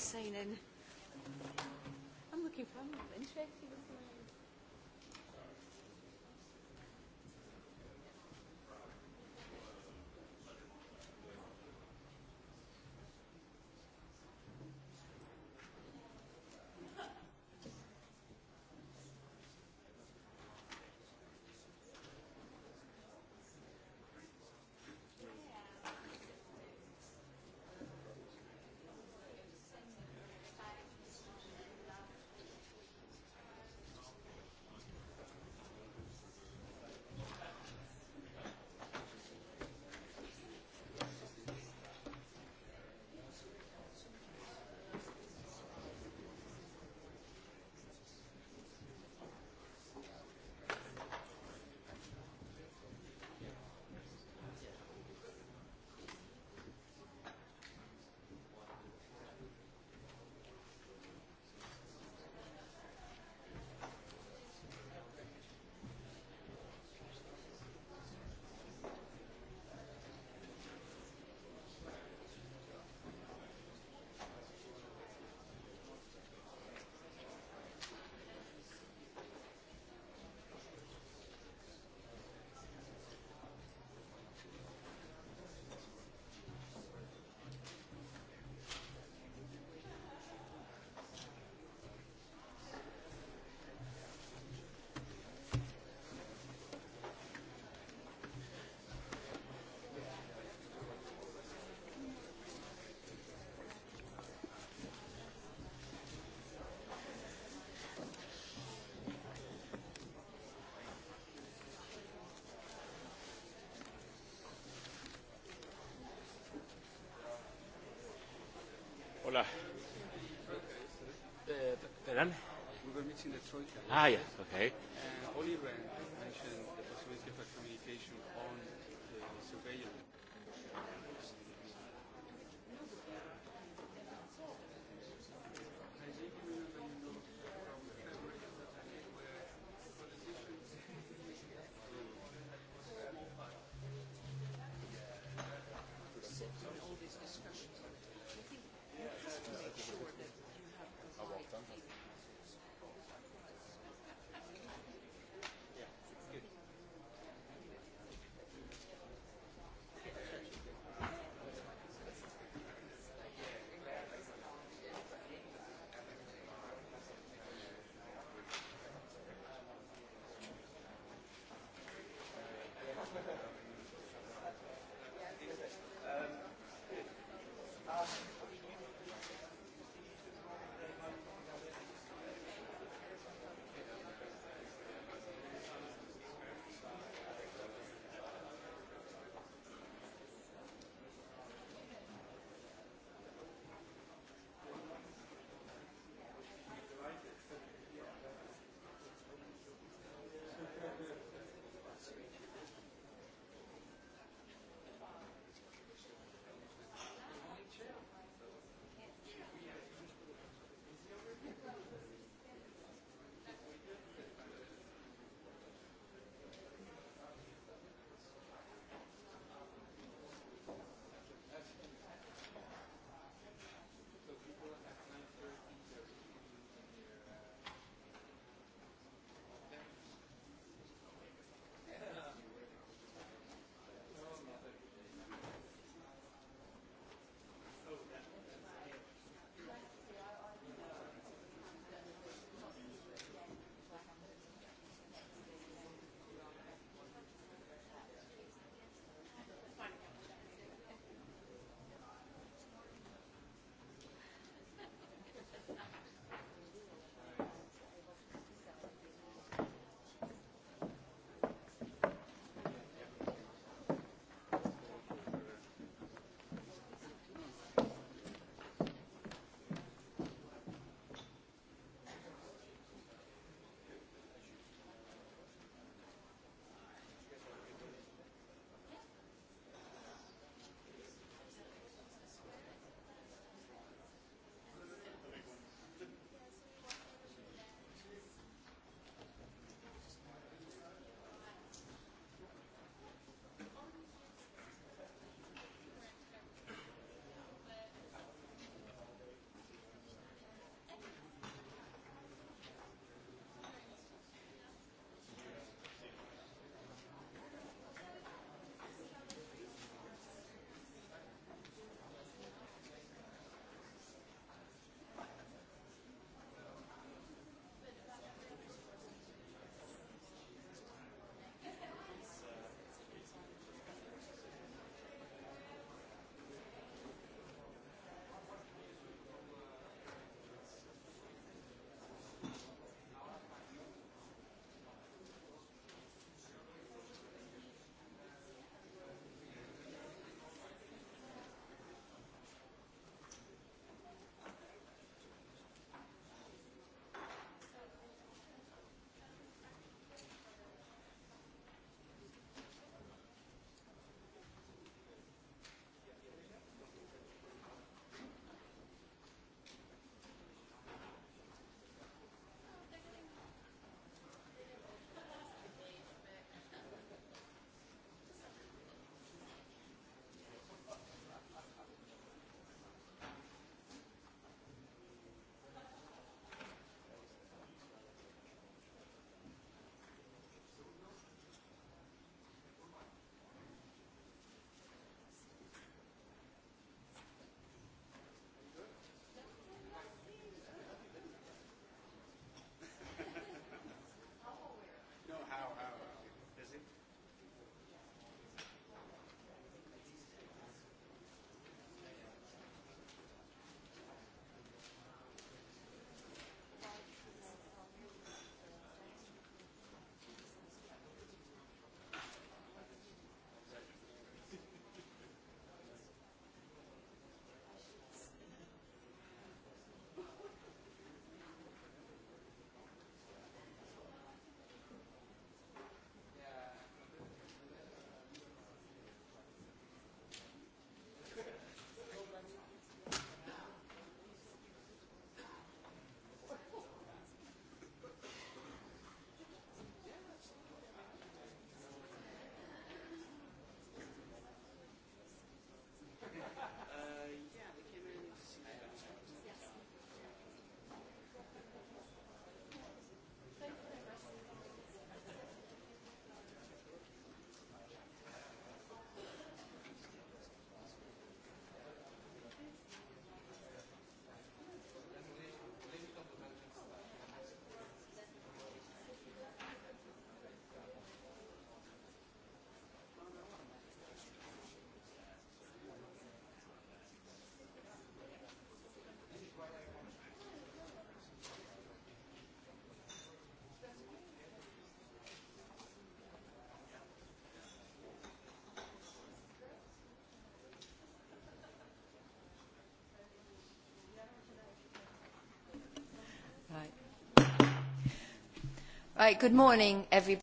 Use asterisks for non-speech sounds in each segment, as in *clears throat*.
Seinen. I'm looking for him. interesting. Hola. Uh, eh, pardon? We were meeting the Troika. Ah, yes, okay. And eh, Oliver mentioned the possibility of a communication on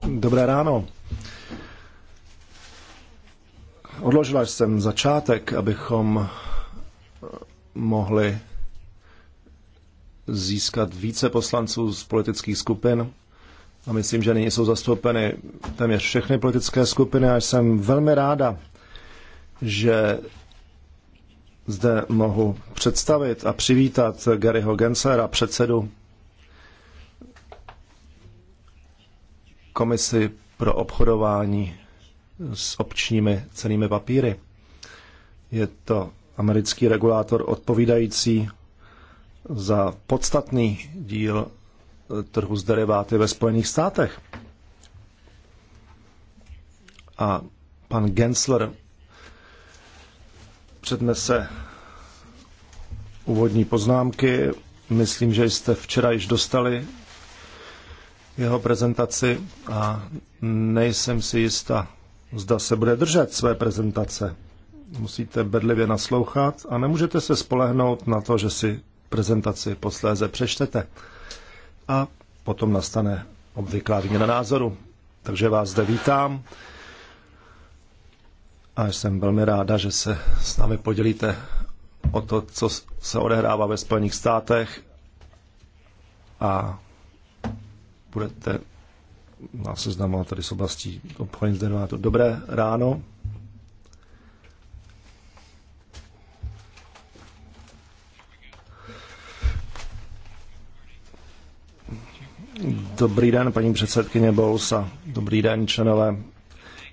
Dobré ráno. Odložila jsem začátek, abychom eh, mohli získat více poslanců z politických skupin. A myslím, že nyní jsou zastoupeny téměř všechny politické skupiny a jsem velmi ráda, že zde mohu představit a přivítat Garyho Gensera, předsedu komisi pro obchodování s občními cenými papíry. Je to americký regulátor odpovídající za podstatný díl trhu s deriváty ve Spojených státech. A pan Gensler přednese úvodní poznámky. Myslím, že jste včera již dostali jeho prezentaci a nejsem si jistá, zda se bude držet své prezentace. Musíte bedlivě naslouchat a nemůžete se spolehnout na to, že si prezentaci posléze přečtete. A potom nastane obvyklá výměna názoru. Takže vás zde vítám a jsem velmi ráda, že se s námi podělíte o to, co se odehrává ve Spojených státech a budete nás seznamovat tady s oblastí obchodní to Dobré ráno. Dobrý den, paní předsedkyně Bousa. Dobrý den, členové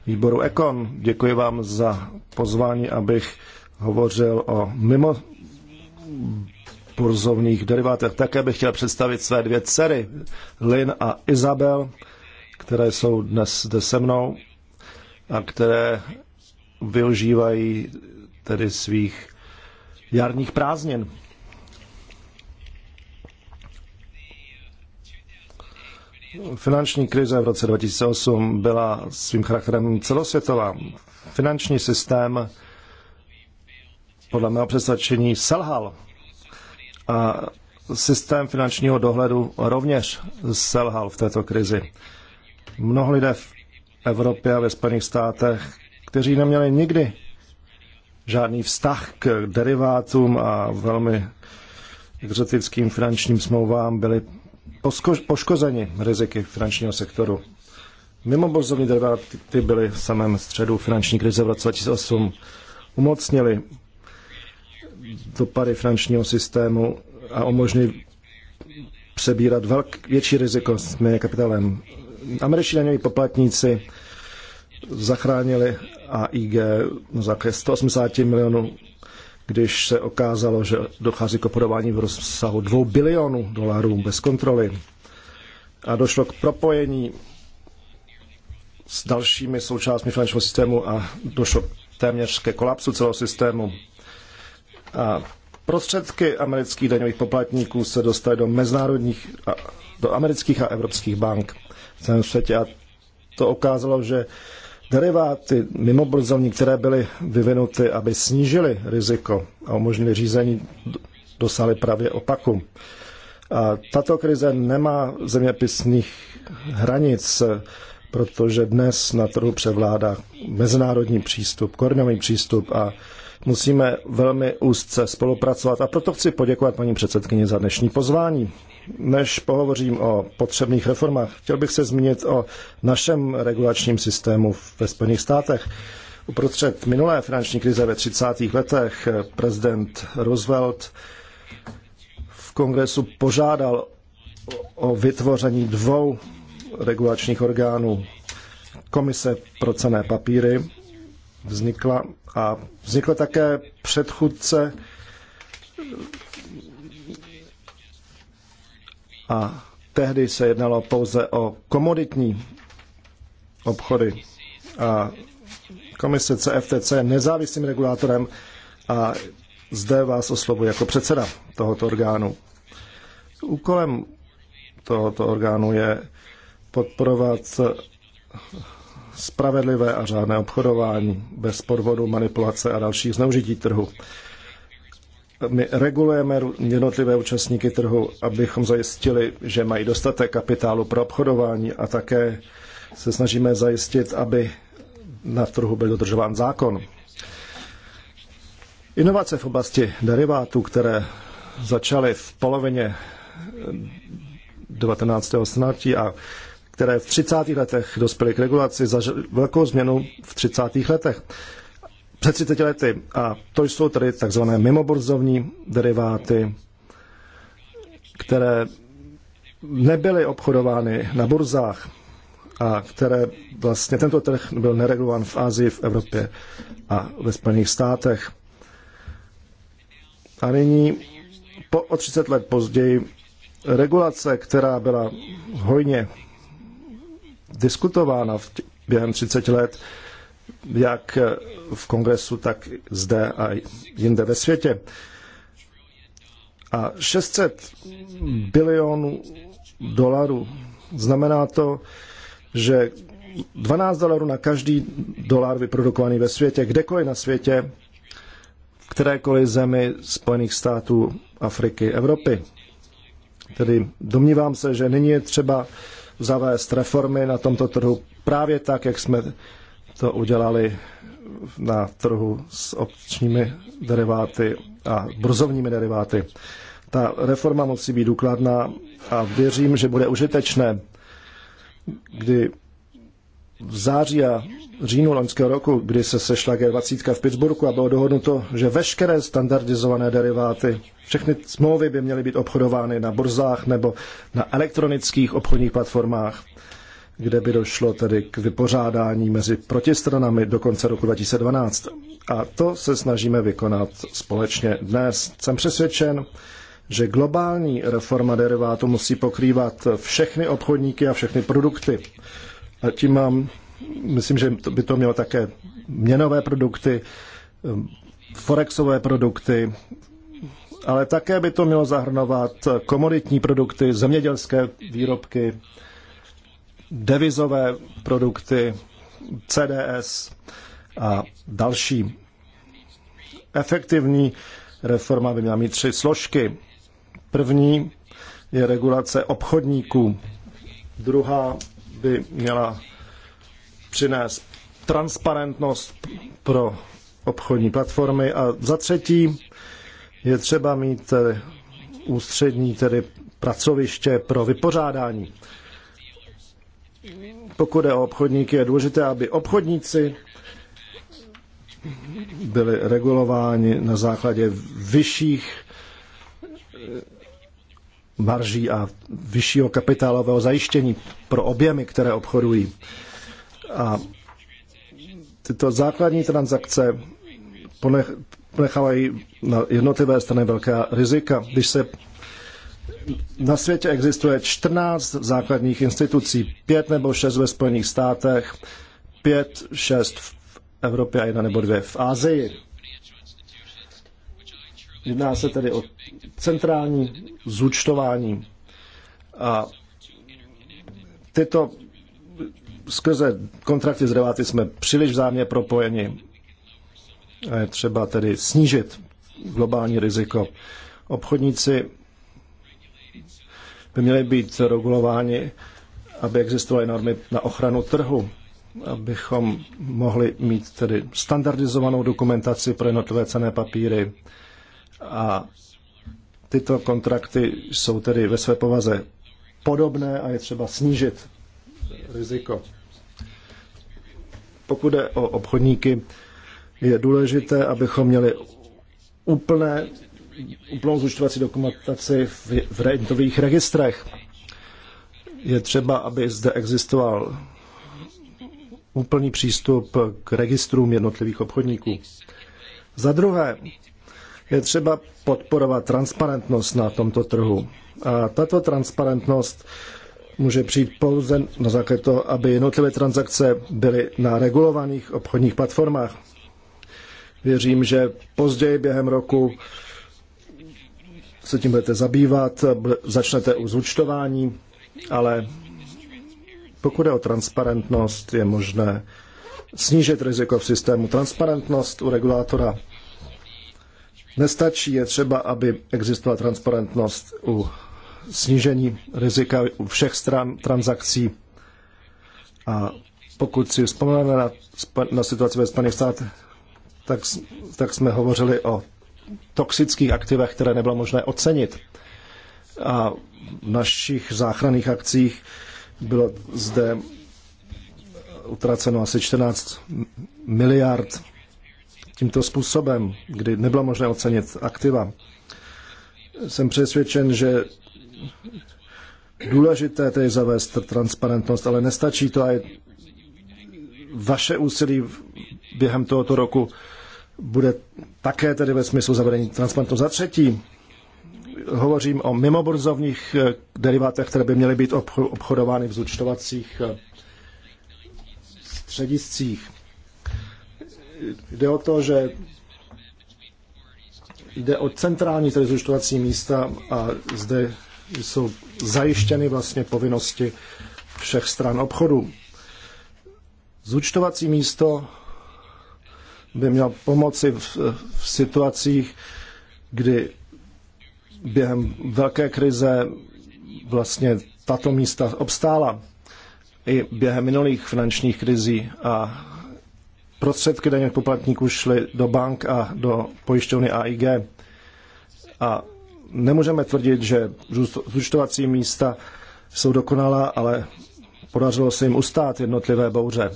výboru Ekon. Děkuji vám za pozvání, abych hovořil o mimo burzovních derivátech. Také bych chtěl představit své dvě dcery, Lynn a Isabel, které jsou dnes zde se mnou a které využívají tedy svých jarních prázdnin. Finanční krize v roce 2008 byla svým charakterem celosvětová. Finanční systém podle mého přesvědčení selhal a systém finančního dohledu rovněž selhal v této krizi. Mnoho lidé v Evropě a ve Spojených státech, kteří neměli nikdy žádný vztah k derivátům a velmi exotickým finančním smlouvám, byli poškozeni riziky finančního sektoru. Mimo borzovní deriváty byly v samém středu finanční krize v roce 2008 umocnili dopady finančního systému a umožní přebírat velk, větší riziko s kapitálem. Američtí daňoví poplatníci zachránili AIG na základě 180 milionů, když se okázalo, že dochází k obchodování v rozsahu 2 bilionů dolarů bez kontroly. A došlo k propojení s dalšími součástmi finančního systému a došlo téměř ke kolapsu celého systému. A prostředky amerických daňových poplatníků se dostaly do mezinárodních, do amerických a evropských bank v celém světě. A to ukázalo, že deriváty mimo burzovní, které byly vyvinuty, aby snížily riziko a umožnili řízení, dosáhly právě opaku. A tato krize nemá zeměpisných hranic, protože dnes na trhu převládá mezinárodní přístup, koordinovaný přístup a musíme velmi úzce spolupracovat a proto chci poděkovat paní předsedkyni za dnešní pozvání. Než pohovořím o potřebných reformách, chtěl bych se zmínit o našem regulačním systému ve Spojených státech. Uprostřed minulé finanční krize ve 30. letech prezident Roosevelt v kongresu požádal o vytvoření dvou regulačních orgánů. Komise pro cené papíry vznikla a vznikl také předchůdce a tehdy se jednalo pouze o komoditní obchody a komise CFTC je nezávislým regulátorem a zde vás oslovuji jako předseda tohoto orgánu. Úkolem tohoto orgánu je podporovat spravedlivé a řádné obchodování bez podvodu, manipulace a dalších zneužití trhu. My regulujeme jednotlivé účastníky trhu, abychom zajistili, že mají dostatek kapitálu pro obchodování a také se snažíme zajistit, aby na trhu byl dodržován zákon. Inovace v oblasti derivátů, které začaly v polovině 19. století a které v 30. letech dospěly k regulaci, zažili velkou změnu v 30. letech, před 30 lety. A to jsou tedy takzvané mimoborzovní deriváty, které nebyly obchodovány na burzách a které vlastně tento trh byl neregulovan v Asii, v Evropě a ve Spojených státech. A nyní po, o 30 let později regulace, která byla hojně diskutována v tě, během 30 let, jak v kongresu, tak zde a jinde ve světě. A 600 bilionů dolarů znamená to, že 12 dolarů na každý dolar vyprodukovaný ve světě, kdekoliv na světě, v kterékoliv zemi Spojených států, Afriky, Evropy. Tedy domnívám se, že nyní je třeba zavést reformy na tomto trhu právě tak, jak jsme to udělali na trhu s opčními deriváty a brzovními deriváty. Ta reforma musí být důkladná a věřím, že bude užitečné, kdy v září a říjnu loňského roku, kdy se sešla G20 v Pittsburghu a bylo dohodnuto, že veškeré standardizované deriváty, všechny smlouvy by měly být obchodovány na burzách nebo na elektronických obchodních platformách, kde by došlo tedy k vypořádání mezi protistranami do konce roku 2012. A to se snažíme vykonat společně dnes. Jsem přesvědčen, že globální reforma derivátu musí pokrývat všechny obchodníky a všechny produkty a tím mám, myslím, že by to mělo také měnové produkty, um, forexové produkty, ale také by to mělo zahrnovat komoditní produkty, zemědělské výrobky, devizové produkty, CDS a další. Efektivní reforma by měla mít tři složky. První je regulace obchodníků, druhá by měla přinést transparentnost pro obchodní platformy. A za třetí je třeba mít eh, ústřední, tedy pracoviště pro vypořádání. Pokud je o obchodníky, je důležité, aby obchodníci byli regulováni na základě vyšších marží a vyššího kapitálového zajištění pro objemy, které obchodují. A tyto základní transakce ponechávají na jednotlivé strany velká rizika. Když se na světě existuje 14 základních institucí, 5 nebo 6 ve Spojených státech, 5, 6 v Evropě a jedna nebo dvě v Ázii. Jedná se tedy o centrální zúčtování. A tyto skrze kontrakty z reláty jsme příliš vzájemně propojeni. A je třeba tedy snížit globální riziko. Obchodníci by měli být regulováni, aby existovaly normy na ochranu trhu, abychom mohli mít tedy standardizovanou dokumentaci pro jednotlivé cené papíry, a tyto kontrakty jsou tedy ve své povaze podobné a je třeba snížit riziko. Pokud jde o obchodníky, je důležité, abychom měli úplné, úplnou zúčtovací dokumentaci v, v rentových registrech. Je třeba, aby zde existoval úplný přístup k registrům jednotlivých obchodníků. Za druhé, je třeba podporovat transparentnost na tomto trhu. A tato transparentnost může přijít pouze na základě toho, aby jednotlivé transakce byly na regulovaných obchodních platformách. Věřím, že později během roku se tím budete zabývat, začnete u zúčtování, ale pokud je o transparentnost, je možné snížit riziko v systému. Transparentnost u regulátora nestačí. Je třeba, aby existovala transparentnost u snížení rizika u všech stran transakcí. A pokud si vzpomeneme na, na situaci ve Spojených státech, tak, tak jsme hovořili o toxických aktivech, které nebylo možné ocenit. A v našich záchranných akcích bylo zde utraceno asi 14 miliard tímto způsobem, kdy nebylo možné ocenit aktiva. Jsem přesvědčen, že důležité je zavést transparentnost, ale nestačí to a je vaše úsilí během tohoto roku bude také tedy ve smyslu zavedení transparentnosti. Za třetí, hovořím o mimoburzovních eh, derivátech, které by měly být obchodovány v zúčtovacích eh, střediscích jde o to, že jde o centrální tedy zúčtovací místa a zde jsou zajištěny vlastně povinnosti všech stran obchodu. Zúčtovací místo by mělo pomoci v, v situacích, kdy během velké krize vlastně tato místa obstála i během minulých finančních krizí a prostředky daných poplatníků šly do bank a do pojišťovny AIG. A nemůžeme tvrdit, že zúčtovací místa jsou dokonalá, ale podařilo se jim ustát jednotlivé bouře.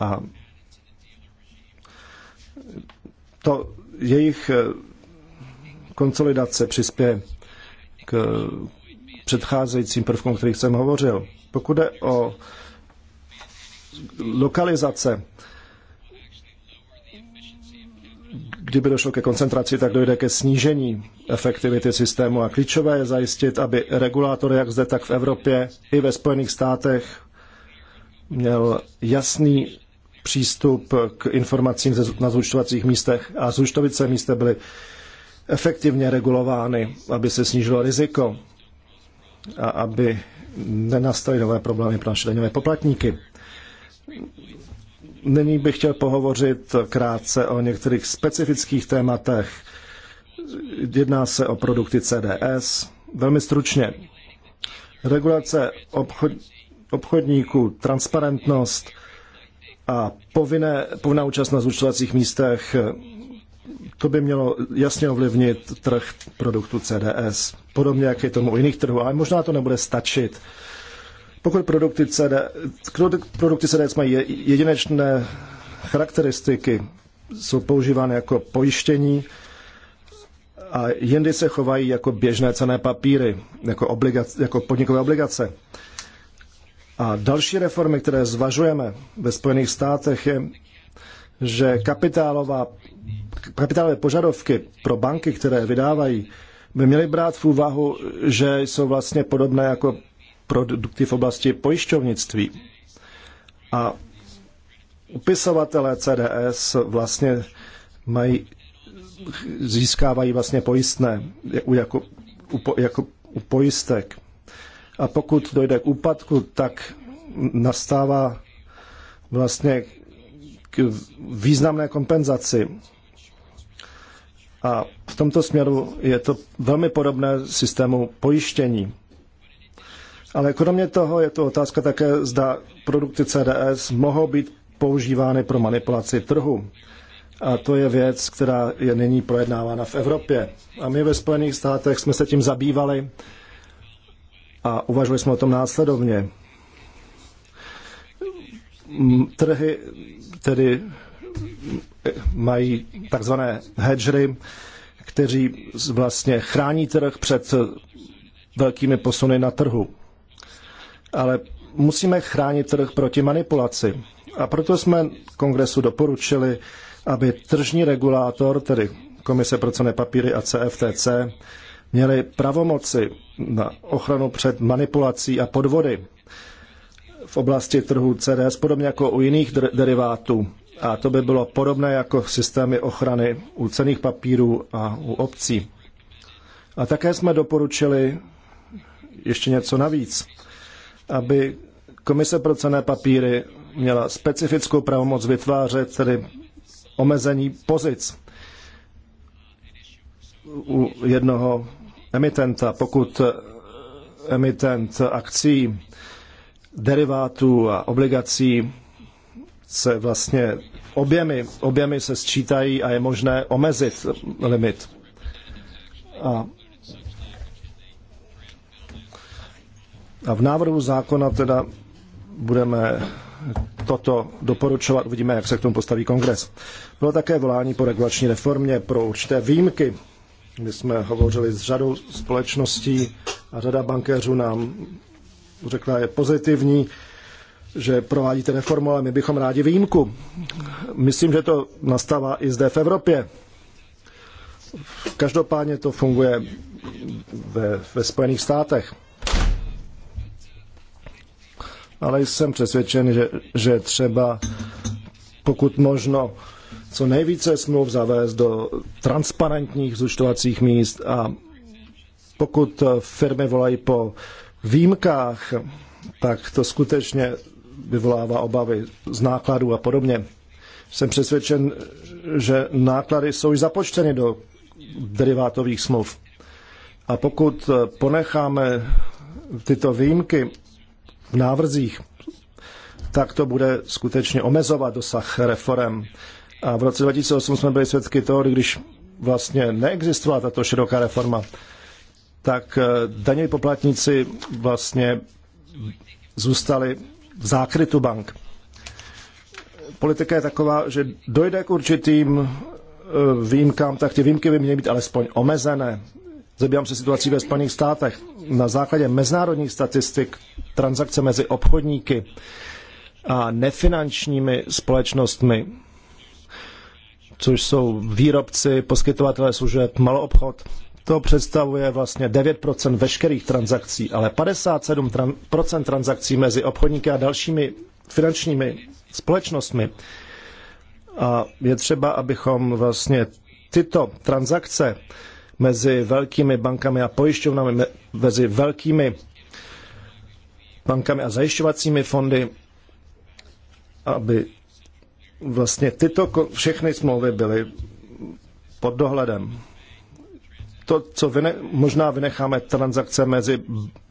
A to jejich eh, konsolidace přispěje k předcházejícím prvkům, o kterých jsem hovořil. Pokud je o lokalizace. Kdyby došlo ke koncentraci, tak dojde ke snížení efektivity systému a klíčové je zajistit, aby regulátor jak zde, tak v Evropě i ve Spojených státech měl jasný přístup k informacím na zúčtovacích místech a zúčtovice místech byly efektivně regulovány, aby se snížilo riziko a aby nenastaly nové problémy pro naše daňové poplatníky. Nyní bych chtěl pohovořit krátce o některých specifických tématech. Jedná se o produkty CDS. Velmi stručně. Regulace obchod, obchodníků, transparentnost a povinné, povinná účast na zúčtovacích místech, to by mělo jasně ovlivnit trh produktu CDS. Podobně, jak je tomu u jiných trhů, ale možná to nebude stačit pokud produkty CD, produkty CDS mají jedinečné charakteristiky, jsou používány jako pojištění a jindy se chovají jako běžné cené papíry, jako, obligace, jako podnikové obligace. A další reformy, které zvažujeme ve Spojených státech, je, že kapitálová, kapitálové požadovky pro banky, které vydávají, by měly brát v úvahu, že jsou vlastně podobné jako produkty v oblasti pojišťovnictví. A upisovatelé CDS vlastně mají, získávají vlastně pojistné jako, jako, u pojistek. A pokud dojde k úpadku, tak nastává vlastně k významné kompenzaci. A v tomto směru je to velmi podobné systému pojištění. Ale kromě toho je to otázka také, zda produkty CDS mohou být používány pro manipulaci trhu. A to je věc, která je nyní projednávána v Evropě. A my ve Spojených státech jsme se tím zabývali a uvažovali jsme o tom následovně. Trhy tedy mají takzvané hedgery, kteří vlastně chrání trh před velkými posuny na trhu ale musíme chránit trh proti manipulaci. A proto jsme kongresu doporučili, aby tržní regulátor, tedy Komise pro cené papíry a CFTC, měli pravomoci na ochranu před manipulací a podvody v oblasti trhu CDS, podobně jako u jiných derivátů. A to by bylo podobné jako systémy ochrany u cených papírů a u obcí. A také jsme doporučili ještě něco navíc aby Komise pro cené papíry měla specifickou pravomoc vytvářet tedy omezení pozic u jednoho emitenta, pokud emitent akcí, derivátů a obligací se vlastně objemy, objemy se sčítají a je možné omezit limit. A A v návrhu zákona teda budeme toto doporučovat, uvidíme, jak se k tomu postaví kongres. Bylo také volání po regulační reformě pro určité výjimky. My jsme hovořili s řadou společností a řada bankéřů nám řekla, je pozitivní, že provádíte reformu, ale my bychom rádi výjimku. Myslím, že to nastává i zde v Evropě. Každopádně to funguje ve, ve Spojených státech ale jsem přesvědčen, že, že třeba pokud možno co nejvíce smluv zavést do transparentních zúčtovacích míst a pokud firmy volají po výjimkách, tak to skutečně vyvolává obavy z nákladů a podobně. Jsem přesvědčen, že náklady jsou již započteny do derivátových smluv. A pokud ponecháme tyto výjimky v návrzích, tak to bude skutečně omezovat dosah reform. A v roce 2008 jsme byli svědky toho, když vlastně neexistovala tato široká reforma, tak eh, daňoví poplatníci vlastně zůstali v zákrytu bank. Politika je taková, že dojde k určitým eh, výjimkám, tak ty výjimky by měly být alespoň omezené zabývám se situací ve Spojených státech. Na základě mezinárodních statistik transakce mezi obchodníky a nefinančními společnostmi, což jsou výrobci, poskytovatelé služeb, maloobchod, to představuje vlastně 9% veškerých transakcí, ale 57% transakcí mezi obchodníky a dalšími finančními společnostmi. A je třeba, abychom vlastně tyto transakce mezi velkými bankami a pojišťovnami, mezi velkými bankami a zajišťovacími fondy, aby vlastně tyto všechny smlouvy byly pod dohledem. To, co vyne, možná vynecháme transakce mezi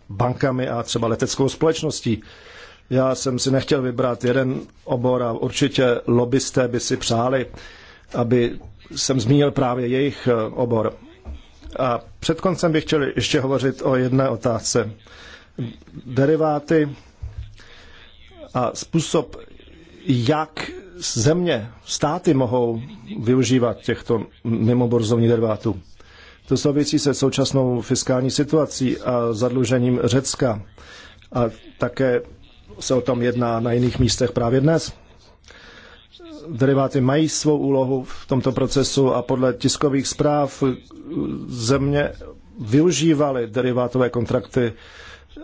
bankami a třeba leteckou společností. Já jsem si nechtěl vybrat jeden obor a určitě lobbysté by si přáli, aby jsem zmínil právě jejich eh, obor. A před koncem bych chtěl ještě hovořit o jedné otázce. Deriváty a způsob, jak země, státy mohou využívat těchto mimoborzovních derivátů. To souvisí se současnou fiskální situací a zadlužením Řecka. A také se o tom jedná na jiných místech právě dnes deriváty mají svou úlohu v tomto procesu a podle tiskových zpráv země využívaly derivátové kontrakty,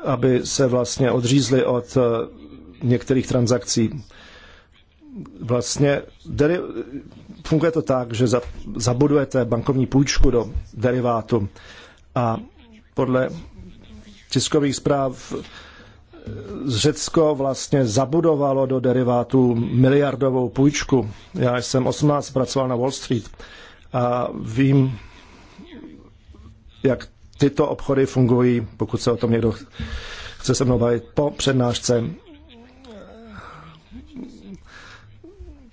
aby se vlastně odřízly od eh, některých transakcí. Vlastně deri- funguje to tak, že za- zabudujete bankovní půjčku do derivátu a podle tiskových zpráv Řecko vlastně zabudovalo do derivátu miliardovou půjčku. Já jsem 18 pracoval na Wall Street a vím, jak tyto obchody fungují, pokud se o tom někdo chce se mnou bavit po přednášce.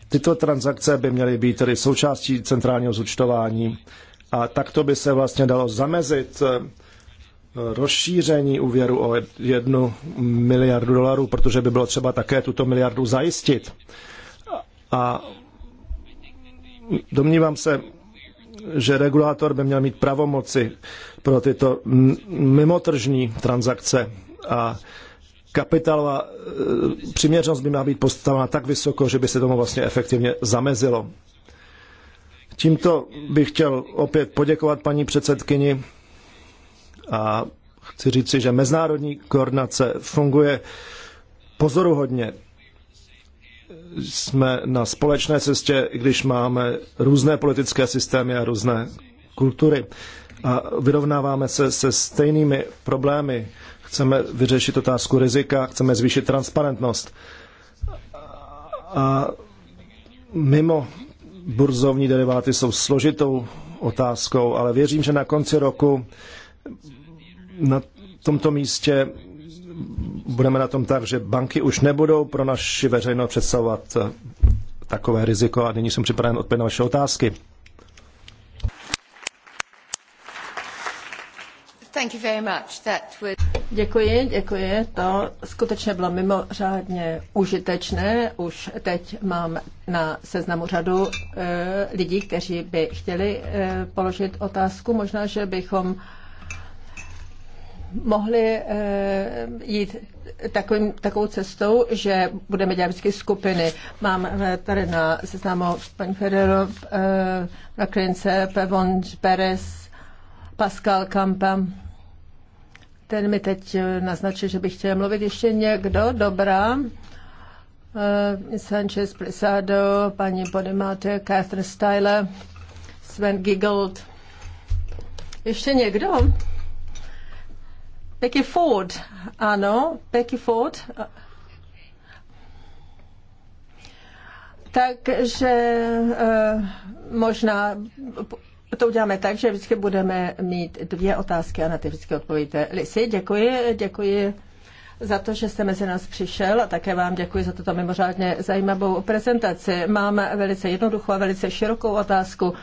Tyto transakce by měly být tedy součástí centrálního zúčtování a takto by se vlastně dalo zamezit eh, rozšíření úvěru o jednu miliardu dolarů, protože by bylo třeba také tuto miliardu zajistit. A domnívám se, že regulátor by měl mít pravomoci pro tyto mimotržní transakce a kapitálová e, přiměřenost by měla být postavena tak vysoko, že by se tomu vlastně efektivně zamezilo. Tímto bych chtěl opět poděkovat paní předsedkyni a chci říci, že mezinárodní koordinace funguje pozoruhodně. Jsme na společné cestě, když máme různé politické systémy a různé kultury. A vyrovnáváme se se stejnými problémy. Chceme vyřešit otázku rizika, chceme zvýšit transparentnost. A mimo burzovní deriváty jsou složitou otázkou, ale věřím, že na konci roku na tomto místě budeme na tom tak, že banky už nebudou pro naši veřejnost představovat eh, takové riziko a nyní jsem připraven odpovědět na vaše otázky. Děkuji, děkuji. To skutečně bylo mimořádně užitečné. Už teď mám na seznamu řadu eh, lidí, kteří by chtěli eh, položit otázku. Možná, že bychom mohli eh, jít takovým, takovou cestou, že budeme dělat vždycky skupiny. Mám eh, tady na seznamu paní Ferrero, eh, na Klince, Pevon, Perez, Pascal Kampa. Ten mi teď naznačil, že bych chtěl mluvit ještě někdo. Dobrá. Sanchez Prisado, paní Podemate, Catherine Styler, Sven Giggold. Ještě někdo? Becky Ford, ano, Becky Ford. Takže eh, možná to uděláme tak, že vždycky budeme mít dvě otázky a na ty vždycky odpovíte. Lisi, děkuji, děkuji za to, že jste mezi nás přišel a také vám děkuji za tuto mimořádně zajímavou prezentaci. Mám velice jednoduchou a velice širokou otázku.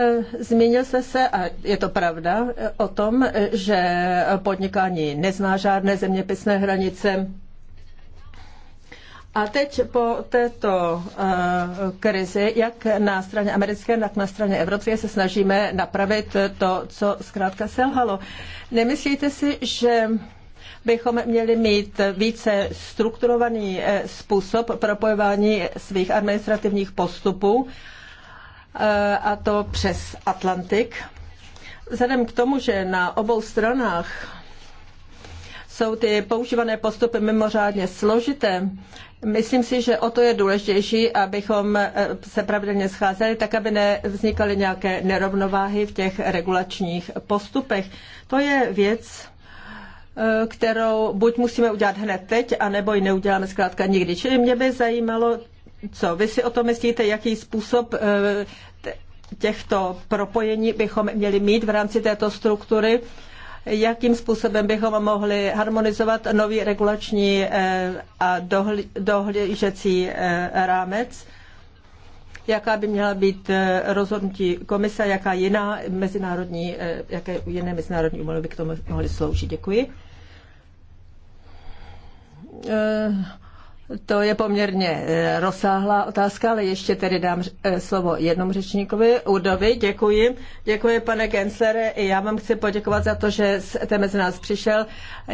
Eh, zmínil jste se, a je to pravda, eh, o tom, eh, že podnikání nezná žádné zeměpisné hranice. A teď po této uh, krizi, jak na straně americké, tak na straně evropské, se snažíme napravit to, co zkrátka selhalo. Nemyslíte si, že bychom měli mít více strukturovaný způsob propojování svých administrativních postupů? Uh, Eh, a to přes Atlantik. Vzhledem k tomu, že na obou stranách jsou ty používané postupy mimořádně složité, Myslím si, že o to je důležitější, abychom eh, se pravidelně scházeli, tak aby nevznikaly nějaké nerovnováhy v těch regulačních postupech. To je věc, eh, kterou buď musíme udělat hned teď, anebo ji neuděláme zkrátka nikdy. Čili mě by zajímalo, co vy si o tom myslíte, jaký způsob těchto propojení bychom měli mít v rámci této struktury, jakým způsobem bychom mohli harmonizovat nový regulační eh, a dohlížecí eh, rámec, jaká by měla být eh, rozhodnutí komise, jaká jiná mezinárodní, jaké jiné mezinárodní úmluvy by k tomu mohly sloužit. Děkuji to je poměrně e, rozsáhlá otázka, ale ještě tedy dám e, slovo jednomu řečníkovi, Udovi, děkuji. Děkuji, pane Genslere, i já vám chci poděkovat za to, že jste mezi nás přišel.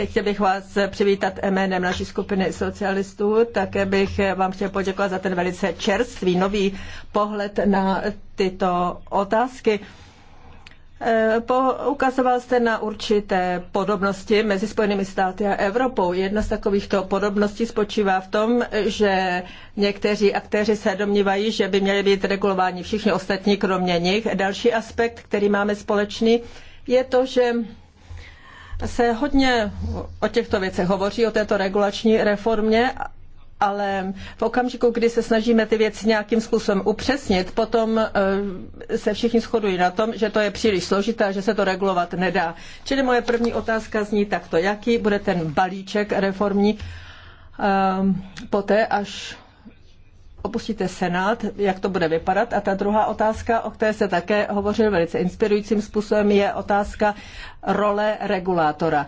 Chtěl bych vás přivítat jménem naší skupiny socialistů, také bych vám chtěl poděkovat za ten velice čerstvý, nový pohled na tyto otázky. Poukazoval jste na určité podobnosti mezi Spojenými státy a Evropou. Jedna z takovýchto podobností spočívá v tom, že někteří aktéři se domnívají, že by měli být regulováni všichni ostatní, kromě nich. Další aspekt, který máme společný, je to, že se hodně o těchto věcech hovoří, o této regulační reformě, ale v okamžiku, kdy se snažíme ty věci nějakým způsobem upřesnit, potom eh, se všichni shodují na tom, že to je příliš složité, že se to regulovat nedá. Čili moje první otázka zní takto, jaký bude ten balíček reformní eh, poté, až opustíte Senát, jak to bude vypadat. A ta druhá otázka, o které se také hovořil velice inspirujícím způsobem, je otázka role regulátora.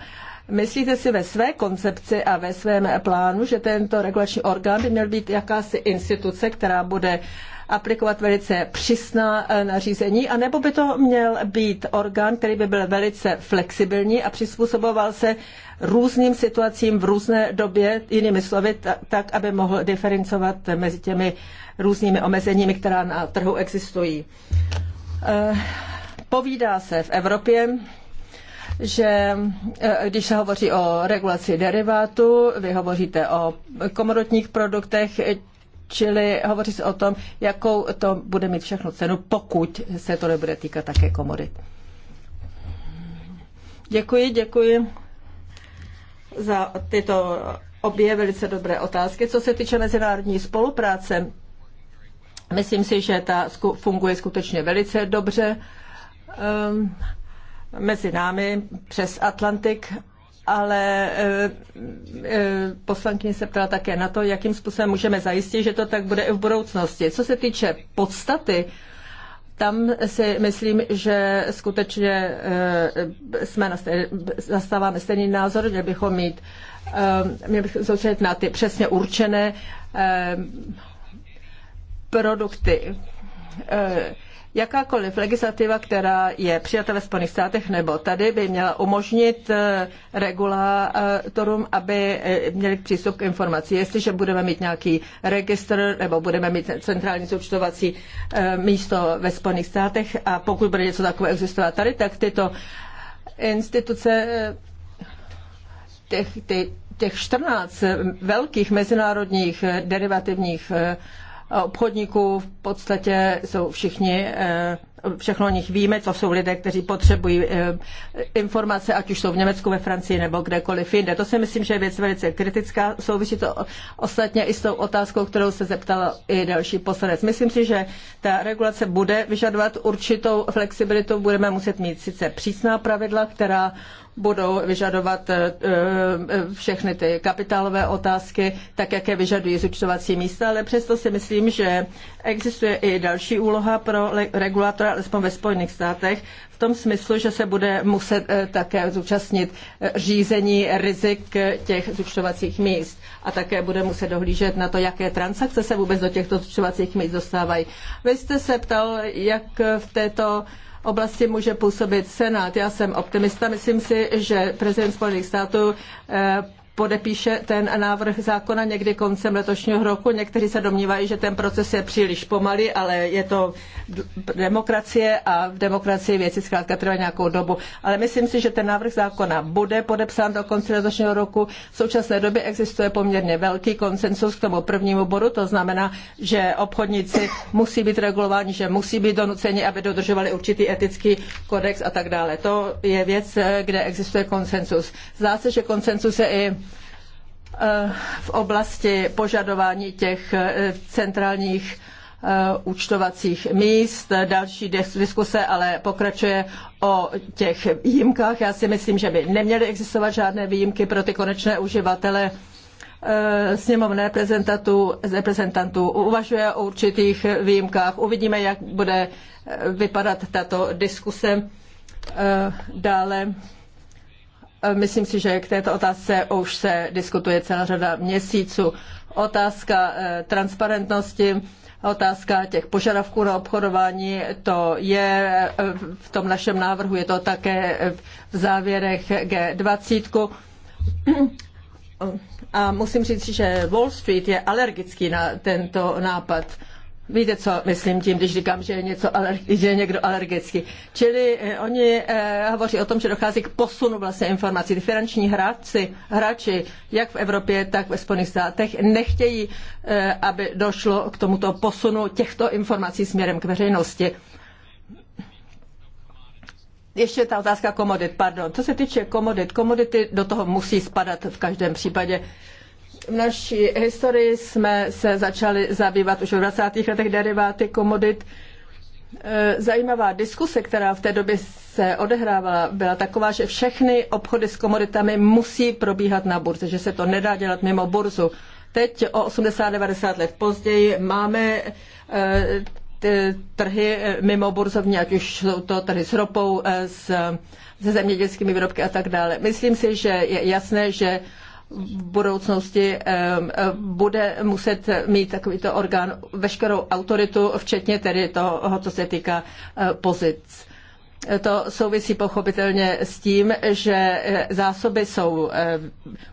Myslíte si ve své koncepci a ve svém plánu, že tento regulační orgán by měl být jakási instituce, která bude aplikovat velice přísná eh, nařízení, anebo by to měl být orgán, který by byl velice flexibilní a přizpůsoboval se různým situacím v různé době, jinými slovy, tak, aby mohl diferencovat mezi těmi různými omezeními, která na trhu existují. Eh, povídá se v Evropě, že eh, když se hovoří o regulaci derivátu, vy hovoříte o komoditních produktech, čili hovoří se o tom, jakou to bude mít všechno cenu, pokud se to nebude týkat také komodit. Děkuji, děkuji za tyto obě velice dobré otázky. Co se týče mezinárodní spolupráce, myslím si, že ta funguje skutečně velice dobře. Um, mezi námi přes Atlantik, ale eh, eh, poslankyně se ptala také na to, jakým způsobem můžeme zajistit, že to tak bude i v budoucnosti. Co se týče podstaty, tam si myslím, že skutečně eh, jsme na stejný, zastáváme stejný názor, že bychom mít, měli bychom soustředit na ty přesně určené produkty. Jakákoliv legislativa, která je přijata ve Spojených státech nebo tady, by měla umožnit eh, regulátorům, aby eh, měli přístup k informaci. Jestliže budeme mít nějaký registr nebo budeme mít centrální zúčtovací eh, místo ve Spojených státech a pokud bude něco takové existovat tady, tak tyto instituce těch, těch 14 velkých mezinárodních derivativních obchodníků v podstatě jsou všichni eh, všechno o nich víme, co jsou lidé, kteří potřebují eh, informace, ať už jsou v Německu, ve Francii nebo kdekoliv jinde. To si myslím, že je věc velice kritická. Souvisí to ostatně i s tou otázkou, kterou se zeptal i další poslanec. Myslím si, že ta regulace bude vyžadovat určitou flexibilitu. Budeme muset mít sice přísná pravidla, která budou vyžadovat eh, eh, všechny ty kapitálové otázky, tak jak je vyžadují zúčtovací místa, ale přesto si myslím, že existuje i další úloha pro regulátora alespoň ve Spojených státech, v tom smyslu, že se bude muset eh, také zúčastnit eh, řízení rizik eh, těch zúčtovacích míst a také bude muset dohlížet na to, jaké transakce se vůbec do těchto zúčtovacích míst dostávají. Vy jste se ptal, jak v této oblasti může působit Senát. Já jsem optimista. Myslím si, že prezident Spojených států podepíše ten návrh zákona někdy koncem letošního roku. Někteří se domnívají, že ten proces je příliš pomalý, ale je to demokracie a v demokracii věci zkrátka trvá nějakou dobu. Ale myslím si, že ten návrh zákona bude podepsán do konce letošního roku. V současné době existuje poměrně velký konsensus k tomu prvnímu bodu, to znamená, že obchodníci musí být regulováni, že musí být donuceni, aby dodržovali určitý etický kodex a tak dále. To je věc, eh, kde existuje konsensus. Zdá se, že konsensus je i Eh, v oblasti požadování těch eh, centrálních eh, účtovacích míst. Další diskuse ale pokračuje o těch výjimkách. Já si myslím, že by neměly existovat žádné výjimky pro ty konečné uživatele. Sněmovné reprezentantů, reprezentantů uvažuje o určitých výjimkách. Uvidíme, jak bude vypadat tato diskuse dále. Eh, myslím si, že k této otázce už se diskutuje celá řada měsíců. Otázka eh, transparentnosti, otázka těch požadavků na obchodování, to je eh, v tom našem návrhu, je to také v závěrech G20. A musím říct, že Wall Street je alergický na tento nápad. Víte, co myslím tím, když říkám, že je, něco že je někdo alergický. Čili eh, oni eh, hovoří o tom, že dochází k posunu vlastně informací. Ty finanční hráči, hráči jak v Evropě, tak ve Spojených státech, nechtějí, eh, aby došlo k tomuto posunu těchto informací směrem k veřejnosti. Ještě ta otázka komodit, pardon. Co se týče komodit, komodity do toho musí spadat v každém případě. Eh, v naší historii jsme se začali zabývat už v 20. letech deriváty komodit. E, zajímavá diskuse, která v té době se odehrávala, byla taková, že všechny obchody s komoditami musí probíhat na burze, že se to nedá dělat mimo burzu. Teď o 80-90 let později máme e, trhy e, mimo burzovní, ať už jsou to trhy s ropou, s, se zemědělskými výrobky a tak dále. Myslím si, že je jasné, že v budoucnosti bude muset mít takovýto orgán veškerou autoritu, včetně tedy toho, co se týká eh, pozic. To souvisí pochopitelně s tím, že eh, zásoby jsou eh,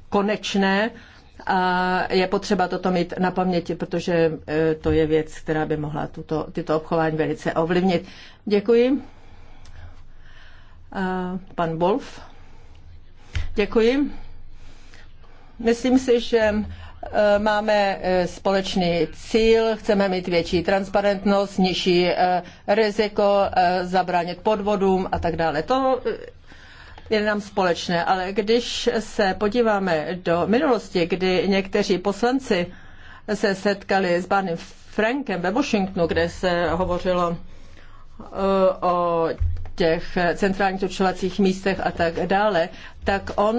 konečné a je potřeba toto mít na paměti, protože to je věc, která by mohla tuto, tyto obchování velice ovlivnit. Děkuji. Pan Wolf. Děkuji. Myslím si, že eh, máme eh, společný cíl, chceme mít větší transparentnost, nižší eh, riziko, zabránit podvodům a tak dále. To je nám společné, ale když se podíváme do minulosti, kdy někteří poslanci se setkali s Barney Frankem ve Washingtonu, kde se hovořilo o těch centrálních točovacích místech a tak dále, tak on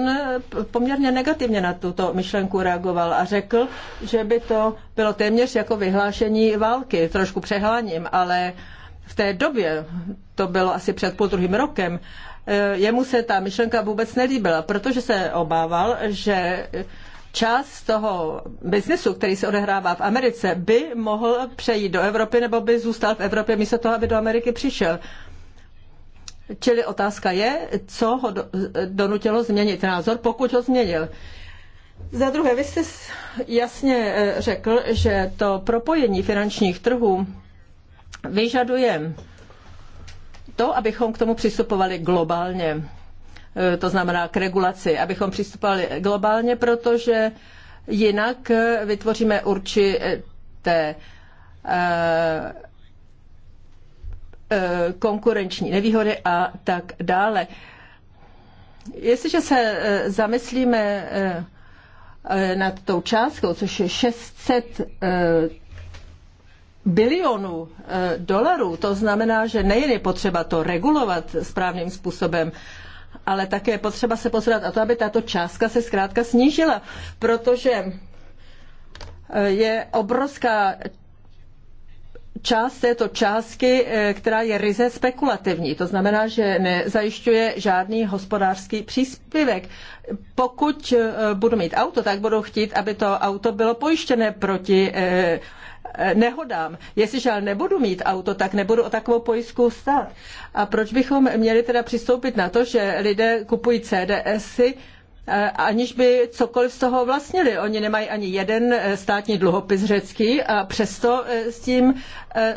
poměrně negativně na tuto myšlenku reagoval a řekl, že by to bylo téměř jako vyhlášení války, trošku přehláním, ale v té době, to bylo asi před půl druhým rokem, eh, jemu se ta myšlenka vůbec nelíbila, protože se obával, že část toho biznesu, který se odehrává v Americe, by mohl přejít do Evropy nebo by zůstal v Evropě místo toho, aby do Ameriky přišel. Čili otázka je, co ho donutilo změnit názor, pokud ho změnil. Za druhé, vy jste jasně eh, řekl, že to propojení finančních trhů vyžaduje to, abychom k tomu přistupovali globálně, eh, to znamená k regulaci, abychom přistupovali globálně, protože jinak eh, vytvoříme určité Eh, konkurenční nevýhody a tak dále. Jestliže se eh, zamyslíme eh, nad tou částkou, což je 600 bilionů dolarů, to znamená, že nejen je potřeba to regulovat správným způsobem, ale také je potřeba se postarat a to, aby tato částka se zkrátka snížila, protože je obrovská část této částky, eh, která je ryze spekulativní. To znamená, že nezajišťuje žádný hospodářský příspěvek. Pokud eh, budu mít auto, tak budu chtít, aby to auto bylo pojištěné proti eh, nehodám. Jestliže ale nebudu mít auto, tak nebudu o takovou pojistku stát. A proč bychom měli teda přistoupit na to, že lidé kupují CDSy, Eh, aniž by cokoliv z toho vlastnili. Oni nemají ani jeden eh, státní dluhopis řecký a přesto eh, s tím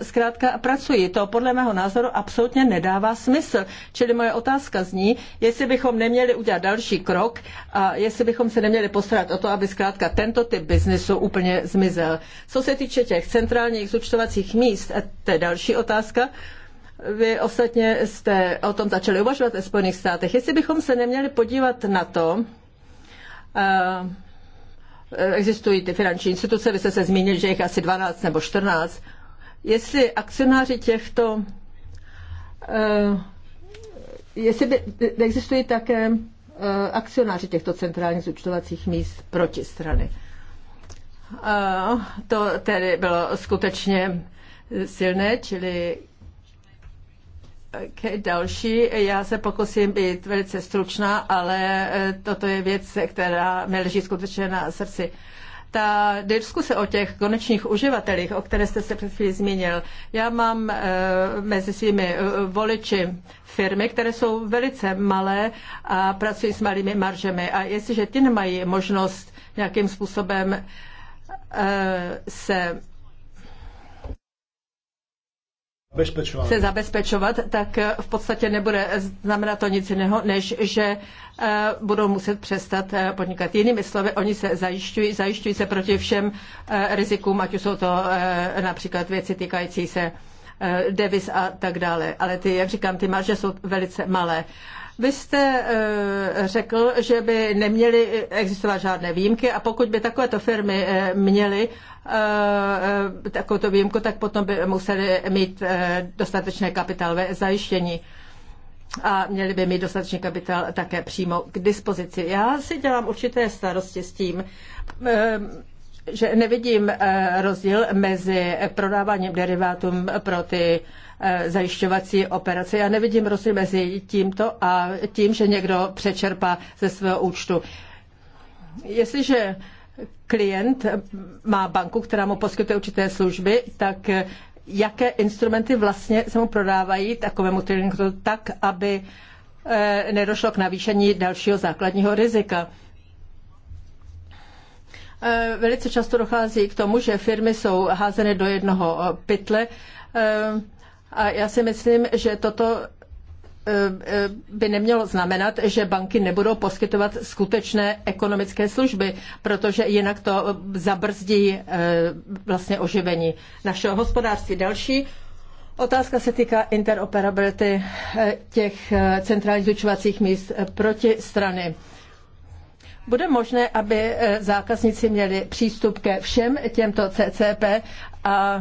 zkrátka pracují. To podle mého názoru absolutně nedává smysl. Čili moje otázka zní, jestli bychom neměli udělat další krok a jestli bychom se neměli postarat o to, aby zkrátka tento typ biznesu úplně zmizel. Co se týče těch centrálních zúčtovacích míst, to je další otázka, vy ostatně jste o tom začali uvažovat ve Spojených státech. Jestli bychom se neměli podívat na to, eh, existují ty finanční instituce, vy jste se zmínili, že jich asi 12 nebo 14, jestli akcionáři těchto, eh, jestli by, existují také eh, akcionáři těchto centrálních zúčtovacích míst proti strany. To tedy bylo skutečně silné, čili Okay, další. Já se pokusím být velice stručná, ale e, toto je věc, která mi leží skutečně na srdci ta diskuse o těch konečných uživatelích, o které jste se před chvílí zmínil, já mám e, mezi svými e, voliči firmy, které jsou velice malé a pracují s malými maržemi. A jestliže ty nemají možnost nějakým způsobem se se zabezpečovat, tak eh, v podstatě nebude znamenat to nic jiného, než že eh, budou muset přestat eh, podnikat. Jinými slovy, oni se zajišťují, zajišťují se proti všem rizikům, ať už jsou to například věci týkající se devis a tak dále. Ale ty, jak říkám, ty marže jsou velice malé. Vy jste eh, řekl, že by neměly existovat žádné výjimky a pokud by takovéto firmy eh, měly eh, takovouto výjimku, tak potom by museli mít dostatečné kapitálové zajištění a měli by mít dostatečný kapitál také přímo k dispozici. Já si dělám určité starosti s tím, že nevidím eh, rozdíl mezi prodáváním derivátům pro ty eh, zajišťovací operace. Já nevidím rozdíl mezi tímto a tím, že někdo přečerpá ze svého účtu. Jestliže klient má banku, která mu poskytuje určité služby, tak eh, jaké instrumenty vlastně se mu prodávají takovému klientu tak, aby nedošlo k navýšení dalšího základního rizika. Eh, velice často dochází k tomu, že firmy jsou házeny do jednoho eh, pytle eh, a já si myslím, že toto by nemělo znamenat, že banky nebudou poskytovat skutečné ekonomické služby, protože jinak to zabrzdí vlastně oživení našeho hospodářství. Další otázka se týká interoperability těch centrálních zúčovacích míst proti strany. Bude možné, aby eh, zákazníci měli přístup ke všem těmto CCP a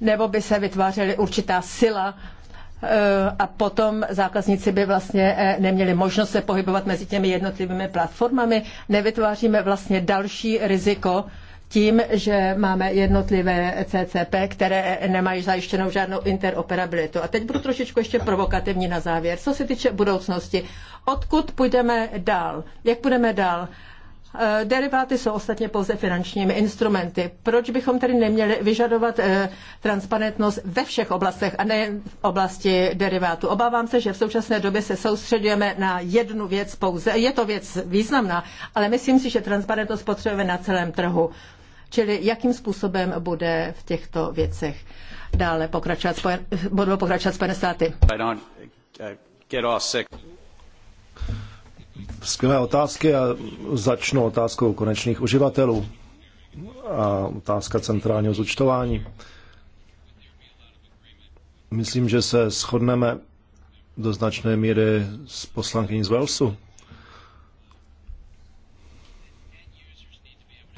nebo by se vytvářely určitá sila eh, a potom zákazníci by vlastně eh, neměli možnost se pohybovat mezi těmi jednotlivými platformami. Nevytváříme vlastně další riziko, tím, že máme jednotlivé CCP, které nemají zajištěnou žádnou interoperabilitu. A teď budu trošičku ještě provokativní na závěr. Co se týče budoucnosti, odkud půjdeme dál? Jak půjdeme dál? Eh, deriváty jsou ostatně pouze finančními instrumenty. Proč bychom tedy neměli vyžadovat eh, transparentnost ve všech oblastech a ne v oblasti derivátu? Obávám se, že v současné době se soustředujeme na jednu věc pouze. Je to věc významná, ale myslím si, že transparentnost potřebujeme na celém trhu čili jakým způsobem bude v těchto věcech dále pokračovat, budou pokračovat Spojené státy. Skvělé otázky a začnu otázkou konečných uživatelů a otázka centrálního zúčtování. Myslím, že se shodneme do značné míry s poslankyní z Walesu.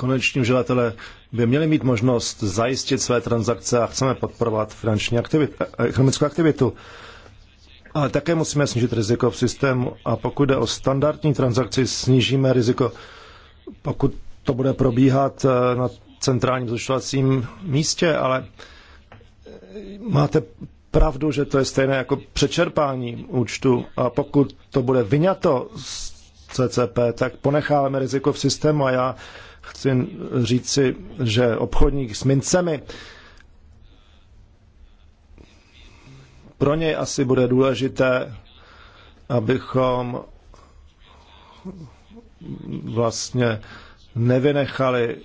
koneční uživatelé by měli mít možnost zajistit své transakce a chceme podporovat finanční aktivit, eh, ekonomickou aktivitu. Ale také musíme snížit riziko v systému a pokud jde o standardní transakci, snížíme riziko, pokud to bude probíhat eh, na centrálním zúčtovacím místě, ale eh, máte pravdu, že to je stejné jako přečerpání účtu a pokud to bude vyňato z CCP, tak ponecháváme riziko v systému a já chci říci, že obchodník s mincemi pro něj asi bude důležité, abychom vlastně nevynechali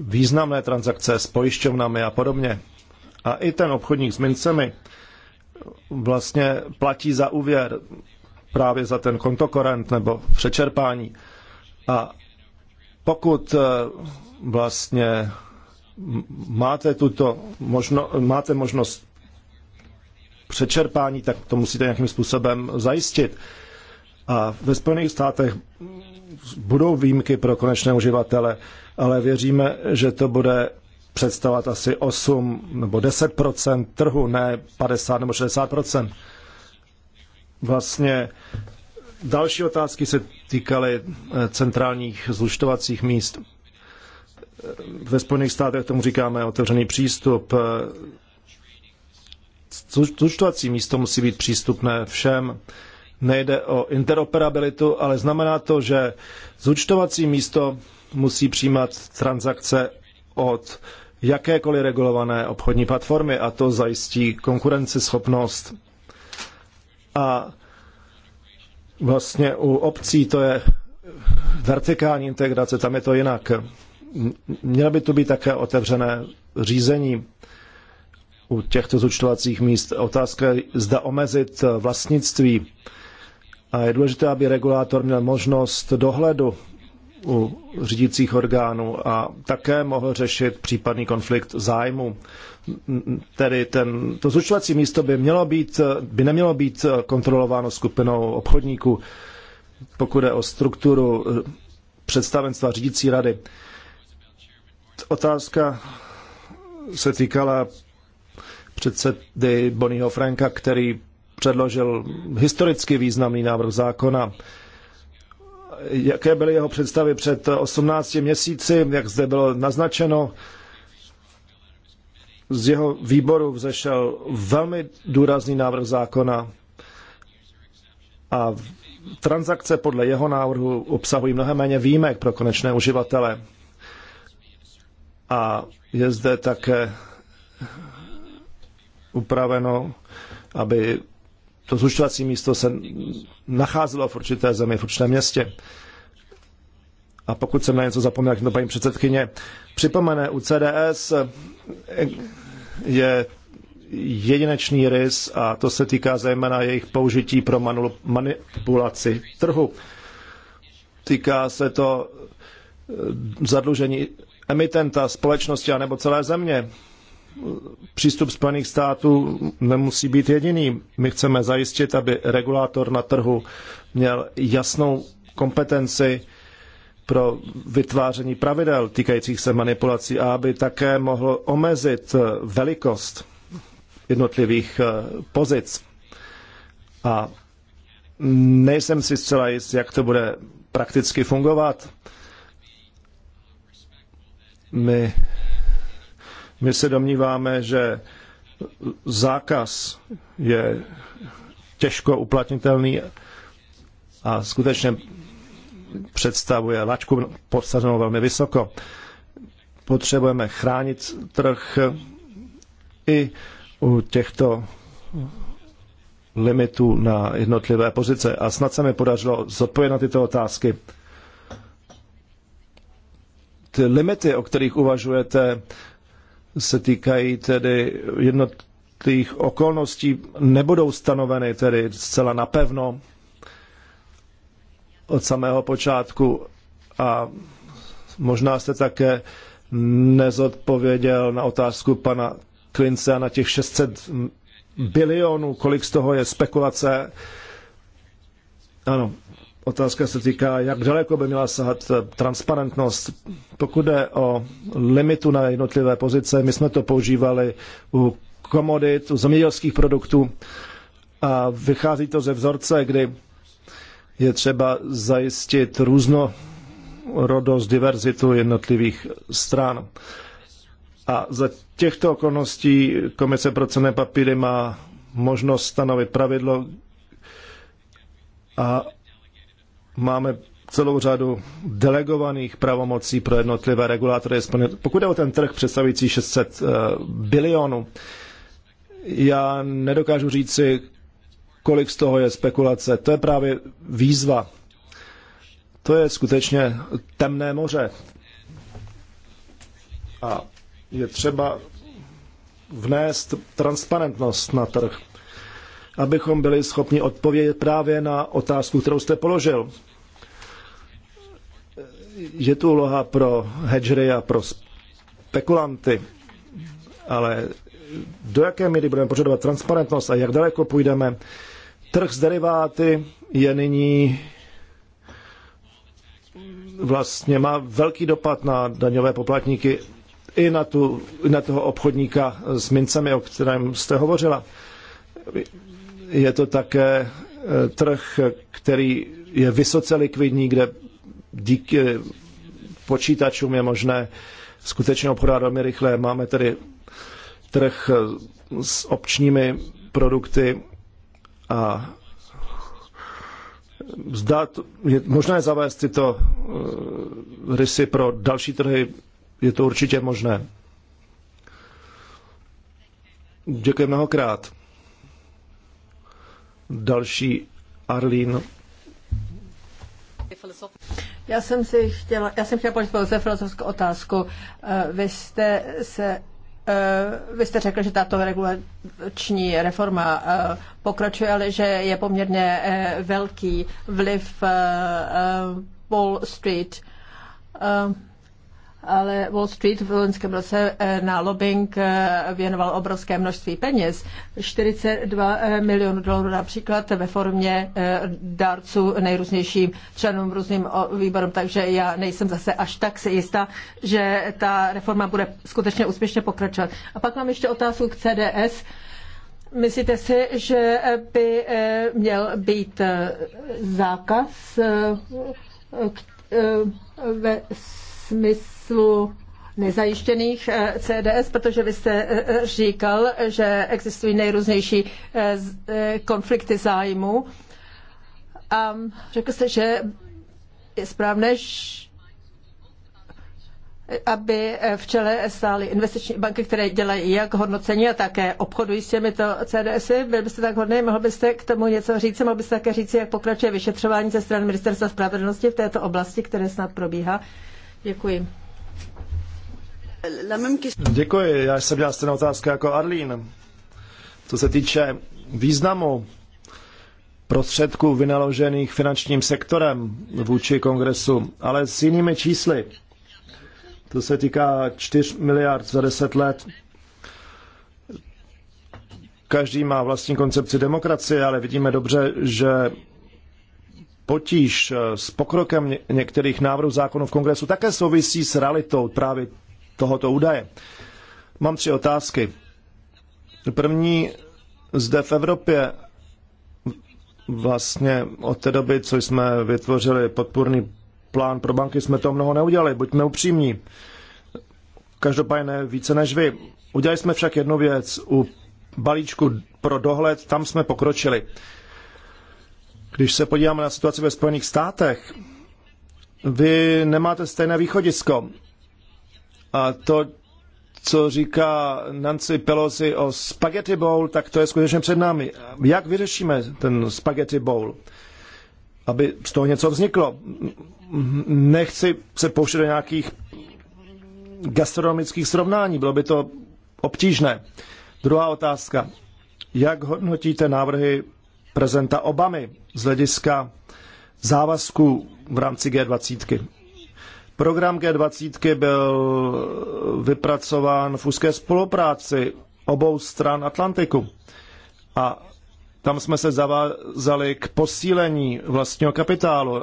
významné transakce s pojišťovnami a podobně. A i ten obchodník s mincemi vlastně platí za úvěr právě za ten kontokorent nebo přečerpání. A pokud eh, vlastně máte, tuto možno, máte možnost přečerpání, tak to musíte nějakým způsobem zajistit. A ve Spojených státech budou výjimky pro konečné uživatele, ale věříme, že to bude představovat asi 8 nebo 10 trhu, ne 50 nebo 60 Vlastně Další otázky se týkaly eh, centrálních zluštovacích míst. Ve Spojených státech tomu říkáme otevřený přístup. Eh, Zluštovací místo musí být přístupné všem. Nejde o interoperabilitu, ale znamená to, že zúčtovací místo musí přijímat transakce od jakékoliv regulované obchodní platformy a to zajistí konkurenceschopnost a vlastně u obcí to je vertikální integrace, tam je to jinak. Mělo by to být také otevřené řízení u těchto zúčtovacích míst. Otázka je, zda omezit vlastnictví. A je důležité, aby regulátor měl možnost dohledu u řídících orgánů a také mohl řešit případný konflikt zájmu. Tedy ten, to zúčtovací místo by, mělo být, by nemělo být kontrolováno skupinou obchodníků, pokud je o strukturu eh, představenstva řídící rady. Otázka se týkala předsedy Bonnieho Franka, který předložil historicky významný návrh zákona, jaké byly jeho představy před 18 měsíci, jak zde bylo naznačeno. Z jeho výboru vzešel velmi důrazný návrh zákona a transakce podle jeho návrhu obsahují mnohem méně výjimek pro konečné uživatele. A je zde také upraveno, aby to zúčtovací místo se nacházelo v určité zemi, v určitém městě. A pokud jsem na něco zapomněl, to paní předsedkyně připomene, u CDS je jedinečný rys a to se týká zejména jejich použití pro manipulaci trhu. Týká se to eh, zadlužení emitenta, společnosti anebo celé země přístup Spojených států nemusí být jediný. My chceme zajistit, aby regulátor na trhu měl jasnou kompetenci pro vytváření pravidel týkajících se manipulací a aby také mohl omezit velikost jednotlivých eh, pozic. A nejsem si zcela jist, jak to bude prakticky fungovat. My my se domníváme, že zákaz je těžko uplatnitelný a skutečně představuje lačku podsazenou velmi vysoko. Potřebujeme chránit trh i u těchto limitů na jednotlivé pozice. A snad se mi podařilo zodpovědět na tyto otázky. Ty limity, o kterých uvažujete, se týkají tedy jednotlivých okolností, nebudou stanoveny tedy zcela napevno od samého počátku a možná jste také nezodpověděl na otázku pana Klince na těch 600 bilionů, kolik z toho je spekulace. Ano, otázka se týká, jak daleko by měla sahat eh, transparentnost. Pokud jde o limitu na jednotlivé pozice, my jsme to používali u komodit, u zemědělských produktů a vychází to ze vzorce, kdy je třeba zajistit různorodost, diverzitu jednotlivých stran. A za těchto okolností Komise pro cené papíry má možnost stanovit pravidlo a máme celou řadu delegovaných pravomocí pro jednotlivé regulátory. Pokud jde o ten trh představující 600 eh, bilionů, já nedokážu říci, kolik z toho je spekulace. To je právě výzva. To je skutečně temné moře. A je třeba vnést transparentnost na trh abychom byli schopni odpovědět právě na otázku, kterou jste položil. Je tu úloha pro hedgery a pro spekulanty, ale do jaké míry budeme požadovat transparentnost a jak daleko půjdeme. Trh s deriváty je nyní vlastně má velký dopad na daňové poplatníky i na, tu, i na toho obchodníka s mincemi, o kterém jste hovořila je to také eh, trh, který je vysoce likvidní, kde díky eh, počítačům je možné skutečně obchodovat velmi rychle. Máme tedy trh eh, s občními produkty a zda je možné zavést tyto rysy pro další trhy, je to určitě možné. Děkuji mnohokrát. Další Arlín. Já jsem si chtěla, já jsem chtěla položit pouze filozofskou otázku. Eh, vy jste se eh, vy jste řekl, že tato regulační reforma eh, pokračuje, ale že je poměrně velký vliv Wall Street ale Wall Street v loňském roce eh, na lobbying eh, věnoval obrovské množství peněz. 42 eh, milionů dolarů například ve formě dárců nejrůznějším členům různým výborům, takže já nejsem zase až tak si jistá, že ta reforma bude skutečně úspěšně pokračovat. A pak mám ještě otázku k CDS. Myslíte si, že by měl být zákaz ve smyslu smyslu nezajištěných eh, CDS, protože vy jste eh, eh, říkal, že existují nejrůznější konflikty zájmu. A řekl jste, že je správné, aby v čele stály investiční banky, které dělají jak hodnocení a také obchodují s těmito CDSy. Byl byste tak hodný, mohl byste k tomu něco říct? Mohl byste také říct, jak pokračuje vyšetřování ze strany Ministerstva spravedlnosti v této oblasti, které snad probíhá? Děkuji. Děkuji, já jsem měl stejnou otázku jako Arlín. Co se týče významu prostředků vynaložených finančním sektorem vůči kongresu, ale s jinými čísly. To se týká 4 miliard za 10 let. Každý má vlastní koncepci demokracie, ale vidíme dobře, že potíž s pokrokem některých návrhů zákonů v kongresu také souvisí s realitou právě tohoto údaje. Mám tři otázky. První, zde v Evropě vlastně od té doby, co jsme vytvořili podpůrný plán pro banky, jsme to mnoho neudělali, buďme upřímní. Každopádně více než vy. Udělali jsme však jednu věc. U balíčku pro dohled, tam jsme pokročili. Když se podíváme na situaci ve Spojených státech, vy nemáte stejné východisko. A to, co říká Nancy Pelosi o spaghetti bowl, tak to je skutečně před námi. Jak vyřešíme ten spaghetti bowl? Aby z toho něco vzniklo. Nechci se pouštět do nějakých gastronomických srovnání, bylo by to obtížné. Druhá otázka. Jak hodnotíte návrhy prezenta Obamy z hlediska závazků v rámci G20? Program G20 byl vypracován v úzké spolupráci obou stran Atlantiku. A tam jsme se zavázali k posílení vlastního kapitálu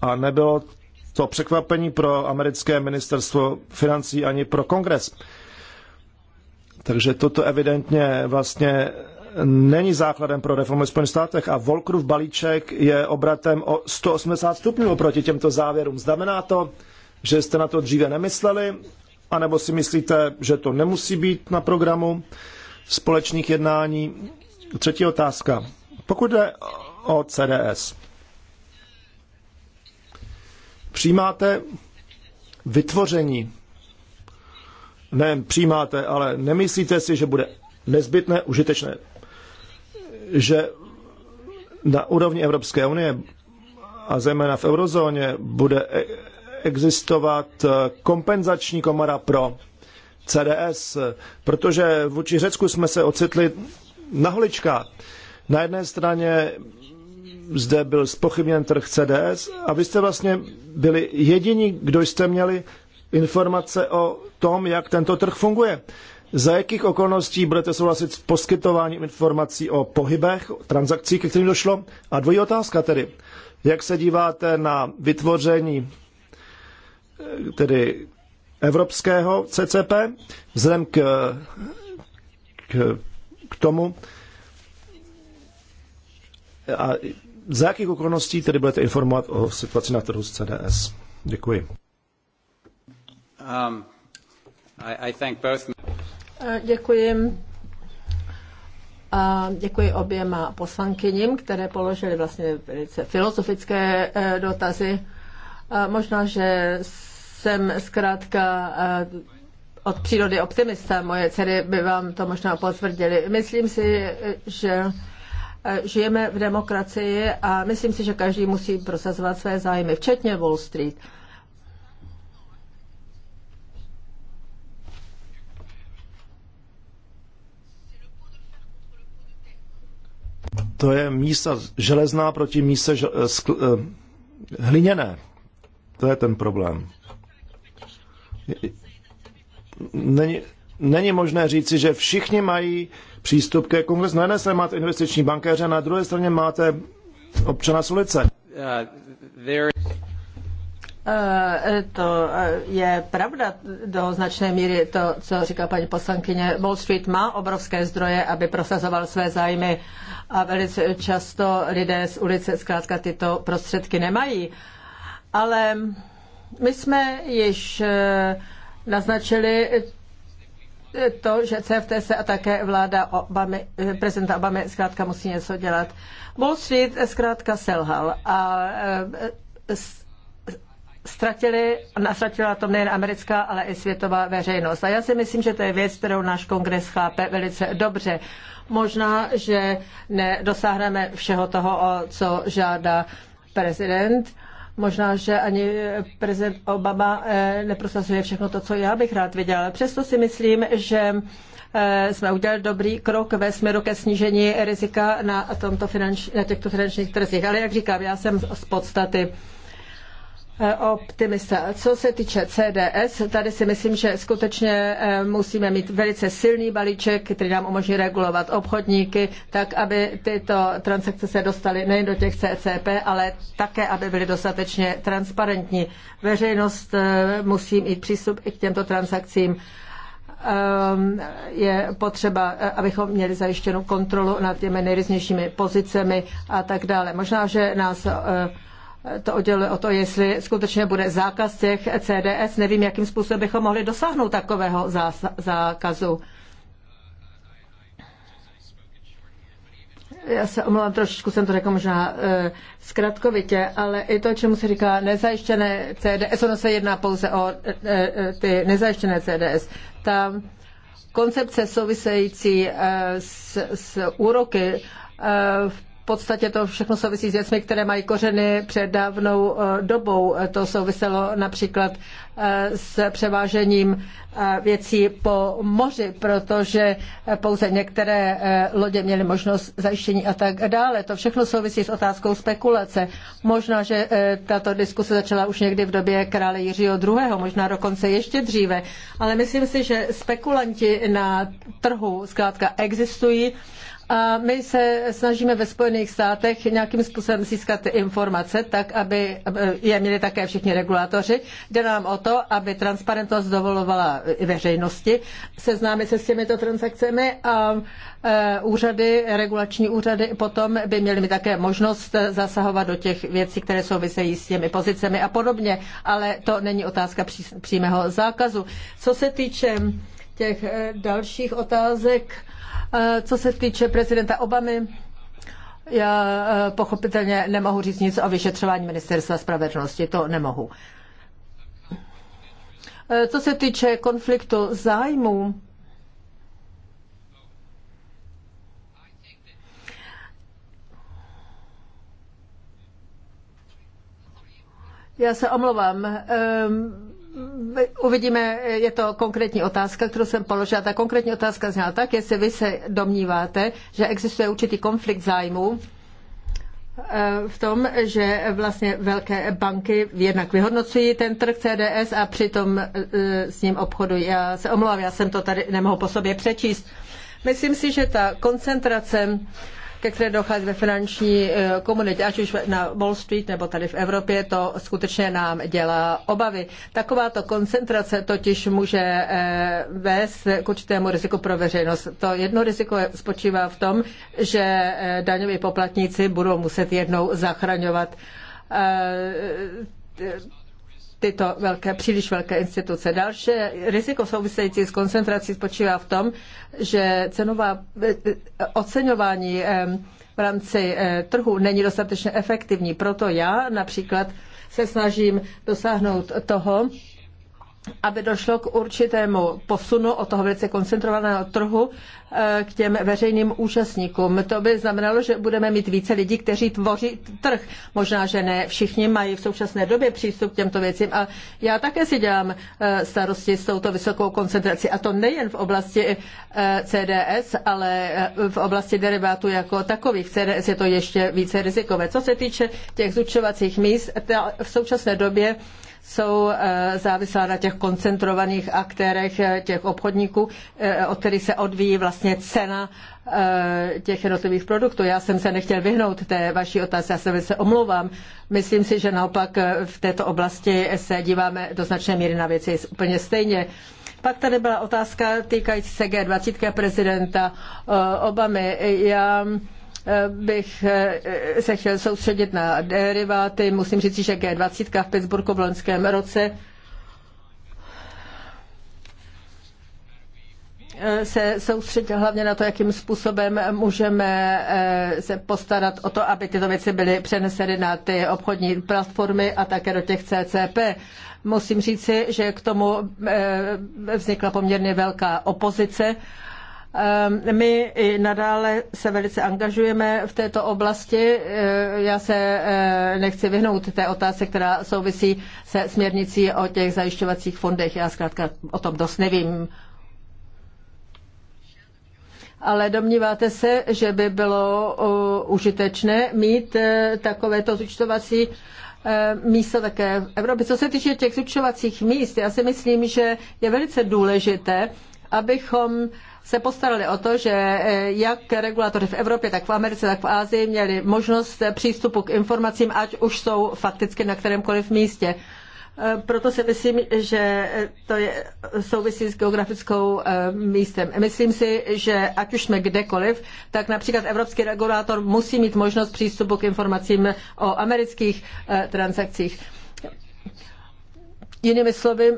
a nebylo to překvapení pro americké ministerstvo financí ani pro kongres. Takže toto evidentně vlastně není základem pro reformy v Spojených státech a Volkrův balíček je obratem o 180 stupňů oproti těmto závěrům. Znamená to, že jste na to dříve nemysleli, anebo si myslíte, že to nemusí být na programu společných jednání? Třetí otázka. Pokud jde o CDS, přijímáte vytvoření, ne přijímáte, ale nemyslíte si, že bude nezbytné, užitečné, že na úrovni Evropské unie a zejména v eurozóně bude existovat kompenzační komora pro CDS, protože vůči Řecku jsme se ocitli na holička. Na jedné straně zde byl spochybněn trh CDS a vy jste vlastně byli jediní, kdo jste měli informace o tom, jak tento trh funguje. Za jakých okolností budete souhlasit s poskytováním informací o pohybech, transakcích, ke kterým došlo? A dvojí otázka tedy. Jak se díváte na vytvoření tedy evropského CCP, vzhledem k, k, k tomu, a za jakých okolností tedy budete informovat o situaci na trhu s CDS? Děkuji. Um, I, I thank both... Děkuji. A děkuji oběma poslankyním, které položily vlastně velice filozofické eh, dotazy. A možná, že jsem zkrátka eh, od přírody optimista. Moje dcery by vám to možná potvrdili. Myslím si, že eh, žijeme v demokracii a myslím si, že každý musí prosazovat své zájmy, včetně Wall Street. To je mísa železná proti míse žel, eh, skl, hliněné. To je ten problém. Není, není možné říci, že všichni mají přístup ke kongresu. Na jedné straně máte investiční bankéře, na druhé straně máte občana z ulice. Uh, To eh, je pravda do značné míry to, co říká paní poslankyně. Wall Street má obrovské zdroje, aby prosazoval své zájmy a velice často lidé z ulice zkrátka tyto prostředky nemají. Ale my jsme již eh, naznačili eh, to, že CFTC a také vláda Obamy, eh, prezidenta Obamy zkrátka musí něco dělat. Wall Street zkrátka selhal a ztratili, nastratila to nejen americká, ale i světová veřejnost. A já si myslím, že to je věc, kterou náš kongres chápe velice dobře. Možná, že nedosáhneme všeho toho, co žádá prezident, Možná, že ani prezident Obama eh, neprosazuje všechno to, co já bych rád viděl. Přesto si myslím, že eh, jsme udělali dobrý krok ve směru ke snížení rizika na, tomto finanč, na těchto finančních trzích. Ale jak říkám, já jsem z podstaty Eh, optimista. Co se týče CDS, tady si myslím, že skutečně eh, musíme mít velice silný balíček, který nám umožní regulovat obchodníky, tak aby tyto transakce se dostaly nejen do těch CCP, ale také, aby byly dostatečně transparentní. Veřejnost eh, musí mít přístup i k těmto transakcím ehm, je potřeba, abychom měli zajištěnou kontrolu nad těmi nejrůznějšími pozicemi a tak dále. Možná, že nás to odděluje o to, jestli skutečně bude zákaz těch CDS. Nevím, jakým způsobem bychom mohli dosáhnout takového zákazu. já se omlouvám, trošičku jsem to řekl možná e, zkratkovitě, ale i to, čemu se říká nezajištěné CDS, ono se jedná pouze o e, e, ty nezajištěné CDS. Ta koncepce související e, s, s úroky e, v podstatě to všechno souvisí s věcmi, které mají kořeny před dávnou eh, dobou. Eh, to souviselo například eh, s převážením věcí po moři, protože pouze některé lodě měly možnost zajištění a tak dále. To všechno souvisí s otázkou spekulace. Možná, že tato diskuse začala už někdy v době krále Jiřího II., možná dokonce ještě dříve, ale myslím si, že spekulanti na trhu zkrátka existují a my se snažíme ve Spojených státech nějakým způsobem získat informace, tak aby je měli také všichni regulátoři. Jde nám o to, aby transparentnost dovolovala i veřejnosti seznámit se s těmito transakcemi a e, úřady, regulační úřady potom by měly mít také možnost zasahovat do těch věcí, které souvisejí s těmi pozicemi a podobně. Ale to není otázka přímého zákazu. Co se týče těch e, dalších otázek, Eh, co se týče prezidenta Obamy, já eh, pochopitelně nemohu říct nic o vyšetřování ministerstva spravedlnosti, to nemohu. Eh, co se týče konfliktu zájmů, já se omlouvám. Ehm, Uvidíme, je to konkrétní otázka, kterou jsem položila. Ta konkrétní otázka zněla tak, jestli vy se domníváte, že existuje určitý konflikt zájmů eh, v tom, že vlastně velké banky jednak vyhodnocují ten trh CDS a přitom eh, s ním obchodují. Já se omlouvám, já jsem to tady nemohl po sobě přečíst. Myslím si, že ta koncentrace ke které dochází ve finanční eh, komunitě, ať už na Wall Street nebo tady v Evropě, to skutečně nám dělá obavy. Takováto koncentrace totiž může eh, vést k určitému riziku pro veřejnost. To jedno riziko spočívá v tom, že eh, daňoví poplatníci budou muset jednou zachraňovat tyto velké, příliš velké instituce. Další riziko související s koncentrací spočívá v tom, že cenová eh, oceňování eh, v rámci eh, trhu není dostatečně efektivní. Proto já například se snažím dosáhnout toho, aby došlo k určitému posunu od toho velice koncentrovaného trhu eh, k těm veřejným účastníkům. To by znamenalo, že budeme mít více lidí, kteří tvoří trh. Možná, že ne všichni mají v současné době přístup k těmto věcím. A já také si dělám eh, starosti s touto vysokou koncentrací. A to nejen v oblasti eh, CDS, ale v oblasti derivátů jako takových. V CDS je to ještě více rizikové. Co se týče těch zúčtovacích míst, v současné době jsou eh, závislá na těch koncentrovaných aktérech, eh, těch obchodníků, eh, od kterých se odvíjí vlastně cena těch jednotlivých produktů. Já jsem se nechtěl vyhnout té vaší otázce, já se velice omlouvám. Myslím si, že naopak v této oblasti se díváme do značné míry na věci úplně stejně. Pak tady byla otázka týkající se G20 prezidenta Obamy. Já bych eh, se chtěl soustředit na deriváty. Musím říct, že G20 v Pittsburghu v loňském roce eh, se soustředit hlavně na to, jakým způsobem můžeme eh, se postarat o to, aby tyto věci byly přeneseny na ty obchodní platformy a také do těch CCP. Musím říci, že k tomu vznikla poměrně velká opozice Ehm, my i nadále se velice angažujeme v této oblasti. Ehm, já se ehm, nechci vyhnout té otázce, která souvisí se směrnicí o těch zajišťovacích fondech. Já zkrátka o tom dost nevím. Ale domníváte se, že by bylo užitečné mít e, takovéto zúčtovací e, místo také v Evropě. Co se týče těch zúčtovacích míst, já si myslím, že je velice důležité, abychom se postarali o to, že eh, jak regulatoři v Evropě, tak v Americe, tak v Asii měli možnost eh, přístupu k informacím, ať už jsou fakticky na kterémkoliv místě. Eh, proto si myslím, že to je, souvisí s geografickou místem. Myslím si, že ať už jsme kdekoliv, tak například evropský regulátor musí mít možnost přístupu k informacím o amerických transakcích. Jinými slovy,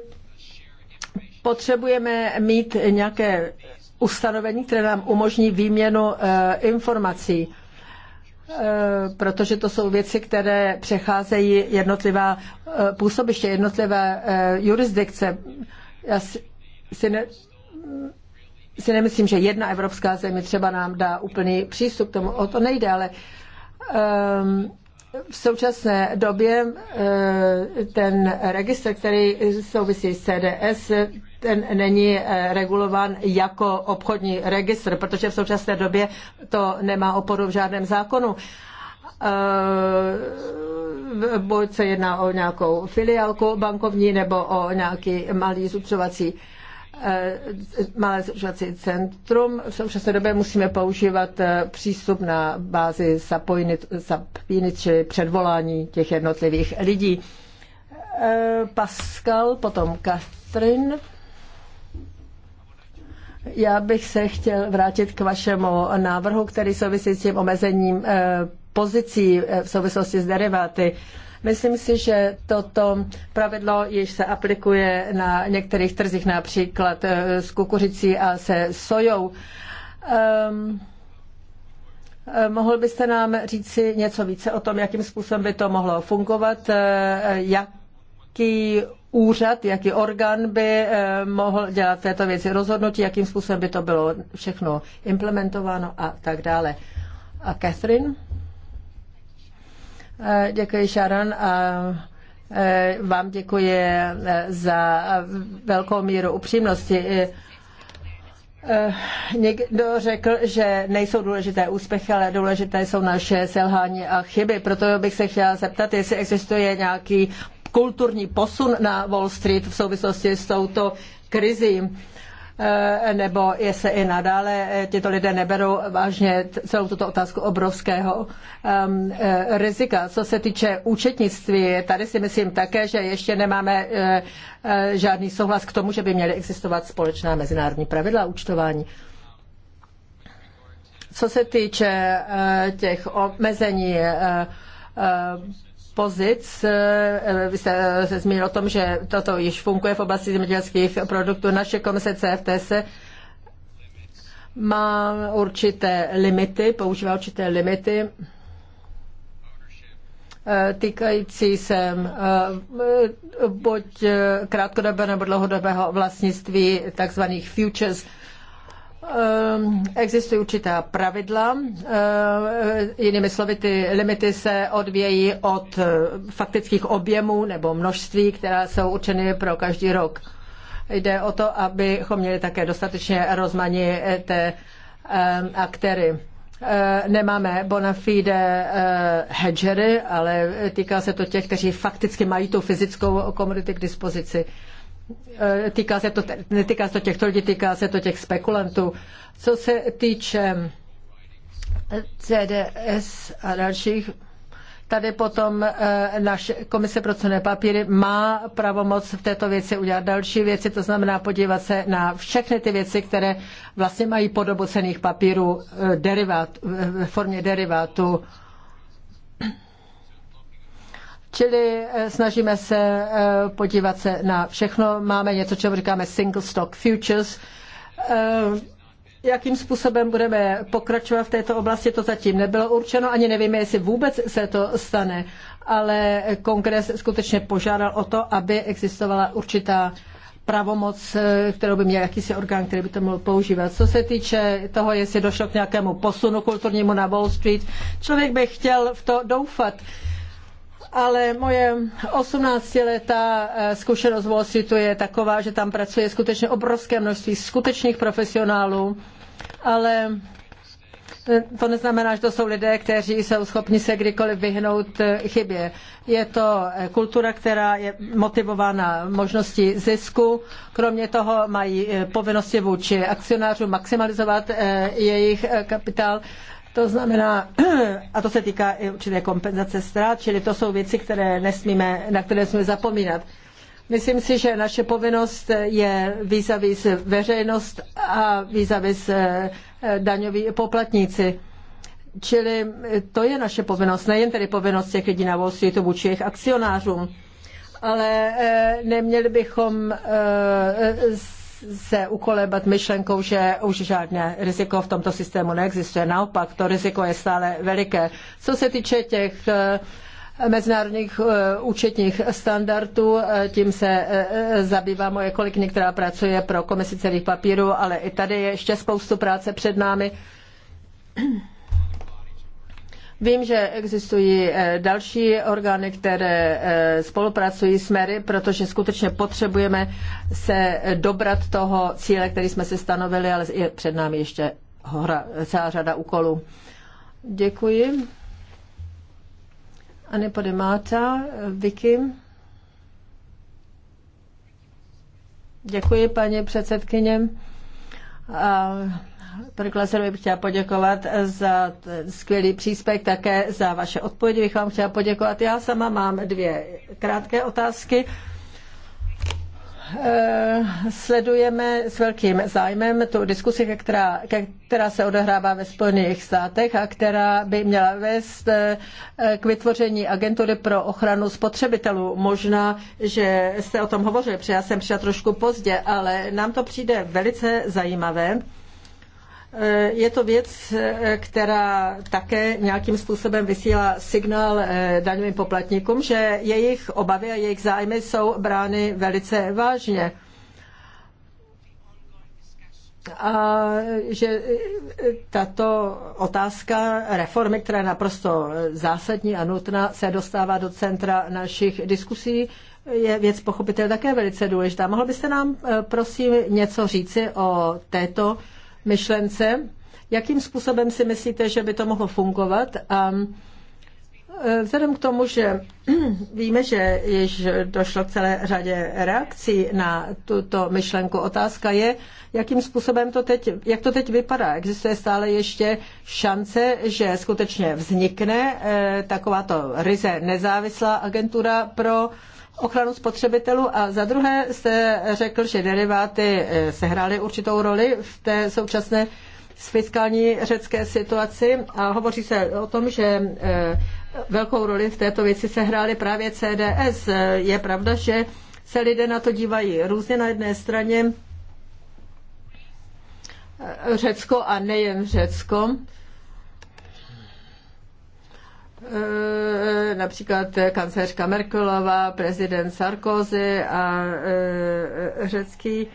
potřebujeme mít nějaké ustanovení, které nám umožní výměnu eh, informací eh, protože to jsou věci, které přecházejí jednotlivá eh, působiště, jednotlivé jurisdikce. Já si, si, ne, si nemyslím, že jedna evropská země třeba nám dá úplný přístup k tomu. O to nejde, ale um, v současné době ten registr, který souvisí s CDS, ten není eh, regulován jako obchodní registr, protože v současné době to nemá oporu v žádném zákonu eh, buď se jedná o nějakou filiálku bankovní nebo o nějaký malý zúčtovací eh, malé zúčtovací centrum. V současné době musíme používat přístup na bázi sapínit, čili předvolání těch jednotlivých lidí. Pascal, potom Katrin. Já bych se chtěl vrátit k vašemu návrhu, který souvisí s tím omezením eh, pozicí eh, v souvislosti s deriváty. Myslím si, že toto pravidlo již se aplikuje na některých trzích, například eh, s kukuřicí a se sojou. Um, Mohl byste nám říci něco více o tom, jakým způsobem by to mohlo fungovat, jaký úřad, jaký orgán by eh, mohl dělat v této věci rozhodnutí, jakým způsobem by to bylo všechno implementováno a tak dále. A Catherine? Eh, děkuji, Sharon. A eh, vám děkuji za velkou míru upřímnosti. Někdo řekl, že nejsou důležité úspěchy, ale důležité jsou naše selhání a chyby. Proto bych se chtěla zeptat, jestli existuje nějaký kulturní posun na Wall Street v souvislosti s touto krizí eh, nebo jestli i nadále eh, tyto lidé neberou vážně celou tuto otázku obrovského um, rizika. Co se týče účetnictví, tady si myslím také, že ještě nemáme uh, žádný souhlas k tomu, že by měly existovat společná mezinárodní pravidla účtování. Co se týče uh, těch omezení uh, pozic. Vy eh, jste eh, se zmínil o tom, že toto již funguje v oblasti zemědělských produktů. Naše komise CFTS má určité limity, používá určité limity eh, týkající se buď krátkodobého nebo dlouhodobého vlastnictví takzvaných futures Ehm, existují určitá pravidla, ehm, jinými slovy ty limity se odvějí od eh, faktických objemů nebo množství, která jsou určeny pro každý rok. Jde o to, abychom měli také dostatečně rozmanité ehm, aktéry. Nemáme bona fide eh, hedgery, ale týká se to těch, kteří fakticky mají tu fyzickou komoditu k dispozici. Eh, týká se to, netýká se to těchto lidí, týká se to těch spekulantů. Co se týče eh, CDS a dalších, tady potom eh, naše komise pro cené papíry má pravomoc v této věci udělat další věci, to znamená podívat se na všechny ty věci, které vlastně mají podobu cených papírů derivát, v formě derivátu. Čili eh, snažíme se eh, podívat se na všechno. Máme něco, čemu říkáme single stock futures. Eh, jakým způsobem budeme pokračovat v této oblasti, to zatím nebylo určeno, ani nevíme, jestli vůbec se to stane, ale kongres skutečně požádal o to, aby existovala určitá pravomoc, kterou by měl jakýsi orgán, který by to mohl používat. Co se týče toho, jestli došlo k nějakému posunu kulturnímu na Wall Street, člověk by chtěl v to doufat ale moje 18-letá eh, zkušenost v Wall Streetu je taková, že tam pracuje skutečně obrovské množství skutečných profesionálů, ale eh, to neznamená, že to jsou lidé, kteří jsou schopni se kdykoliv vyhnout eh, chybě. Je to kultura, která je motivována možností zisku. Kromě toho mají povinnosti vůči akcionářům maximalizovat jejich kapitál to znamená, *clears throat* a to se týká i určité kompenzace ztrát, čili to jsou věci, které nesmíme, na které jsme zapomínat. Myslím si, že naše povinnost je výzavis veřejnost a výzavis eh, daňoví poplatníci. Čili eh, to je naše povinnost, nejen tedy povinnost těch lidí na Wall Streetu vůči jejich akcionářům, ale eh, neměli bychom se ukolebat myšlenkou, že už žádné riziko v tomto systému neexistuje. Naopak, to riziko je stále veliké. Co se týče těch eh, mezinárodních eh, účetních standardů. Eh, tím se zabývá moje kolegyně, která pracuje pro komisi celých papírů, ale i tady je ještě spoustu práce před námi. Vím, že existují eh, další orgány, které eh, spolupracují s Mary, protože skutečně potřebujeme se dobrat toho cíle, který jsme si stanovili, ale je před námi ještě hra celá řada úkolů. Děkuji. Anny Podemáta, Vicky. Děkuji, paní předsedkyně. A Pane Klaserovi bych chtěla poděkovat za skvělý příspěvek, také za vaše odpovědi bych vám chtěla poděkovat. Já sama mám dvě krátké otázky. Eh, sledujeme s velkým zájmem tu diskusi, která, která se odehrává ve Spojených státech a která by měla vést eh, k vytvoření agentury pro ochranu spotřebitelů. Možná, že jste o tom hovořili, protože já jsem přišla trošku pozdě, ale nám to přijde velice zajímavé. Eh, je to věc, eh, která také nějakým způsobem vysílá signál eh, daňovým poplatníkům, že jejich obavy a jejich zájmy jsou brány velice vážně. A že tato otázka reformy, která je naprosto zásadní a nutná, se dostává do centra našich diskusí, je věc pochopitelně také velice důležitá. Mohl byste nám prosím něco říci o této myšlence. Jakým způsobem si myslíte, že by to mohlo fungovat? A e, Vzhledem k tomu, že *clears throat* víme, že již došlo k celé řadě reakcí na tuto myšlenku, otázka je, jakým způsobem to teď, jak to teď vypadá. Existuje stále ještě šance, že skutečně vznikne e, takováto ryze nezávislá agentura pro ochranu spotřebitelů a za druhé jste řekl, že deriváty eh, sehrály určitou roli v té současné fiskální řecké situaci a hovoří se o tom, že eh, velkou roli v této věci sehrály právě CDS. Je pravda, že se lidé na to dívají různě na jedné straně eh, Řecko a nejen Řecko Eh, například kancelářka Merkelová, prezident Sarkozy a eh, řecký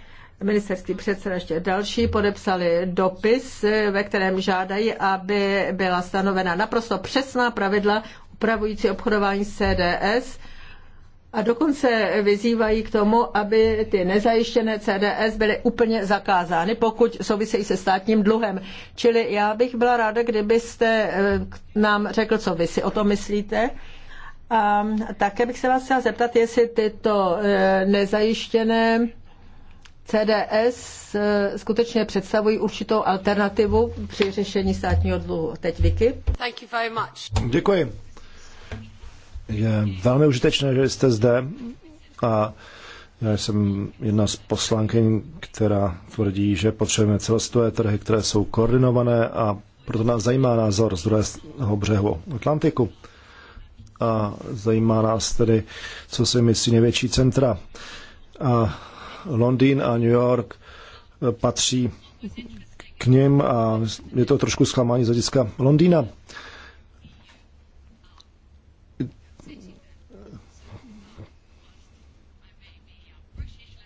ministerský předseda ještě další podepsali dopis, eh, ve kterém žádají, aby byla stanovena naprosto přesná pravidla upravující obchodování CDS, a dokonce vyzývají k tomu, aby ty nezajištěné CDS byly úplně zakázány, pokud souvisejí se státním dluhem. Čili já bych byla ráda, kdybyste eh, nám řekl, co vy si o tom myslíte. A také bych se vás chtěla zeptat, jestli tyto eh, nezajištěné CDS eh, skutečně představují určitou alternativu při řešení státního dluhu. Teď Vicky. Děkuji. Je velmi užitečné, že jste zde a já jsem jedna z poslankyň, která tvrdí, že potřebujeme celostové trhy, které jsou koordinované a proto nás zajímá názor z druhého břehu Atlantiku. A zajímá nás tedy, co si myslí největší centra. A Londýn a New York eh, patří k ním a je to trošku zklamání z hlediska Londýna,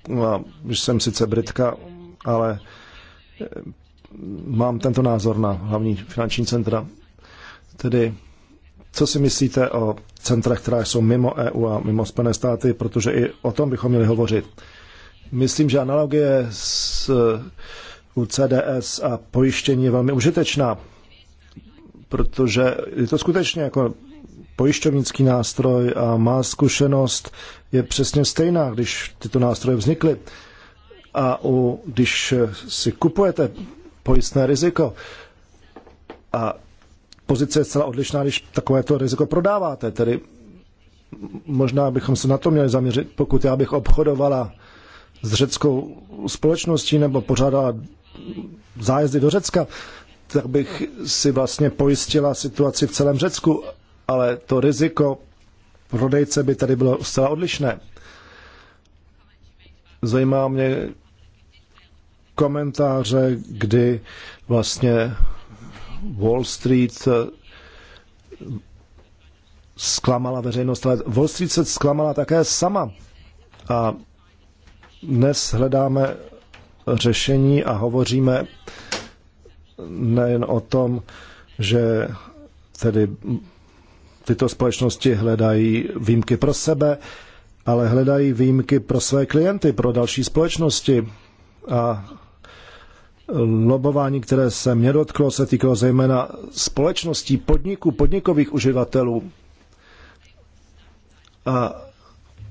No a jsem sice Britka, ale eh, mám tento názor na hlavní finanční centra. Tedy, co si myslíte o centrech, která jsou mimo EU a mimo Spojené státy, protože i o tom bychom měli hovořit. Myslím, že analogie s eh, u CDS a pojištění je velmi užitečná, protože je to skutečně jako pojišťovnický nástroj a má zkušenost je přesně stejná, když tyto nástroje vznikly. A u, když si kupujete pojistné riziko a pozice je zcela odlišná, když takovéto riziko prodáváte, tedy možná bychom se na to měli zaměřit, pokud já bych obchodovala s řeckou společností nebo pořádala zájezdy do Řecka, tak bych si vlastně pojistila situaci v celém Řecku ale to riziko prodejce by tady bylo zcela odlišné. Zajímá mě komentáře, kdy vlastně Wall Street zklamala veřejnost, ale Wall Street se zklamala také sama. A dnes hledáme řešení a hovoříme nejen o tom, že tedy tyto společnosti hledají výjimky pro sebe, ale hledají výjimky pro své klienty, pro další společnosti. A lobování, které se mě dotklo, se týkalo zejména společností, podniků, podnikových uživatelů. A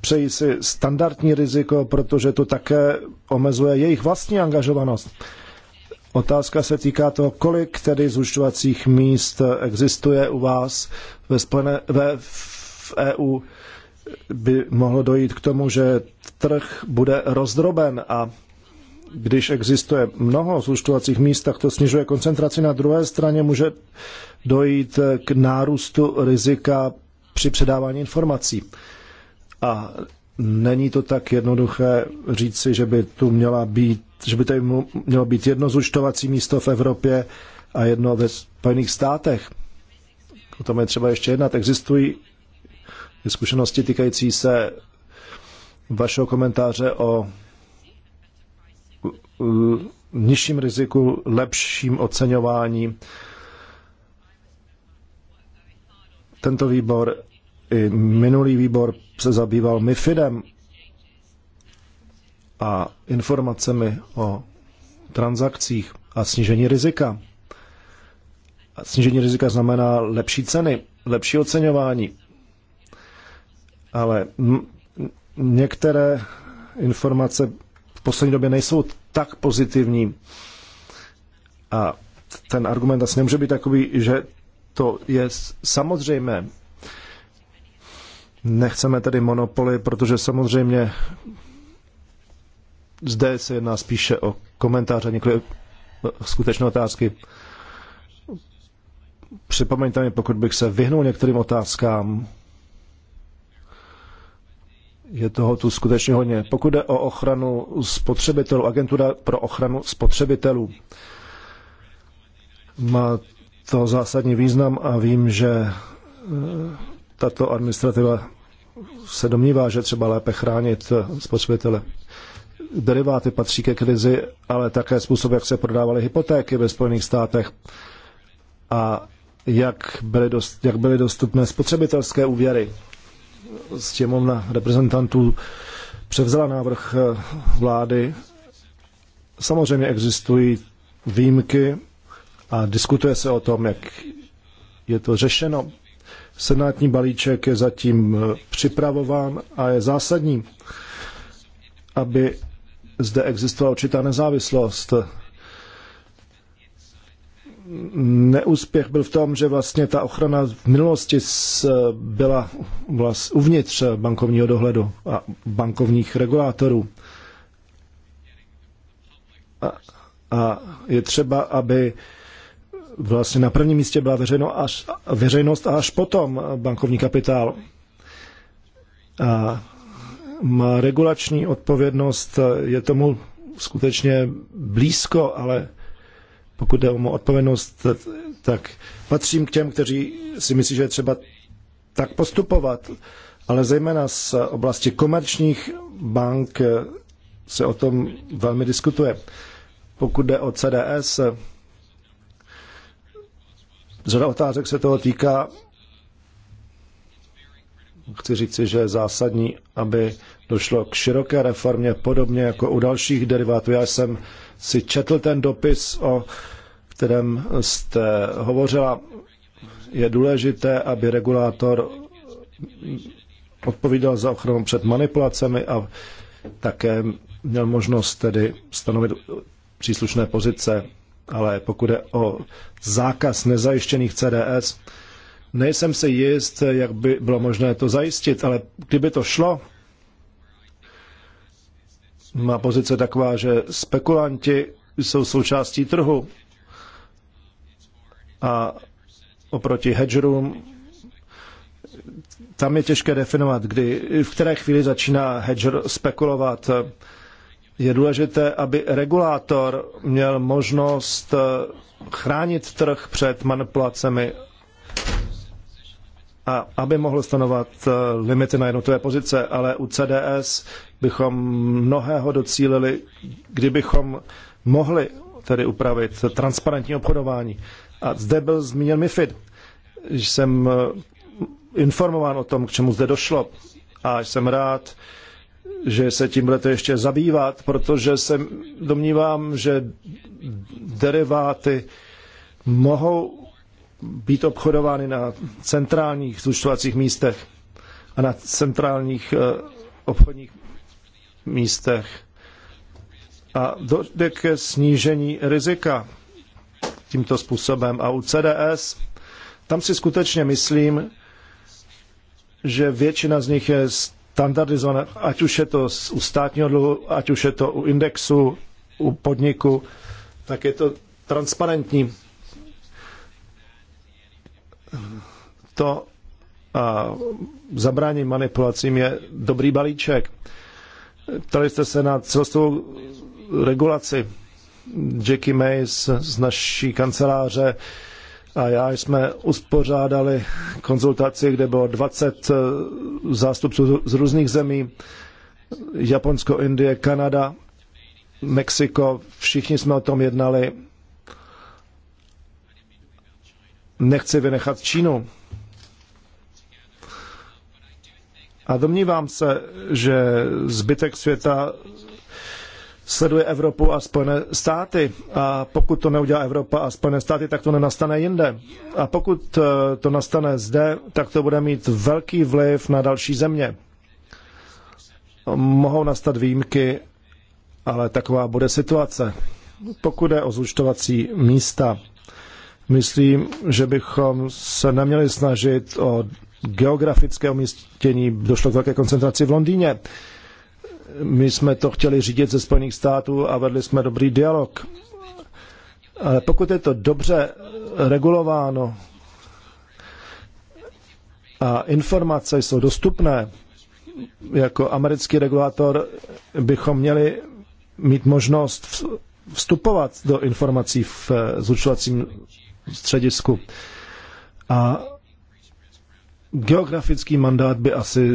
přeji si standardní riziko, protože to také omezuje jejich vlastní angažovanost. Otázka se týká toho, kolik tedy zúčtovacích míst existuje u vás ve, spojené, ve v EU by mohlo dojít k tomu, že trh bude rozdroben a když existuje mnoho zúčtovacích míst, tak to snižuje koncentraci. Na druhé straně může dojít k nárůstu rizika při předávání informací. A není to tak jednoduché říci, že by tu měla být, že by tady mělo být jedno zúčtovací místo v Evropě a jedno ve Spojených státech. O tom je třeba ještě jednat. Existují zkušenosti týkající se vašeho komentáře o nižším riziku, lepším oceňování. Tento výbor i minulý výbor se zabýval MIFIDem a informacemi o transakcích a snížení rizika. A snížení rizika znamená lepší ceny, lepší oceňování. Ale některé informace v poslední době nejsou tak pozitivní. A ten argument asi nemůže být takový, že to je samozřejmé. Nechceme tedy monopoly, protože samozřejmě zde se jedná spíše o komentáře, nikoli skutečné otázky. Připomeňte mi, pokud bych se vyhnul některým otázkám, je toho tu skutečně hodně. Pokud jde o ochranu spotřebitelů, agentura pro ochranu spotřebitelů má to zásadní význam a vím, že eh, tato administrativa se domnívá, že třeba lépe chránit eh, spotřebitele. Deriváty patří ke krizi, ale také způsob, jak se prodávaly hypotéky ve Spojených státech a jak byly, dost, jak byly dostupné spotřebitelské úvěry. S na reprezentantů převzala návrh eh, vlády. Samozřejmě existují výjimky a diskutuje se o tom, jak je to řešeno Senátní balíček je zatím eh, připravován a je zásadní, aby zde existovala určitá nezávislost. Neúspěch byl v tom, že vlastně ta ochrana v minulosti eh, byla vlastně uvnitř bankovního dohledu a bankovních regulátorů. A, a je třeba, aby vlastně na prvním místě byla veřejno až, veřejnost a až potom bankovní kapitál. A má regulační odpovědnost, je tomu skutečně blízko, ale pokud jde o mou odpovědnost, tak patřím k těm, kteří si myslí, že je třeba tak postupovat, ale zejména z oblasti komerčních bank se o tom velmi diskutuje. Pokud jde o CDS, Řada otázek se toho týká. Chci říci, že je zásadní, aby došlo k široké reformě, podobně jako u dalších derivátů. Já jsem si četl ten dopis, o kterém jste hovořila. Je důležité, aby regulátor odpovídal za ochranu před manipulacemi a také měl možnost tedy stanovit příslušné pozice ale pokud je o zákaz nezajištěných CDS, nejsem si jist, jak by bylo možné to zajistit, ale kdyby to šlo, má pozice taková, že spekulanti jsou součástí trhu a oproti hedgerům tam je těžké definovat, kdy, v které chvíli začíná hedger spekulovat je důležité, aby regulátor měl možnost eh, chránit trh před manipulacemi a aby mohl stanovat eh, limity na jednotlivé pozice, ale u CDS bychom mnohého docílili, kdybychom mohli tedy upravit transparentní obchodování. A zde byl zmíněn MIFID. Jsem eh, informován o tom, k čemu zde došlo a jsem rád, že se tím budete ještě zabývat, protože se domnívám, že deriváty mohou být obchodovány na centrálních zúčtovacích místech a na centrálních eh, obchodních místech. A dojde ke snížení rizika tímto způsobem. A u CDS, tam si skutečně myslím, že většina z nich je standardizované, ať už je to u státního dluhu, ať už je to u indexu, u podniku, tak je to transparentní. To a zabrání manipulacím je dobrý balíček. Ptali jste se na celostovou regulaci. Jackie Mays z naší kanceláře a já jsme uspořádali konzultaci, kde bylo 20 eh, zástupců z různých zemí, Japonsko, Indie, Kanada, Mexiko, všichni jsme o tom jednali. Nechci vynechat Čínu. A domnívám se, že zbytek světa sleduje Evropu a Spojené státy. A pokud to neudělá Evropa a Spojené státy, tak to nenastane jinde. A pokud eh, to nastane zde, tak to bude mít velký vliv na další země. Mohou nastat výjimky, ale taková bude situace. Pokud je o zúčtovací místa, myslím, že bychom se neměli snažit o geografické umístění. Došlo k velké koncentraci v Londýně. My jsme to chtěli řídit ze Spojených států a vedli jsme dobrý dialog. Ale pokud je to dobře regulováno a informace jsou dostupné, jako americký regulátor bychom měli mít možnost vstupovat do informací v eh, zúčtovacím středisku. A Geografický mandát by asi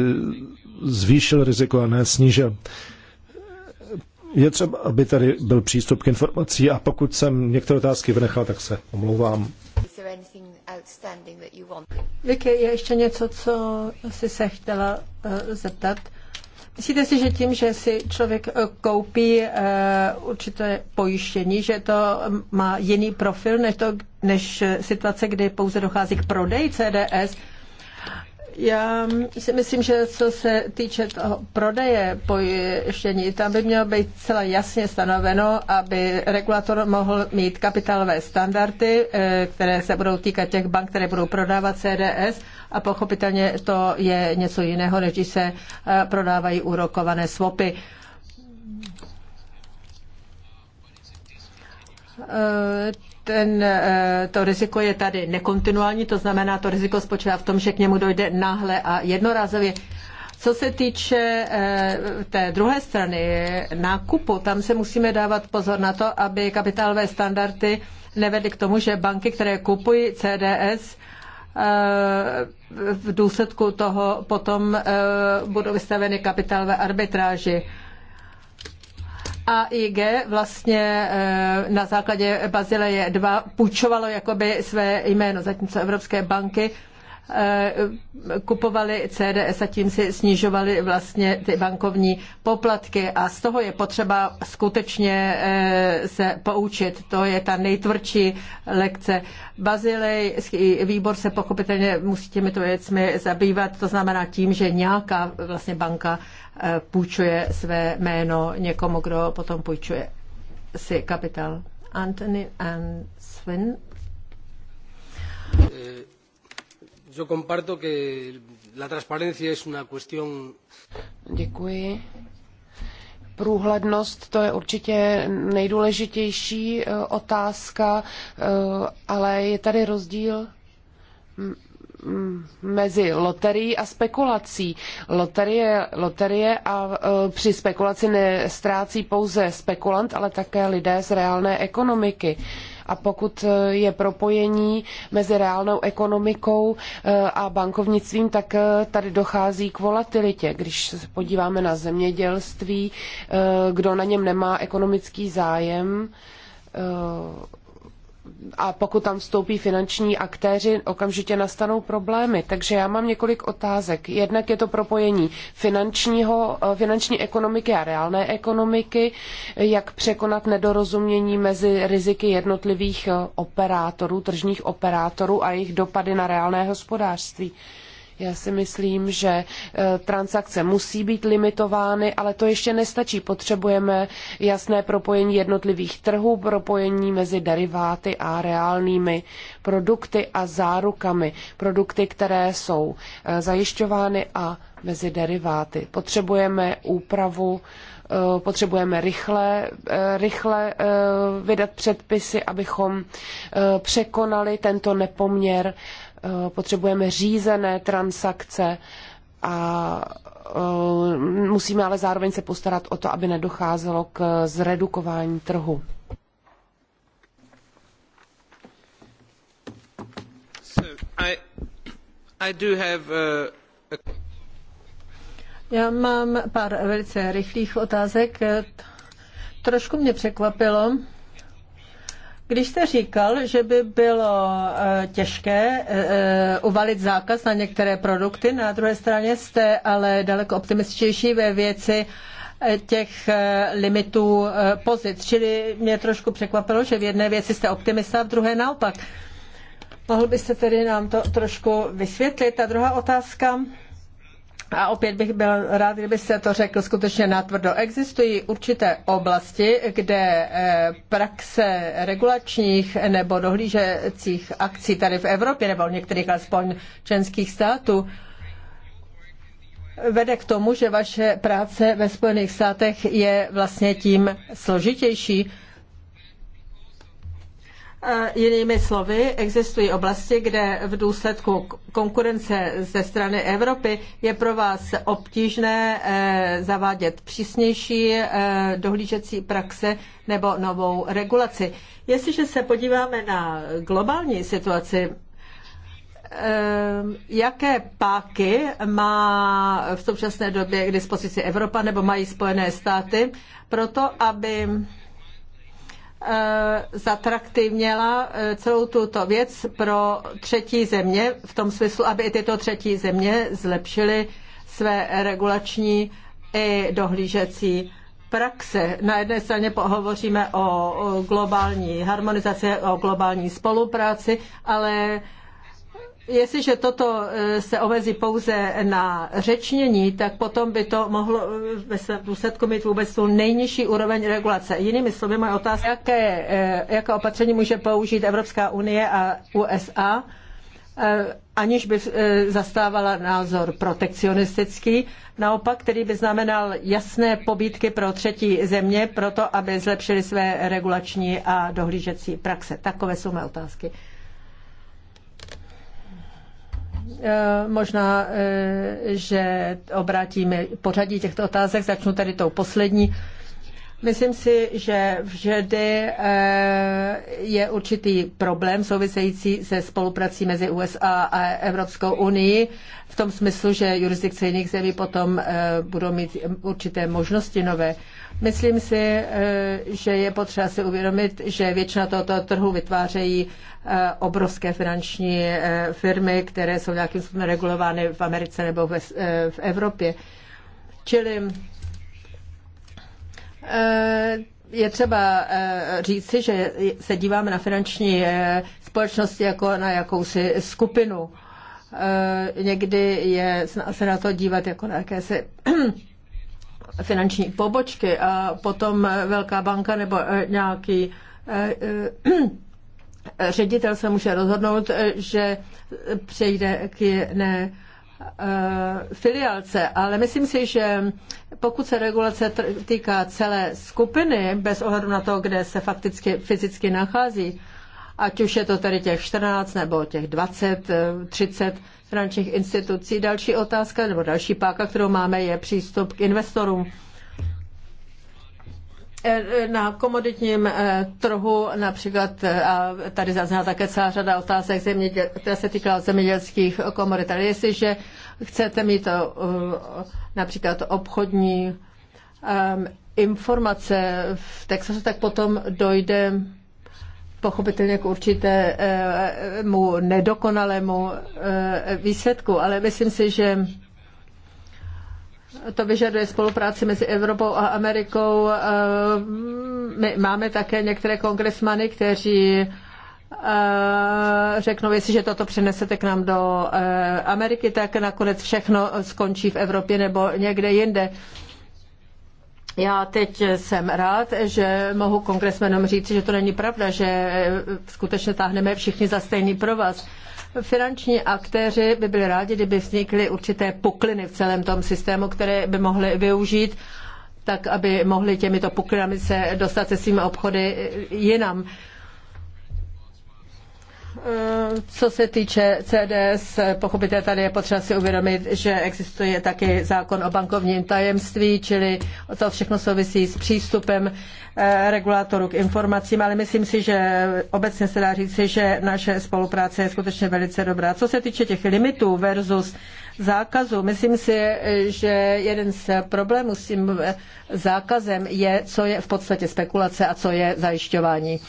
zvýšil riziko a ne snížil. Je třeba, aby tady byl přístup k informací a pokud jsem některé otázky vynechal, tak se omlouvám. Vicky, je ještě něco, co jsi se chtěla uh, zeptat? Myslíte si, že tím, že si člověk eh, koupí eh, určité pojištění, že to má jiný profil než, to, než situace, kdy pouze dochází k prodeji CDS, já si myslím, že co se týče toho prodeje pojištění, tam by mělo být celá jasně stanoveno, aby regulator mohl mít kapitálové standardy, eh, které se budou týkat těch bank, které budou prodávat CDS a pochopitelně to je něco jiného, než když se eh, prodávají úrokované swapy. Uh, ten, eh, to riziko je tady nekontinuální, to znamená, to riziko spočívá v tom, že k němu dojde náhle a jednorázově. Co se týče eh, té druhé strany nákupu, tam se musíme dávat pozor na to, aby kapitálové standardy nevedly k tomu, že banky, které kupují CDS, eh, v důsledku toho potom budou vystaveny kapitálové arbitráži. AIG vlastně eh, na základě Bazileje 2 půjčovalo jakoby své jméno, zatímco evropské banky eh, kupovali CDS a tím si snižovali vlastně ty bankovní poplatky a z toho je potřeba skutečně eh, se poučit. To je ta nejtvrdší lekce. Bazilej výbor se pochopitelně musí těmito věcmi zabývat, to znamená tím, že nějaká vlastně banka půjčuje své jméno někomu, kdo potom půjčuje si kapitál. Anthony and Swin. Eh, yo comparto que la transparencia es una cuestión. Děkuji. Průhlednost to je určitě nejdůležitější eh, otázka, eh, ale je tady rozdíl mm, Mm, mezi loterií a spekulací. Loterie, loterie a e, při spekulaci nestrácí pouze spekulant, ale také lidé z reálné ekonomiky. A pokud e, je propojení mezi reálnou ekonomikou e, a bankovnictvím, tak tady dochází k volatilitě. Když se podíváme na zemědělství, kdo na něm nemá ekonomický zájem, a pokud tam vstoupí finanční aktéři, okamžitě nastanou problémy. Takže já mám několik otázek. Jednak je to propojení finančního, eh, finanční ekonomiky a reálné ekonomiky, jak překonat nedorozumění mezi riziky jednotlivých eh, operátorů, tržních operátorů a jejich dopady na reálné hospodářství. Já si myslím, že eh, transakce musí být limitovány, ale to ještě nestačí. Potřebujeme jasné propojení jednotlivých trhů, propojení mezi deriváty a reálnými produkty a zárukami. Produkty, které jsou eh, zajišťovány a mezi deriváty. Potřebujeme úpravu eh, potřebujeme rychle, rychle vydat předpisy, abychom překonali tento nepoměr Eh, potřebujeme řízené transakce a eh, musíme ale zároveň se postarat o to, aby nedocházelo k zredukování trhu. I, I do have eh, a... Já mám pár velice rychlých otázek. Trošku mě překvapilo, když jste říkal, že by bylo eh, těžké eh, eh, uvalit zákaz na některé produkty, na druhé straně jste ale daleko optimističtější ve věci těch limitů pozic. Čili mě trošku překvapilo, že v jedné věci jste optimista, v druhé naopak. Mohl byste tedy nám to trošku vysvětlit? ta druhá otázka a opět bych byl rád, kdybyste to řekl skutečně natvrdo. Existují určité oblasti, kde eh, praxe regulačních nebo dohlížecích akcí tady v Evropě nebo v některých alespoň členských států vede k tomu, že vaše práce ve Spojených státech je vlastně tím složitější Jinými slovy, existují oblasti, kde v důsledku konkurence ze strany Evropy je pro vás obtížné eh, zavádět přísnější eh, dohlížecí praxe nebo novou regulaci. Jestliže se podíváme na globální situaci, eh, jaké páky má v současné době k dispozici Evropa nebo mají Spojené státy proto, aby Eh, zatraktivněla eh, celou tuto věc pro třetí země, v tom smyslu, aby i tyto třetí země zlepšily své regulační i dohlížecí praxe. Na jedné straně pohovoříme o globální harmonizaci, o globální spolupráci, ale Jestliže toto e, se omezí pouze na řečnění, tak potom by to mohlo e, ve svém důsledku mít vůbec tu nejnižší úroveň regulace. Jinými slovy, moje otázka, jaké, e, jaké opatření může použít Evropská unie a USA, aniž by zastávala názor protekcionistický, naopak, který by znamenal jasné pobídky pro třetí země, proto aby zlepšili své regulační a dohlížecí praxe. Takové jsou mé otázky. Eh, možná, eh, že obrátíme pořadí těchto otázek. Začnu tady tou poslední. Myslím si, že vždy eh, je určitý problém související se spoluprací mezi USA a Evropskou unii v tom smyslu, že jurisdikce jiných zemí potom eh, budou mít určité možnosti nové. Myslím si, eh, že je potřeba si uvědomit, že většina tohoto trhu vytvářejí obrovské finanční firmy, které jsou nějakým způsobem regulovány v Americe nebo v Evropě. Čili Eh, je třeba eh, říci, že se díváme na finanční eh, společnosti jako na jakousi skupinu. Někdy je se na to dívat jako na jakési *clears throat* finanční pobočky a potom velká banka nebo nějaký *clears throat* ředitel se může rozhodnout, že přejde k jiné Eh, filiálce, ale myslím si, že pokud se regulace týká celé skupiny, bez ohledu na to, kde se fakticky fyzicky nachází, ať už je to tedy těch 14 nebo těch 20, 30 eh, finančních institucí, další otázka nebo další páka, kterou máme, je přístup k investorům. Eh, eh, na komoditním eh, trhu například, a tady zazněla také celá řada otázek, která se týkala zemědělských komodit. Ale jestliže chcete mít to, například obchodní ehm, informace v Texasu, tak potom dojde pochopitelně k určitému nedokonalému výsledku. Ale myslím si, že to vyžaduje spolupráci mezi Evropou a Amerikou. Eh, my máme také některé kongresmany, kteří eh, řeknou, jestliže toto přenesete k nám do eh, Ameriky, tak nakonec všechno skončí v Evropě nebo někde jinde. Já teď jsem rád, že mohu kongresmenům říct, že to není pravda, že skutečně táhneme všichni za stejný provaz. Finanční aktéři by byli rádi, kdyby vznikly určité pokliny v celém tom systému, které by mohli využít tak aby mohli těmito pokynami se dostat se svými obchody jinam. Eh, co se týče CDS, pochopitelně tady je potřeba si uvědomit, že existuje taky zákon o bankovním tajemství, čili to všechno souvisí s přístupem eh, regulátorů k informacím, ale myslím si, že obecně se dá říci, že naše spolupráce je skutečně velice dobrá. Co se týče těch limitů versus zákazu, myslím si, že jeden z problémů s tím eh, zákazem je, co je v podstatě spekulace a co je zajišťování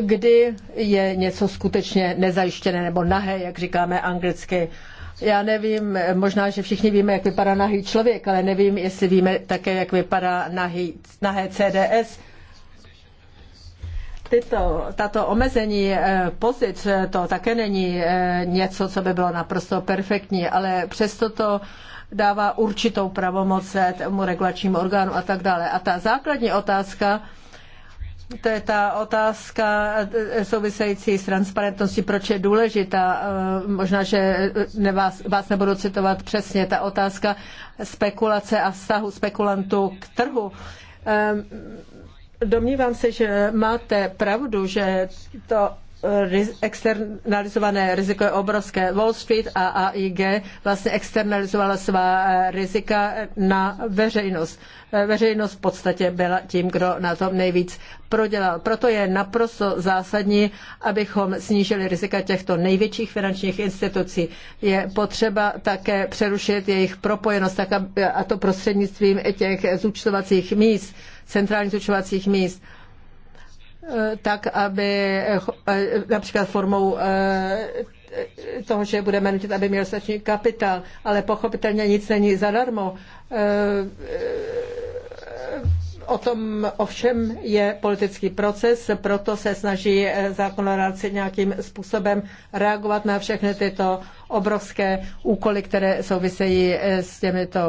kdy je něco skutečně nezajištěné nebo nahé, jak říkáme anglicky. Já nevím, možná, že všichni víme, jak vypadá nahý člověk, ale nevím, jestli víme také, jak vypadá nahý, nahé CDS. Tyto, tato omezení eh, pozic, eh, to také není eh, něco, co by bylo naprosto perfektní, ale přesto to dává určitou pravomoc tomu regulačnímu orgánu a tak dále. A ta základní otázka, to je ta otázka eh, související s transparentností, proč je důležitá. Eh, možná, že eh, ne vás, vás nebudu citovat přesně. Ta otázka spekulace a vztahu spekulantů k trhu. Domnívám se, že máte pravdu, že to externalizované riziko je obrovské. Wall Street a AIG vlastně externalizovala svá eh, rizika eh, na veřejnost. Eh, veřejnost v podstatě byla tím, kdo na tom nejvíc prodělal. Proto je naprosto zásadní, abychom snížili rizika těchto největších finančních institucí. Je potřeba také přerušit jejich propojenost a to prostřednictvím těch zúčtovacích míst, centrálních zúčtovacích míst. Eh, tak aby eh, například formou eh, toho, že budeme nutit, aby měl stačný kapitál, ale pochopitelně nic není zadarmo. O tom ovšem je politický proces, proto se snaží zákonodárci nějakým způsobem reagovat na všechny tyto obrovské úkoly, které souvisejí s těmito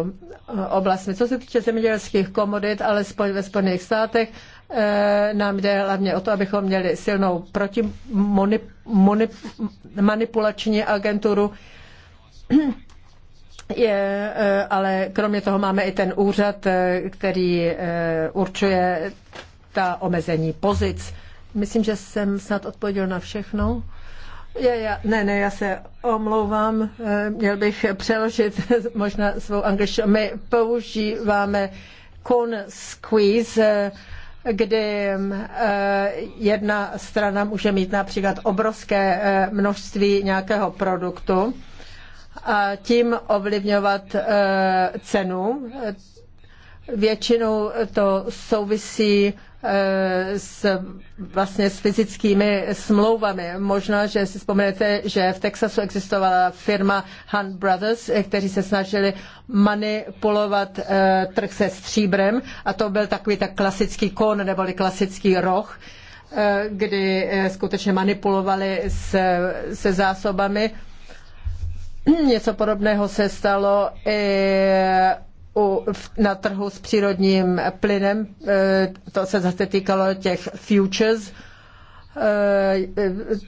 oblastmi. Co se týče zemědělských komodit, alespoň ve Spojených státech, Eh, nám jde hlavně o to, abychom měli silnou protimanipulační agenturu. *clears throat* Je, eh, ale kromě toho máme i ten úřad, eh, který určuje ta omezení pozic. Myslím, že jsem snad odpověděl na všechno. Je, já, ne, ne, já se omlouvám, měl bych přeložit *laughs* možná svou angličtinu. My používáme con squeeze, kdy eh, jedna strana může mít například obrovské eh, množství nějakého produktu a tím ovlivňovat eh, cenu. Většinou to souvisí Eh, s, vlastně s fyzickými smlouvami. Možná, že si vzpomenete, že v Texasu existovala firma Hunt Brothers, eh, kteří se snažili manipulovat eh, trh se stříbrem a to byl takový tak klasický kon neboli klasický roh, kdy skutečně manipulovali se, se zásobami. Něco podobného se stalo i u, na trhu s přírodním plynem, eh, to se zase týkalo těch futures, eh,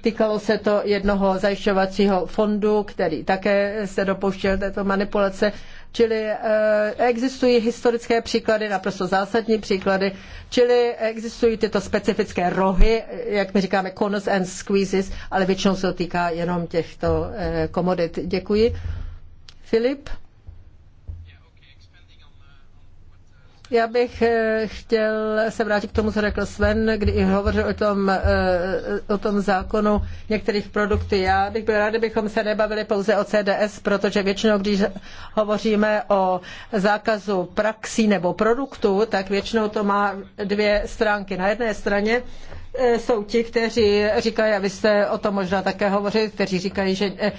týkalo se to jednoho zajišťovacího fondu, který také se dopouštěl této manipulace. Čili eh, existují historické příklady, naprosto zásadní příklady, čili existují tyto specifické rohy, jak my říkáme corners and squeezes, ale většinou se to týká jenom těchto komodit. Děkuji. Filip? Já bych eh, chtěl se vrátit k tomu, co řekl Sven, kdy hovořil o tom, eh, o tom zákonu některých produktů. Já bych byl rád, kdybychom se nebavili pouze o CDS, protože většinou, když hovoříme o zákazu praxí nebo produktů, tak většinou to má dvě stránky. Na jedné straně E, jsou ti, kteří říkají, a vy jste o tom možná také hovořili, kteří říkají, že e,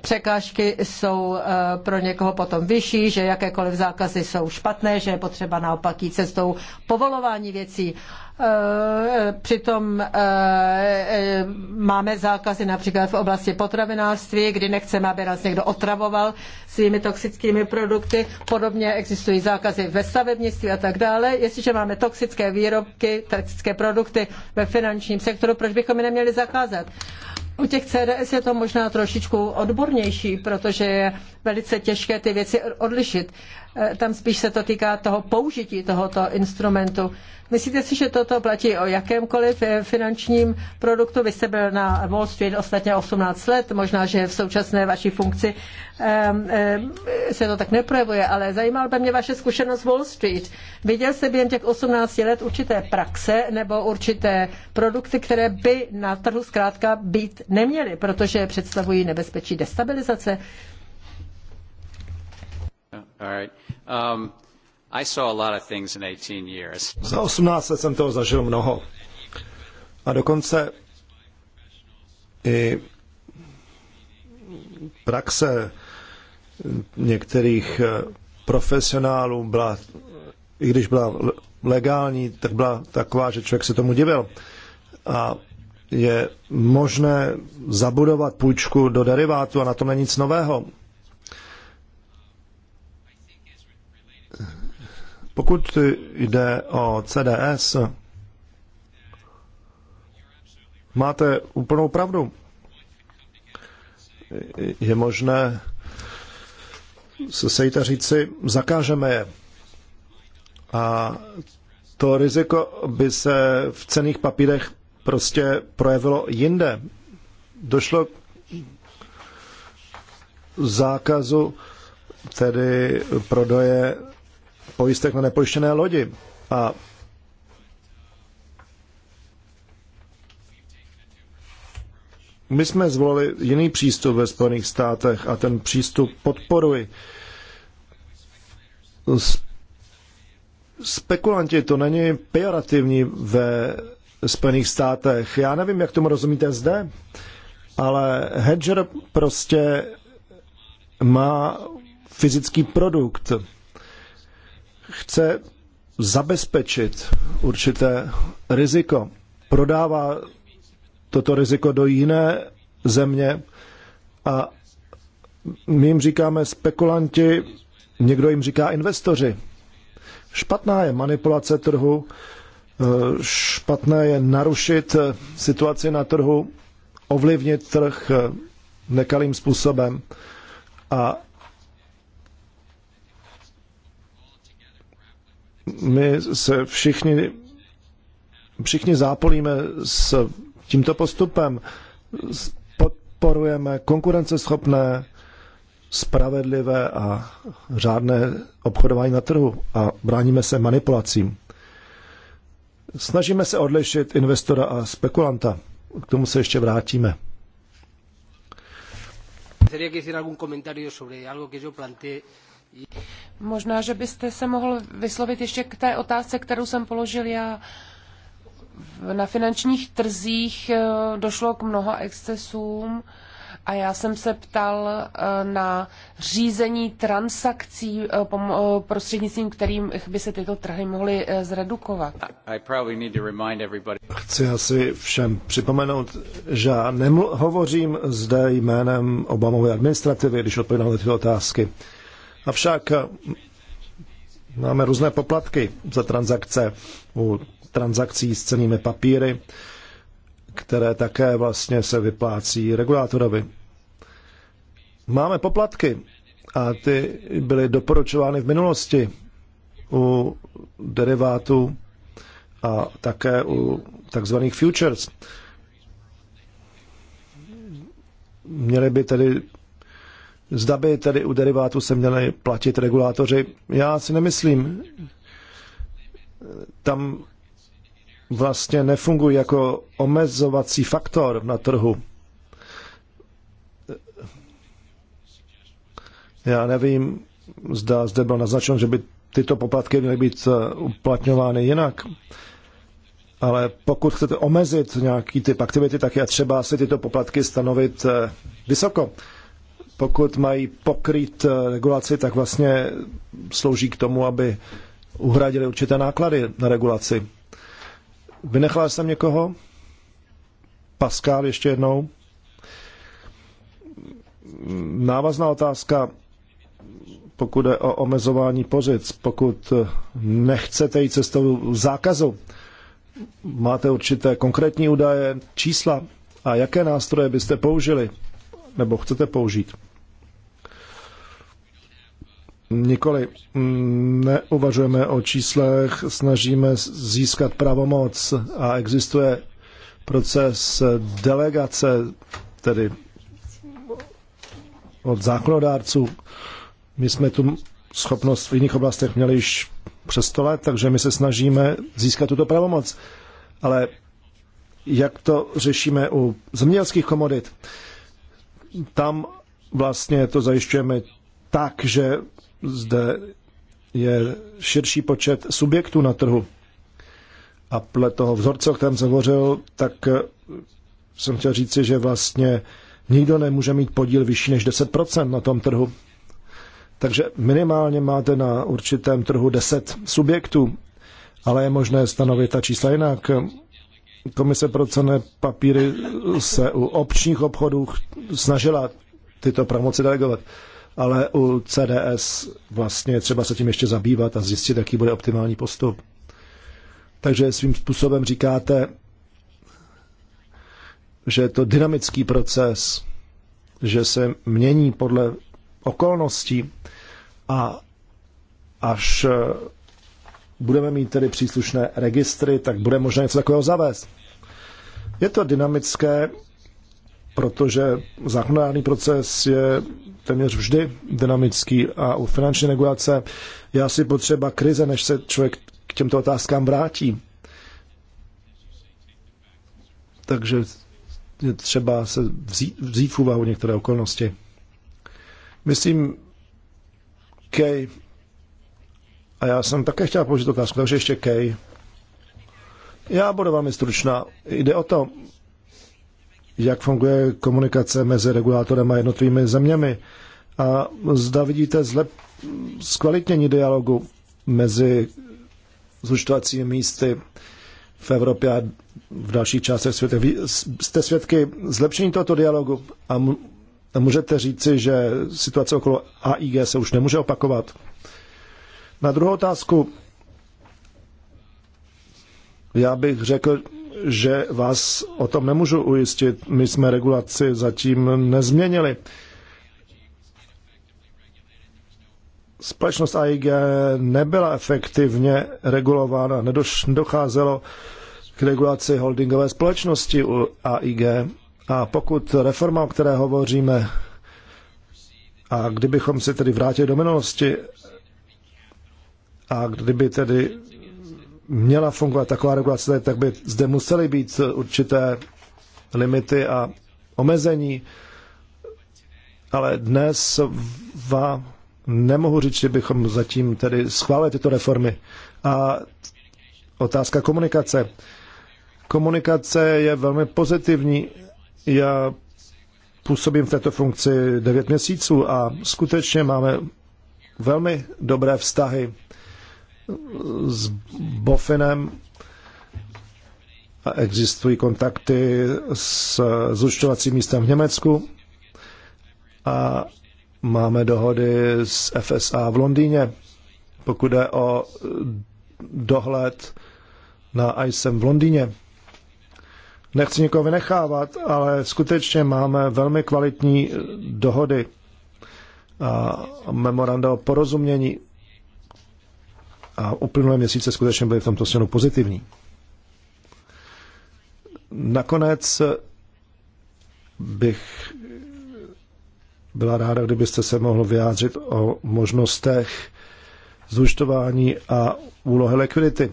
překážky jsou e, pro někoho potom vyšší, že jakékoliv zákazy jsou špatné, že je potřeba naopak jít cestou povolování věcí. Eh, přitom eh, eh, máme zákazy například v oblasti potravinářství, kdy nechceme, aby nás někdo otravoval svými toxickými produkty. Podobně existují zákazy ve stavebnictví a tak dále. Jestliže máme toxické výrobky, toxické produkty ve finančním sektoru, proč bychom je neměli zakázat? U těch CDS je to možná trošičku odbornější, protože je velice těžké ty věci odlišit. Tam spíš se to týká toho použití tohoto instrumentu. Myslíte si, že toto platí o jakémkoliv eh, finančním produktu? Vy jste byl na Wall Street ostatně 18 let, možná, že v současné vaší funkci ehm, ehm, se to tak neprojevuje, ale zajímal by mě vaše zkušenost Wall Street. Viděl jste během těch 18 let určité praxe nebo určité produkty, které by na trhu zkrátka být neměly, protože představují nebezpečí destabilizace? All right. um... I saw a lot of things in 18 years. Za 18 let jsem toho zažil mnoho. A dokonce i praxe některých eh, profesionálů byla, i když byla legální, tak byla taková, že člověk se tomu divil. A je možné zabudovat půjčku do derivátu a na tom není nic nového. Pokud jde o CDS, máte úplnou pravdu. Je možné se sejte říci, zakážeme je. A to riziko by se v cených papírech prostě projevilo jinde. Došlo k zákazu tedy prodoje pojistek na nepojištěné lodi. A my jsme zvolili jiný přístup ve Spojených státech a ten přístup podporuji. Spekulanti, to není pejorativní ve Spojených státech. Já nevím, jak tomu rozumíte zde, ale hedger prostě má fyzický produkt chce zabezpečit určité riziko. Prodává toto riziko do jiné země a my jim říkáme spekulanti, někdo jim říká investoři. Špatná je manipulace trhu, eh, špatné je narušit eh, situaci na trhu, ovlivnit trh eh, nekalým způsobem. A My se všichni, všichni zápolíme s tímto postupem. Podporujeme konkurenceschopné, spravedlivé a řádné obchodování na trhu a bráníme se manipulacím. Snažíme se odlišit investora a spekulanta. K tomu se ještě vrátíme. Možná, že byste se mohl vyslovit ještě k té otázce, kterou jsem položil já. Na finančních trzích eh, došlo k mnoha excesům a já jsem se ptal eh, na řízení transakcí eh, prostřednictvím, kterým by se tyto trhy mohly zredukovat. Chci asi všem připomenout, že neml- hovořím zde jménem Obamové administrativy, když odpovídám na tyto otázky. Avšak eh, máme různé poplatky za transakce u transakcí s cenými papíry, které také vlastně se vyplácí regulátorovi. Máme poplatky a ty byly doporučovány v minulosti u derivátů a také u takzvaných futures. Měly by tedy Zda by tedy u derivátů se měli platit regulátoři, já si nemyslím. Tam vlastně nefungují jako omezovací faktor na trhu. Já nevím, zda zde bylo naznačeno, že by tyto poplatky měly být eh, uplatňovány jinak. Ale pokud chcete omezit nějaký typ aktivity, tak je třeba si tyto poplatky stanovit eh, vysoko pokud mají pokryt eh, regulaci, tak vlastně slouží k tomu, aby uhradili určité náklady na regulaci. Vynechal jsem někoho? Pascal ještě jednou. Návazná otázka, pokud je o omezování pozic, pokud eh, nechcete jít cestou zákazu, máte určité konkrétní údaje, čísla a jaké nástroje byste použili nebo chcete použít? Nikoli, neuvažujeme o číslech, snažíme získat pravomoc a existuje proces delegace, tedy od zákonodárců. My jsme tu schopnost v jiných oblastech měli již přes 100 let, takže my se snažíme získat tuto pravomoc. Ale jak to řešíme u zemědělských komodit? Tam vlastně to zajišťujeme tak, že zde je širší počet subjektů na trhu. A podle toho vzorce, o kterém jsem hovořil, tak eh, jsem chtěl říci, že vlastně nikdo nemůže mít podíl vyšší než 10% na tom trhu. Takže minimálně máte na určitém trhu 10 subjektů, ale je možné stanovit ta čísla jinak. Komise pro cené papíry se u občních obchodů snažila tyto pravomoci delegovat ale u CDS vlastně třeba se tím ještě zabývat a zjistit, jaký bude optimální postup. Takže svým způsobem říkáte, že je to dynamický proces, že se mění podle okolností a až eh, budeme mít tedy příslušné registry, tak bude možné něco takového zavést. Je to dynamické protože zákonodárný proces je téměř vždy dynamický a u finanční regulace je asi potřeba krize, než se člověk k těmto otázkám vrátí. Takže je třeba se vzít, vzít v úvahu některé okolnosti. Myslím, Kej, a já jsem také chtěl položit otázku, takže ještě Kej. Já budu velmi stručná. Jde o to, jak funguje komunikace mezi regulátorem a jednotlivými zeměmi. A zda vidíte zlep, zkvalitnění dialogu mezi zúčtovacími místy v Evropě a v dalších částech světa. Vy jste svědky zlepšení tohoto dialogu a, a můžete říci, že situace okolo AIG se už nemůže opakovat. Na druhou otázku, já bych řekl, že vás o tom nemůžu ujistit. My jsme regulaci zatím nezměnili. Společnost AIG nebyla efektivně regulována, nedocházelo k regulaci holdingové společnosti u AIG. A pokud reforma, o které hovoříme, a kdybychom se tedy vrátili do minulosti, a kdyby tedy měla fungovat taková regulace, tak by zde musely být určité limity a omezení, ale dnes vám nemohu říct, že bychom zatím tedy schválili tyto reformy. A otázka komunikace. Komunikace je velmi pozitivní. Já působím v této funkci 9 měsíců a skutečně máme velmi dobré vztahy s Bofinem a existují kontakty s zúčtovacím místem v Německu a máme dohody s FSA v Londýně, pokud jde o dohled na ISEM v Londýně. Nechci nikoho vynechávat, ale skutečně máme velmi kvalitní dohody a memoranda o porozumění a uplynulé měsíce skutečně byly v tomto směru pozitivní. Nakonec bych byla ráda, kdybyste se mohl vyjádřit o možnostech zúčtování a úlohy likvidity.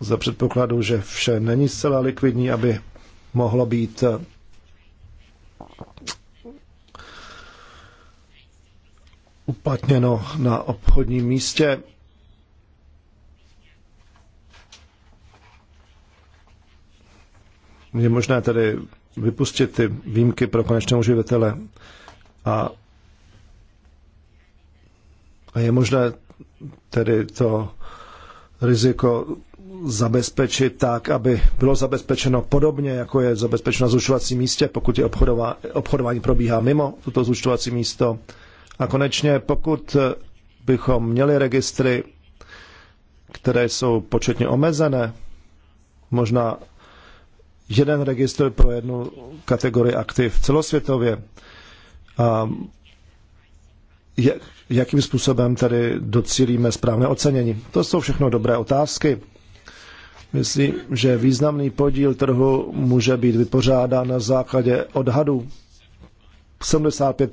Za předpokladu, že vše není zcela likvidní, aby mohlo být uplatněno na obchodním místě. Je možné tedy vypustit ty výjimky pro konečné uživatele a, a je možné tedy to riziko zabezpečit tak, aby bylo zabezpečeno podobně, jako je zabezpečeno na zúčtovací místě, pokud je obchodová, obchodování probíhá mimo toto zúčtovací místo. A konečně, pokud bychom měli registry, které jsou početně omezené, možná jeden registr pro jednu kategorii aktiv celosvětově, a jakým způsobem tedy docílíme správné ocenění? To jsou všechno dobré otázky. Myslím, že významný podíl trhu může být vypořádán na základě odhadu 75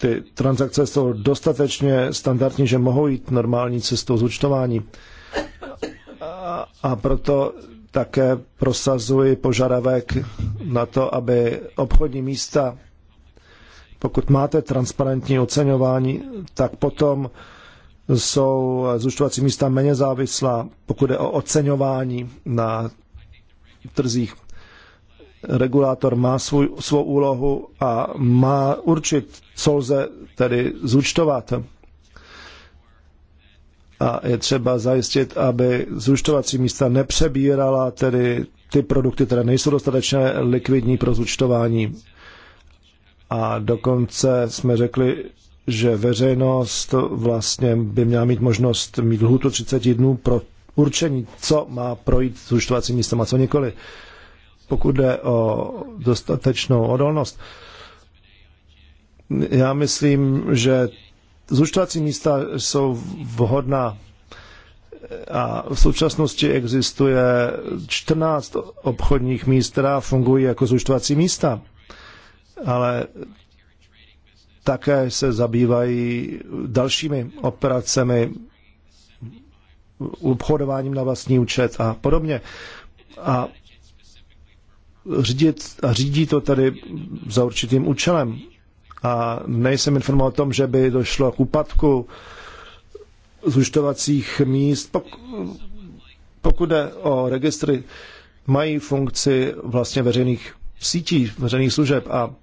ty transakce jsou dostatečně standardní, že mohou jít normální cestou zúčtování. A, a proto také prosazuji požadavek na to, aby obchodní místa, pokud máte transparentní oceňování, tak potom jsou zúčtovací místa méně závislá, pokud je o oceňování na trzích regulátor má svou svou úlohu a má určit, co lze tedy zúčtovat. A je třeba zajistit, aby zúčtovací místa nepřebírala tedy ty produkty, které nejsou dostatečně likvidní pro zúčtování. A dokonce jsme řekli, že veřejnost vlastně by měla mít možnost mít lhůtu 30 dnů pro určení, co má projít zúčtovacím místem a co nikoli pokud jde o dostatečnou odolnost, já myslím, že zúčtovací místa jsou vhodná a v současnosti existuje 14 obchodních míst, která fungují jako zúčtovací místa, ale také se zabývají dalšími operacemi, obchodováním na vlastní účet a podobně. A řídit a řídí to tady za určitým účelem. A nejsem informován o tom, že by došlo k úpadku zúčtovacích míst. pokud jde o registry, mají funkci vlastně veřejných sítí, veřejných služeb a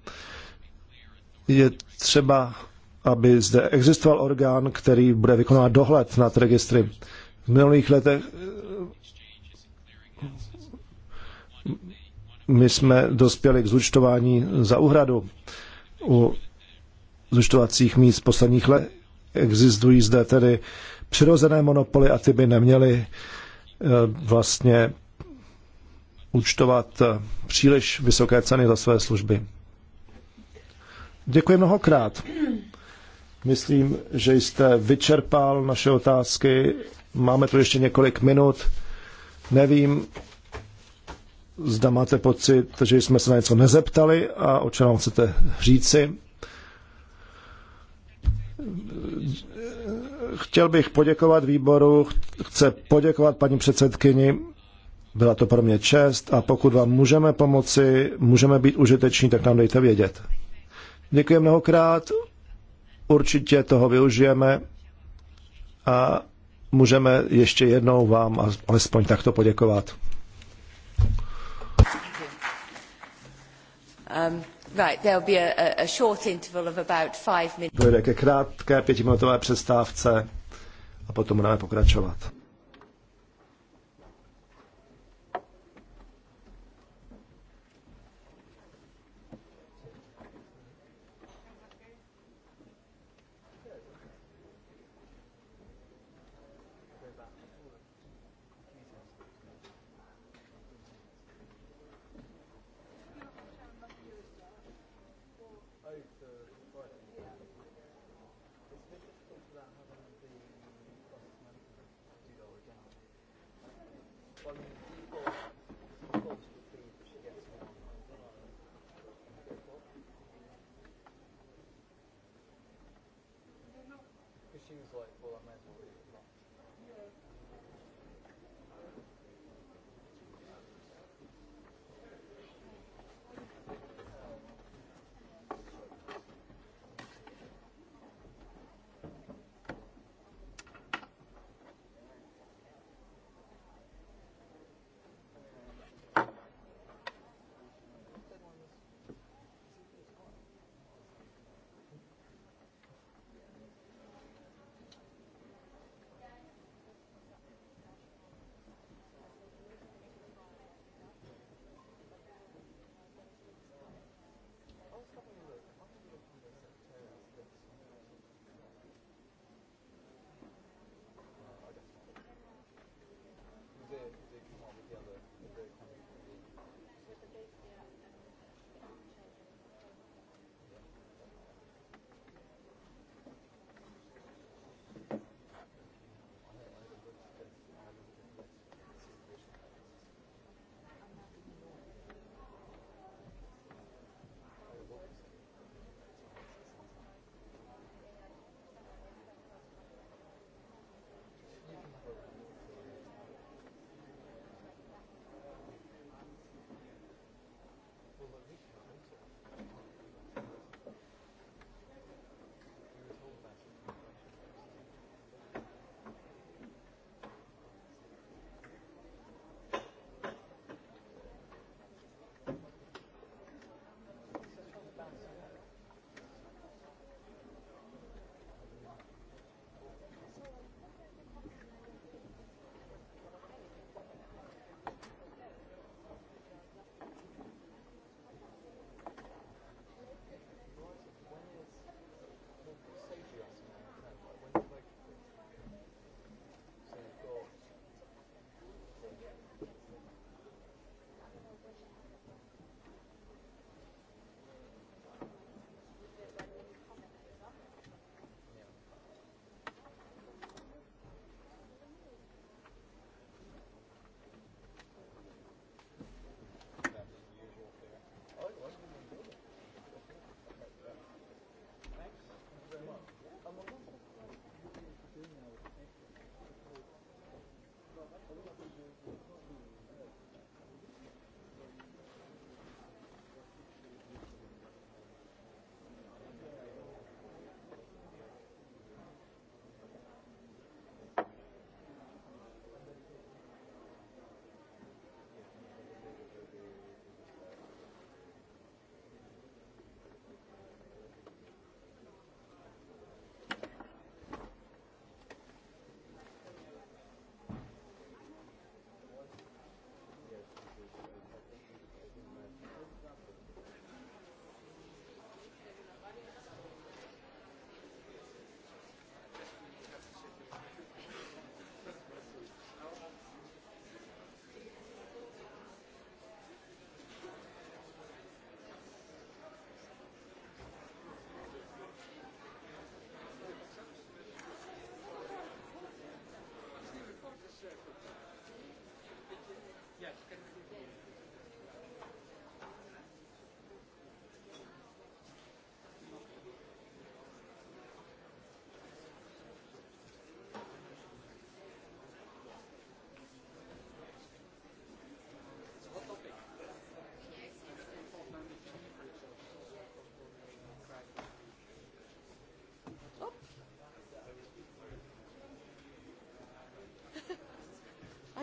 je třeba, aby zde existoval orgán, který bude vykonávat dohled nad registry. V minulých letech my jsme dospěli k zúčtování za úhradu. U zúčtovacích míst posledních let existují zde tedy přirozené monopoly a ty by neměly eh, vlastně účtovat eh, příliš vysoké ceny za své služby. Děkuji mnohokrát. Myslím, že jste vyčerpal naše otázky. Máme tu ještě několik minut. Nevím, zda máte pocit, že jsme se na něco nezeptali a o čem vám chcete říci. Chtěl bych poděkovat výboru, chce poděkovat paní předsedkyni, byla to pro mě čest a pokud vám můžeme pomoci, můžeme být užiteční, tak nám dejte vědět. Děkuji mnohokrát, určitě toho využijeme a můžeme ještě jednou vám alespoň takto poděkovat. Um, right, there'll be a, a short interval of about five minutes. Dojde ke krátké pětiminutové přestávce a potom budeme pokračovat.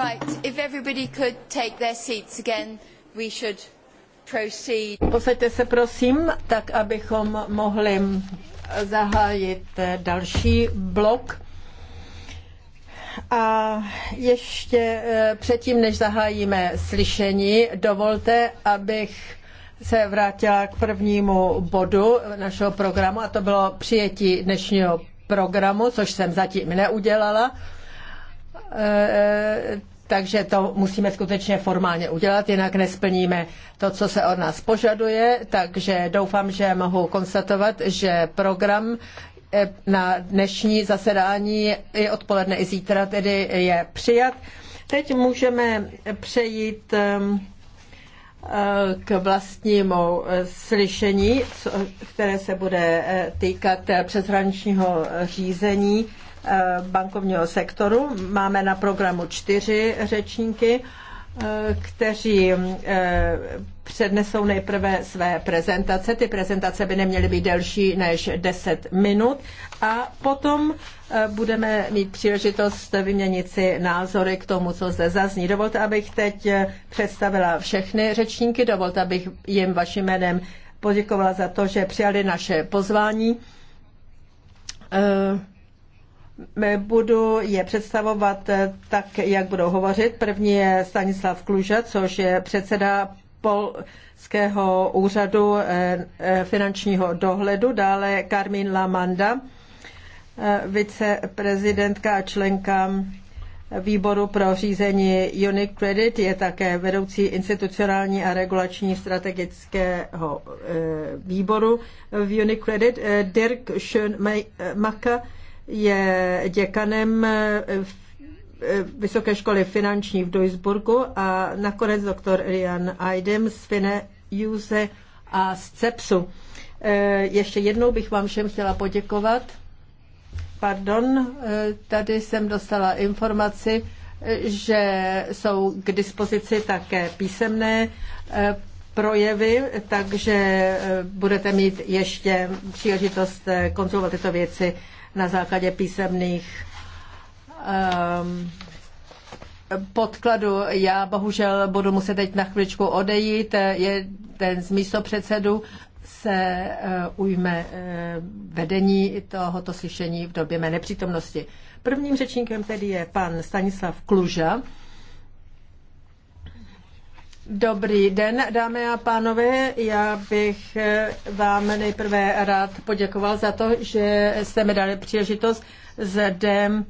Right, if everybody could take their seats again, we should proceed. Posaďte se prosím, tak abychom mohli mm, zahájit eh, další blok. A ještě eh, předtím, než zahájíme slyšení, dovolte, abych se vrátila k prvnímu bodu našeho programu, a to bylo přijetí dnešního programu, což jsem zatím neudělala. Eh, takže to musíme skutečně formálně udělat, jinak nesplníme to, co se od nás požaduje, takže doufám, že mohu konstatovat, že program eh, na dnešní zasedání i odpoledne i zítra tedy je přijat. Teď můžeme přejít ehm, eh, k vlastnímu slyšení, které se bude týkat přeshraničního řízení. Eh, bankovního sektoru. Máme na programu čtyři řečníky, eh, kteří eh, přednesou nejprve své prezentace. Ty prezentace by neměly být delší než 10 minut a potom budeme mít příležitost vyměnit si názory k tomu, co zde zazní. Dovolte, abych teď představila všechny řečníky, dovolte, abych jim vaším jménem poděkovala za to, že přijali naše pozvání. Budu je představovat tak, jak budou hovořit. První je Stanislav Kluža, což je předseda Polského úřadu eh, finančního dohledu, dále Karmin Lamanda, eh, viceprezidentka a členka výboru pro řízení UniCredit, je také vedoucí institucionální a regulační strategického eh, výboru v UniCredit, Dirk Schönmacher, je děkanem eh, eh, Vysoké školy finanční v Duisburgu a nakonec doktor Rian Aydem z Fine Juse a z CEPSu. Eh, ještě jednou bych vám všem chtěla poděkovat. Pardon, tady jsem dostala informaci, že jsou k dispozici také písemné projevy, takže budete mít ještě příležitost konzultovat tyto věci na základě písemných um, ehm, podkladu. Já bohužel budu muset teď na chvíličku odejít. ten z místopředsedů se uh, ujme uh, vedení tohoto slyšení v době mé nepřítomnosti. Prvním řečníkem tedy je pan Stanislav Kluža. Dobrý den, dámy a pánové. Já bych eh, vám nejprve rád poděkoval za to, že jste mi dali příležitost zde eh,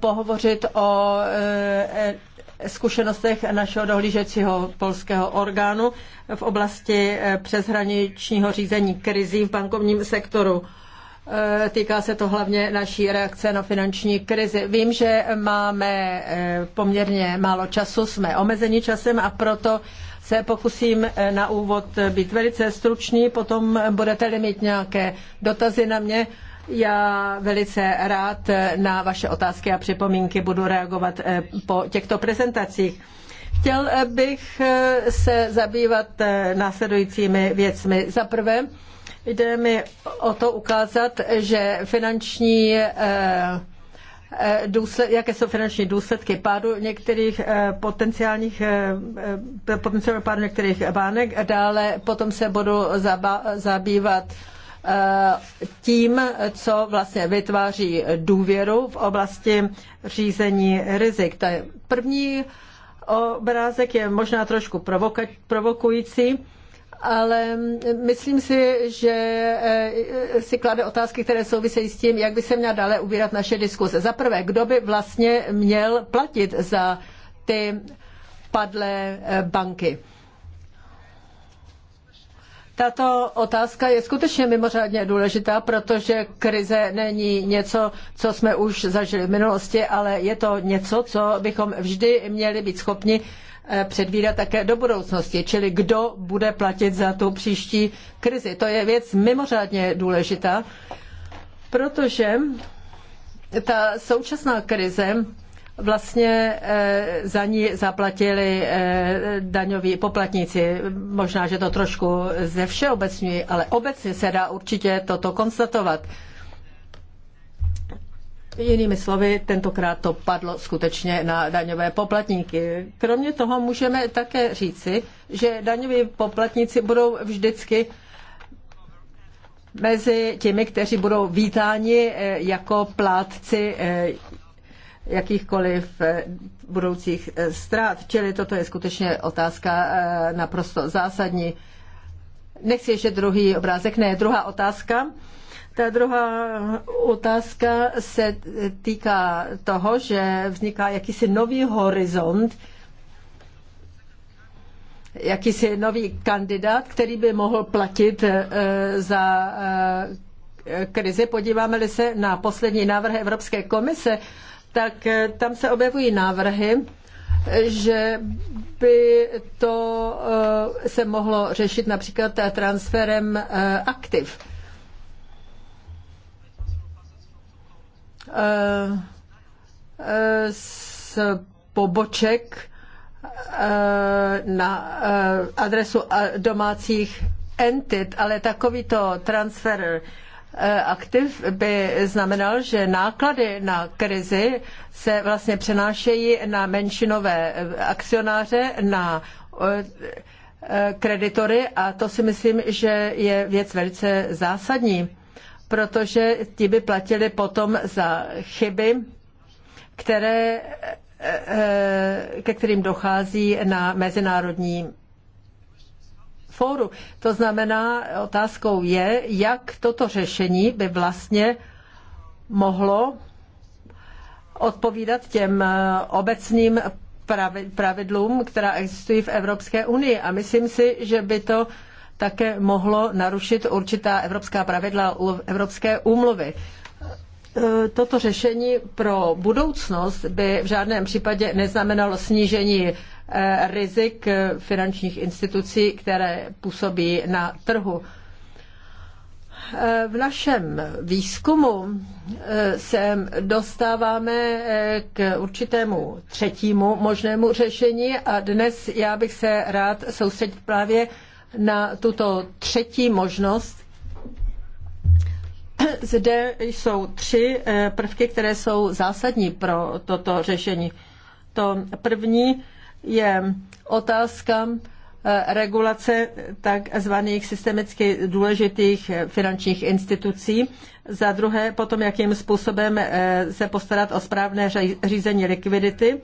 pohovořit o eh, e, zkušenostech našeho dohlížecího polského orgánu v oblasti přeshraničního řízení krizí v bankovním sektoru. Eh, týká se to hlavně naší reakce na finanční krizi. Vím, že máme eh, poměrně málo času, jsme omezeni časem a proto se pokusím eh, na úvod být velice stručný, potom budete-li mít nějaké dotazy na mě, já velice rád na vaše otázky a připomínky budu reagovat po těchto prezentacích. Chtěl bych se zabývat následujícími věcmi. Za prvé, Jde mi o to ukázat, že finanční eh, eh, důsled, jaké jsou finanční důsledky pádu některých eh, potenciálních potenciálního pádu některých bánek. Dále potom se budu zabývat tím, co vlastně vytváří důvěru v oblasti řízení rizik. Ta první obrázek je možná trošku provokující ale myslím si, že eh, si klade otázky, které souvisejí s tím, jak by se měla dále ubírat naše diskuse. Za prvé, kdo by vlastně měl platit za ty padlé eh, banky? Tato otázka je skutečně mimořádně důležitá, protože krize není něco, co jsme už zažili v minulosti, ale je to něco, co bychom vždy měli být schopni Eh, předvídat také do budoucnosti, čili kdo bude platit za tu příští krizi. To je věc mimořádně důležitá, protože ta současná krize vlastně eh, za ní zaplatili eh, daňoví poplatníci. Možná, že to trošku ze všeobecní, ale obecně se dá určitě toto konstatovat. Jinými slovy, tentokrát to padlo skutečně na daňové poplatníky. Kromě toho můžeme také říci, že daňoví poplatníci budou vždycky mezi těmi, kteří budou vítáni eh, jako plátci eh, jakýchkoliv eh, budoucích ztrát. Čili toto je skutečně otázka naprosto zásadní. Nechci ještě druhý obrázek, ne, druhá otázka ta druhá otázka se týká toho, že vzniká jakýsi nový horizont, jakýsi nový kandidát, který by mohl platit eh, za eh, krizi. Podíváme-li se na poslední návrh Evropské komise, tak eh, tam se objevují návrhy, že by to se mohlo řešit například transferem aktiv. z poboček eh, na eh, adresu eh, domácích entit, ale takovýto transfer aktiv by znamenal, že náklady na krizi se vlastně přenášejí na menšinové akcionáře, na kreditory a to si myslím, že je věc velice zásadní protože ti by platili potom za chyby, které, eh, ke kterým dochází na mezinárodní fóru. To znamená, otázkou je, jak toto řešení by vlastně mohlo odpovídat těm eh, obecným pravidlům, která existují v Evropské unii. A myslím si, že by to také mohlo narušit určitá evropská pravidla, evropské úmluvy. E, toto řešení pro budoucnost by v žádném případě neznamenalo snížení e, rizik finančních institucí, které působí na trhu. E, v našem výzkumu se dostáváme k určitému třetímu možnému řešení a dnes já bych se rád soustředil právě na tuto třetí možnost. Zde jsou tři eh, prvky, které jsou zásadní pro toto řešení. To první je otázka eh, regulace takzvaných systemicky důležitých eh, finančních institucí. Za druhé potom, jakým způsobem se postarat o správné řízení likvidity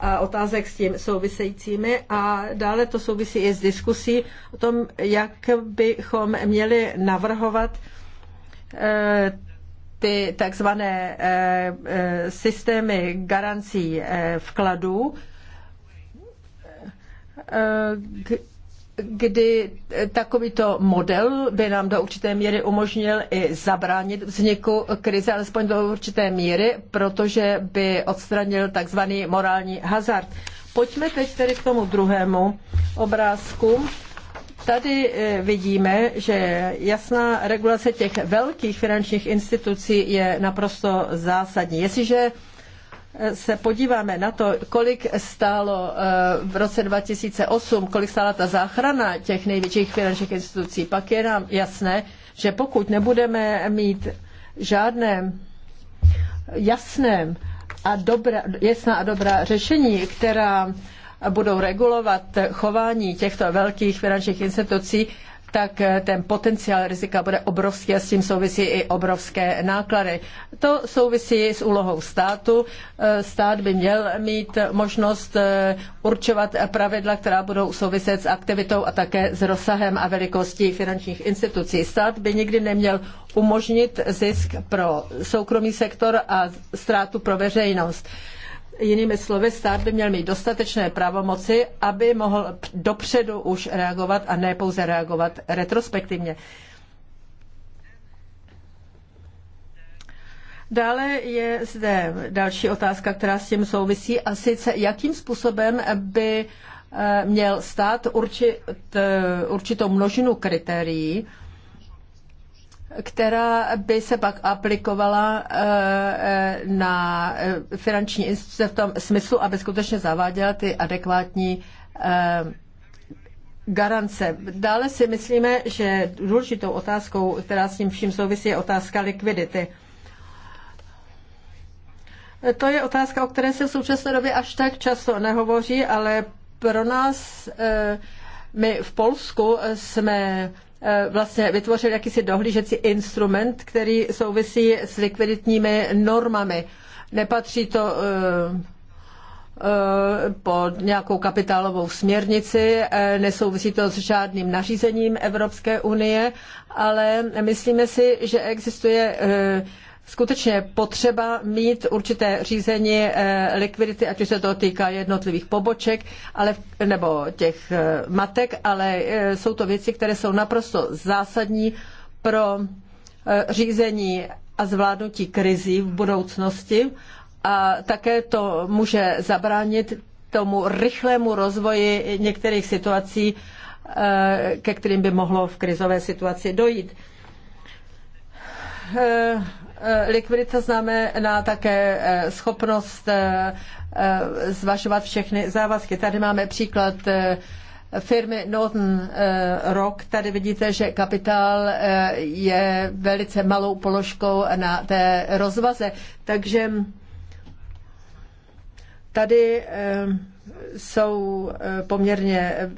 a otázek s tím souvisejícími a dále to souvisí i s diskusí o tom, jak bychom měli navrhovat eh, ty takzvané eh, eh, systémy garancí vkladů, kdy takovýto model by nám do určité míry umožnil i zabránit vzniku krize, alespoň do určité míry, protože by odstranil takzvaný morální hazard. Pojďme teď tedy k tomu druhému obrázku. Tady eh, vidíme, že jasná regulace těch velkých finančních institucí je naprosto zásadní. Jestliže se podíváme na to, kolik stálo eh, v roce 2008, kolik stála ta záchrana těch největších finančních institucí, pak je nám jasné, že pokud nebudeme mít žádné jasné a dobrá, jasná a dobrá řešení, která budou regulovat chování těchto velkých finančních institucí, tak eh, ten potenciál rizika bude obrovský a s tím souvisí i obrovské náklady. To souvisí s úlohou státu. Eh, stát by měl mít možnost eh, určovat pravidla, která budou souviset s aktivitou a také s rozsahem a velikostí finančních institucí. Stát by nikdy neměl umožnit zisk pro soukromý sektor a ztrátu pro veřejnost. Jinými slovy, stát by měl mít dostatečné pravomoci, aby mohl dopředu už reagovat a ne pouze reagovat retrospektivně. Dále je zde další otázka, která s tím souvisí, a sice jakým způsobem by eh, měl stát určit, eh, určitou množinu kritérií, která by se pak aplikovala eh, eh, na eh, finanční instituce v tom smyslu, aby skutečně zaváděla ty adekvátní garance. Dále si myslíme, že důležitou otázkou, která s tím vším souvisí, je otázka likvidity. To je otázka, o které se v současné době až tak často nehovoří, ale pro nás, my v Polsku jsme Eh, vlastně vytvořil jakýsi dohlížecí instrument, který souvisí s likviditními normami. Nepatří to eh, eh, pod nějakou kapitálovou směrnici, nesouvisí to s žádným nařízením Evropské unie, ale myslíme si, že existuje skutečně potřeba mít určité řízení eh, likvidity, ať už se to týká jednotlivých poboček ale, nebo těch eh, matek, ale eh, jsou to věci, které jsou naprosto zásadní pro řízení a zvládnutí krizí v budoucnosti a také to může zabránit tomu rychlému rozvoji některých situací, ke kterým by mohlo v krizové situaci dojít Eh, likvidita znamená také eh, schopnost eh, zvažovat všechny závazky. Tady máme příklad firmy Northern Rock. Tady vidíte, že kapitál je velice malou položkou na té rozvaze. Takže tady jsou poměrně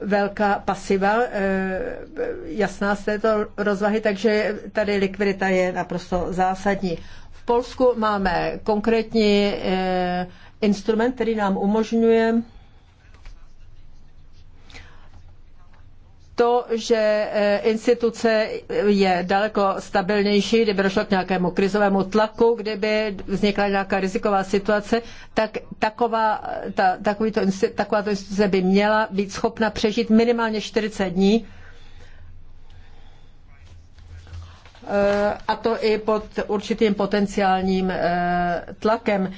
velká pasiva eh, jasná z této rozvahy, takže tady likvidita je naprosto zásadní. V Polsku máme konkrétní eh, instrument, který nám umožňuje to, že e, instituce je daleko stabilnější, kdyby došlo k nějakému krizovému tlaku, kdyby vznikla nějaká riziková situace, tak taková, ta, takovýto, takováto instituce by měla být schopna přežít minimálně 40 dní e, a to i pod určitým potenciálním e, tlakem.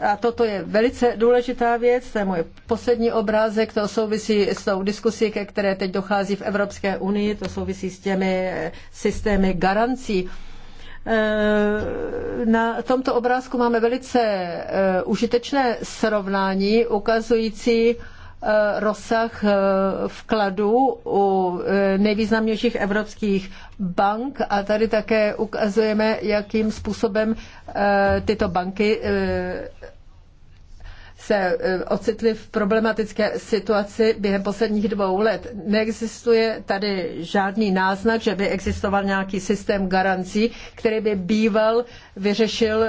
A toto je velice důležitá věc, to je můj poslední obrázek, to souvisí s tou diskusí, ke které teď dochází v Evropské unii, to souvisí s těmi eh, systémy garancí. Eh, na tomto obrázku máme velice eh, užitečné srovnání ukazující, Eh, rozsah eh, vkladu u eh, nejvýznamnějších evropských bank a tady také ukazujeme, jakým způsobem tyto banky se ocitli v problematické situaci během posledních dvou let. Neexistuje tady žádný náznak, že by existoval nějaký systém garancí, který by býval vyřešil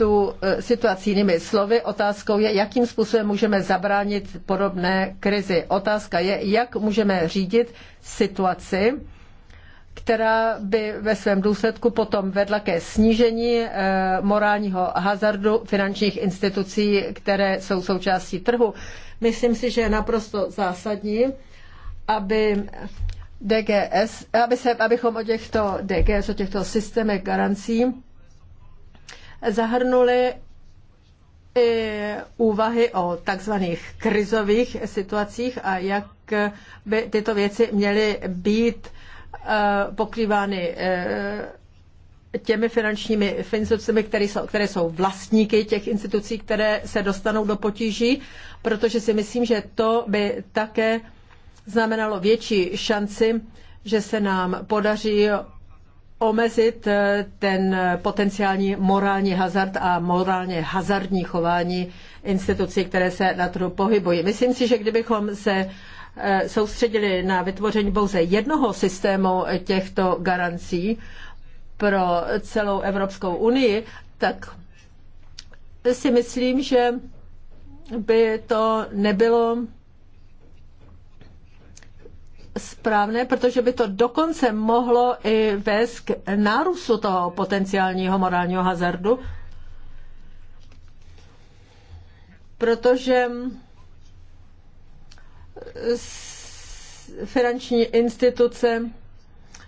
tu eh, situaci jinými slovy. Otázkou je, jakým způsobem můžeme zabránit podobné krizi. Otázka je, jak můžeme řídit situaci, která by ve svém důsledku potom vedla ke snížení eh, morálního hazardu finančních institucí, které jsou součástí trhu. Myslím si, že je naprosto zásadní, aby DGS, aby se, abychom o těchto DGS, o těchto systémech garancí zahrnuli i úvahy o takzvaných krizových situacích a jak by tyto věci měly být eh, pokrývány eh, těmi finančními institucemi, které jsou, které jsou vlastníky těch institucí, které se dostanou do potíží, protože si myslím, že to by také znamenalo větší šanci, že se nám podaří omezit eh, ten eh, potenciální morální hazard a morálně hazardní chování institucí, které se na trhu pohybují. Myslím si, že kdybychom se eh, soustředili na vytvoření pouze jednoho systému těchto garancí pro celou Evropskou unii, tak si myslím, že by to nebylo správné, protože by to dokonce mohlo i vést k nárůstu toho potenciálního morálního hazardu, protože finanční instituce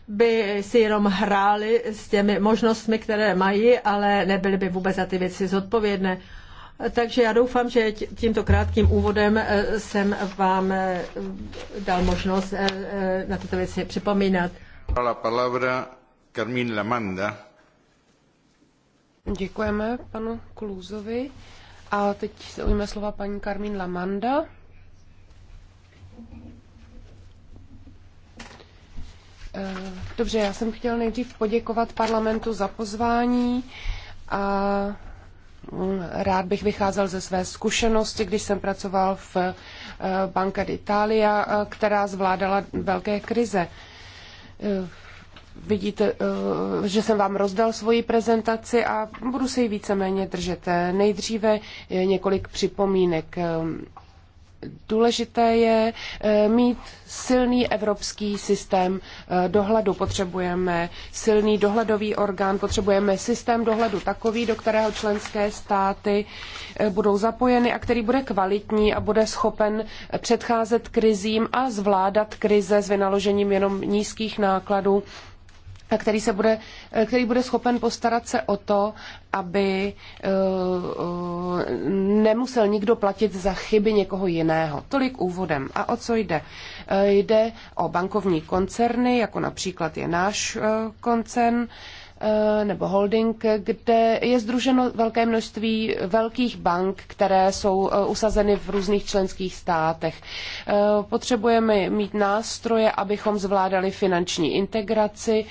by si jenom hrály s těmi možnostmi, které mají, ale nebyly by vůbec za ty věci zodpovědné. Takže já doufám, že tímto krátkým úvodem eh, jsem vám eh, dal možnost eh, na tyto věci připomínat. La palabra Lamanda. Děkujeme panu Kluzovi, A teď se ujme slova paní Karmín Lamanda. Dobře, já jsem chtěl nejdřív poděkovat parlamentu za pozvání a Rád bych vycházel ze své zkušenosti, když jsem pracoval v eh, Banka d'Italia, eh, která zvládala velké krize. Eh, vidíte, že jsem vám rozdal svoji prezentaci a budu se ji víceméně držet. Nejdříve několik připomínek důležité je eh, mít silný evropský systém eh, dohledu. Potřebujeme silný dohledový orgán, potřebujeme systém dohledu takový, do kterého členské státy eh, budou zapojeny a který bude kvalitní a bude schopen předcházet krizím a zvládat krize s vynaložením jenom nízkých nákladů který, se bude, eh, který bude schopen postarat se o to, aby eh, nemusel nikdo platit za chyby někoho jiného. Tolik úvodem. A o co jde? Eh, jde o bankovní koncerny, jako například je náš koncern, Eh, nebo holding, kde je združeno velké množství velkých bank, které jsou eh, usazeny v různých členských státech. Eh, potřebujeme mít nástroje, abychom zvládali finanční integraci,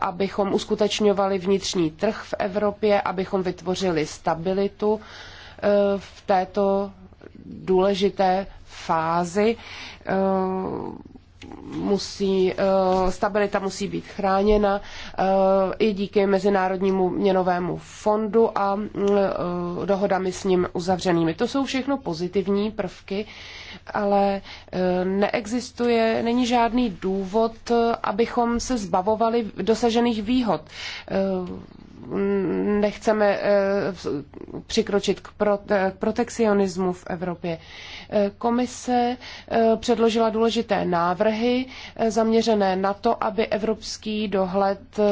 abychom uskutečňovali vnitřní trh v Evropě, abychom vytvořili stabilitu v této důležité fázi musí, eh, stabilita musí být chráněna eh, i díky Mezinárodnímu měnovému fondu a eh, dohodami s ním uzavřenými. To jsou všechno pozitivní prvky, ale neexistuje, není žádný důvod, abychom se zbavovali dosažených výhod nechceme přikročit k, protekcionismu v Evropě. Komise eh, předložila důležité návrhy eh, zaměřené na to, aby evropský dohled eh,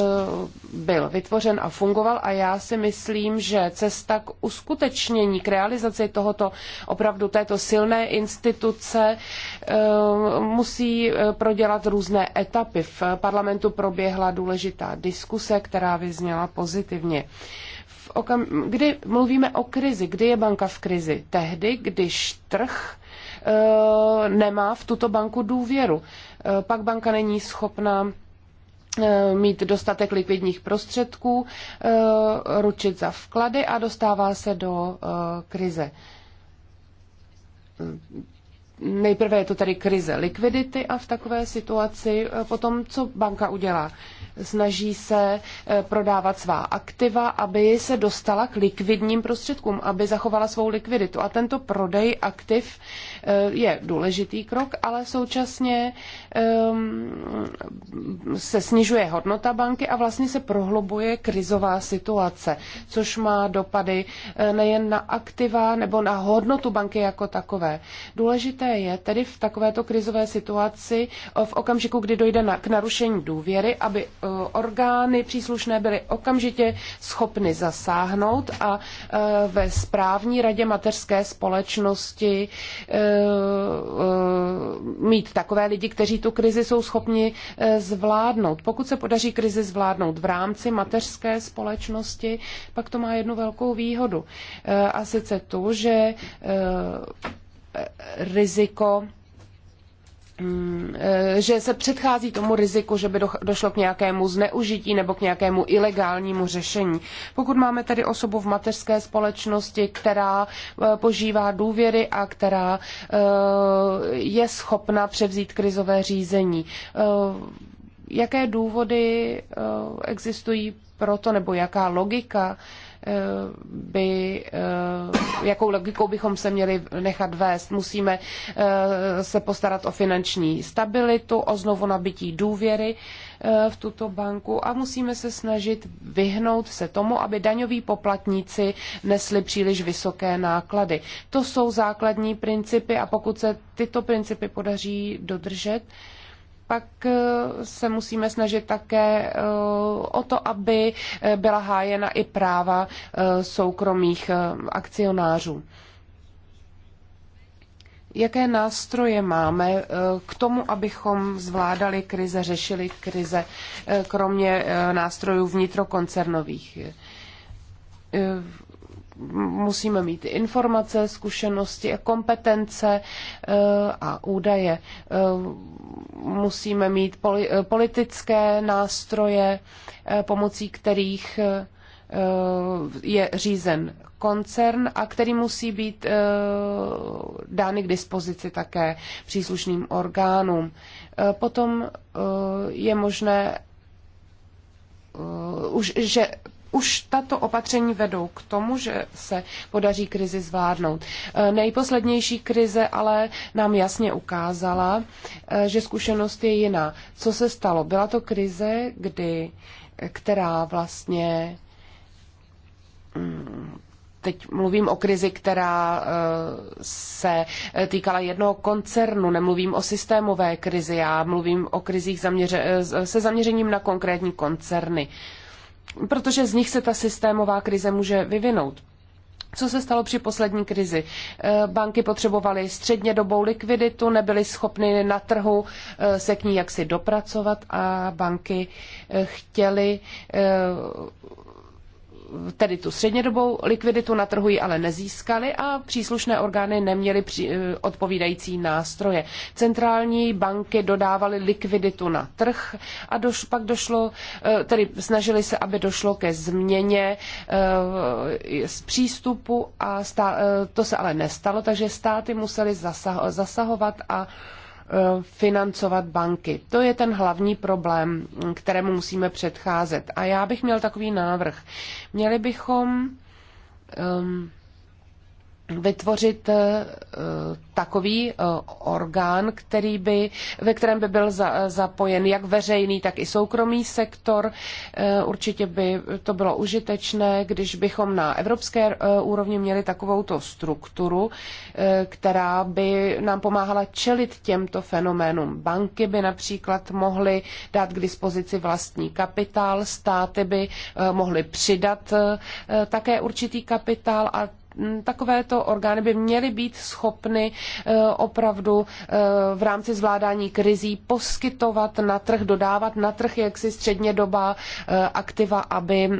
byl vytvořen a fungoval a já si myslím, že cesta k uskutečnění, k realizaci tohoto opravdu této silné instituce musí prodělat různé etapy. V parlamentu proběhla důležitá diskuse, která vyzněla pozitivně okam, kdy mluvíme o krizi, kdy je banka v krizi? Tehdy, když trh uh, nemá v tuto banku důvěru. Uh, pak banka není schopná eh, mít dostatek likvidních prostředků, ručit za vklady a dostává se do krize. Nejprve je to tady krize likvidity a v takové situaci potom, co banka udělá? snaží se eh, prodávat svá aktiva, aby se dostala k likvidním prostředkům, aby zachovala svou likviditu. A tento prodej aktiv eh, je důležitý krok, ale současně ehm, se snižuje hodnota banky a vlastně se prohlubuje krizová situace, což má dopady eh, nejen na aktiva nebo na hodnotu banky jako takové. Důležité je tedy v takovéto krizové situaci v okamžiku, kdy dojde na, k narušení důvěry, aby Eh, orgány příslušné byly okamžitě schopny zasáhnout a eh, ve správní radě mateřské společnosti eh, mít takové lidi, kteří tu krizi jsou schopni zvládnout. Pokud se podaří krizi zvládnout v rámci mateřské společnosti, pak to má jednu velkou výhodu. A sice tu, že riziko že se předchází tomu riziku, že by došlo k nějakému zneužití nebo k nějakému ilegálnímu řešení. Pokud máme tedy osobu v mateřské společnosti, která eh, požívá důvěry a která eh, je schopna převzít krizové řízení, eh, jaké důvody existují pro to, nebo jaká logika by, eh, jakou logikou bychom se měli nechat vést. Musíme eh, se postarat o finanční stabilitu, o znovu nabití důvěry eh, v tuto banku a musíme se snažit vyhnout se tomu, aby daňoví poplatníci nesli příliš vysoké náklady. To jsou základní principy a pokud se tyto principy podaří dodržet, pak eh, se musíme snažit také eh, o to, aby eh, byla hájena i práva soukromých akcionářů. Jaké nástroje máme k tomu, abychom zvládali krize, řešili krize, kromě nástrojů vnitrokoncernových? musíme mít informace, zkušenosti a kompetence eh, a údaje. Eh, musíme mít eh, politické nástroje, pomocí kterých je řízen koncern a který musí být dány k dispozici také příslušným orgánům. Potom je možné už, že už tato opatření vedou k tomu, že se podaří krizi zvládnout. E, nejposlednější krize ale nám jasně ukázala, e, že zkušenost je jiná. Co se stalo? Byla to krize, kdy, která vlastně mm, teď mluvím o krizi, která e, se týkala jednoho koncernu, nemluvím o systémové krizi, já mluvím o krizích zaměře, se zaměřením na konkrétní koncerny protože z nich se ta systémová krize může vyvinout. Co se stalo při poslední krizi? Eh, banky potřebovaly středně dobou likviditu, nebyly schopny na trhu eh, se k ní jaksi dopracovat a banky eh, chtěly tedy tu střednědobou likviditu na trhu ji ale nezískali a příslušné orgány neměly eh, odpovídající nástroje. Centrální banky dodávaly likviditu na trh a doš, pak došlo, eh, tedy snažili se, aby došlo ke změně eh, z přístupu a stá, to se ale nestalo, takže státy musely zasahovat a Eh, financovat banky. To je ten hlavní problém, kterému musíme předcházet. A já bych měl takový návrh. Měli bychom um, vytvořit eh, takový eh, orgán, který by, ve kterém by byl za, zapojen jak veřejný, tak i soukromý sektor. Eh, určitě by to bylo užitečné, když bychom na evropské úrovni měli takovou strukturu, která by nám pomáhala čelit těmto fenoménům. Banky by například mohly dát k dispozici vlastní kapitál, státy by mohly přidat také určitý kapitál a takovéto orgány by měly být schopny eh, opravdu eh, v rámci zvládání krizí poskytovat na trh, dodávat na trh jaksi středně doba eh, aktiva, aby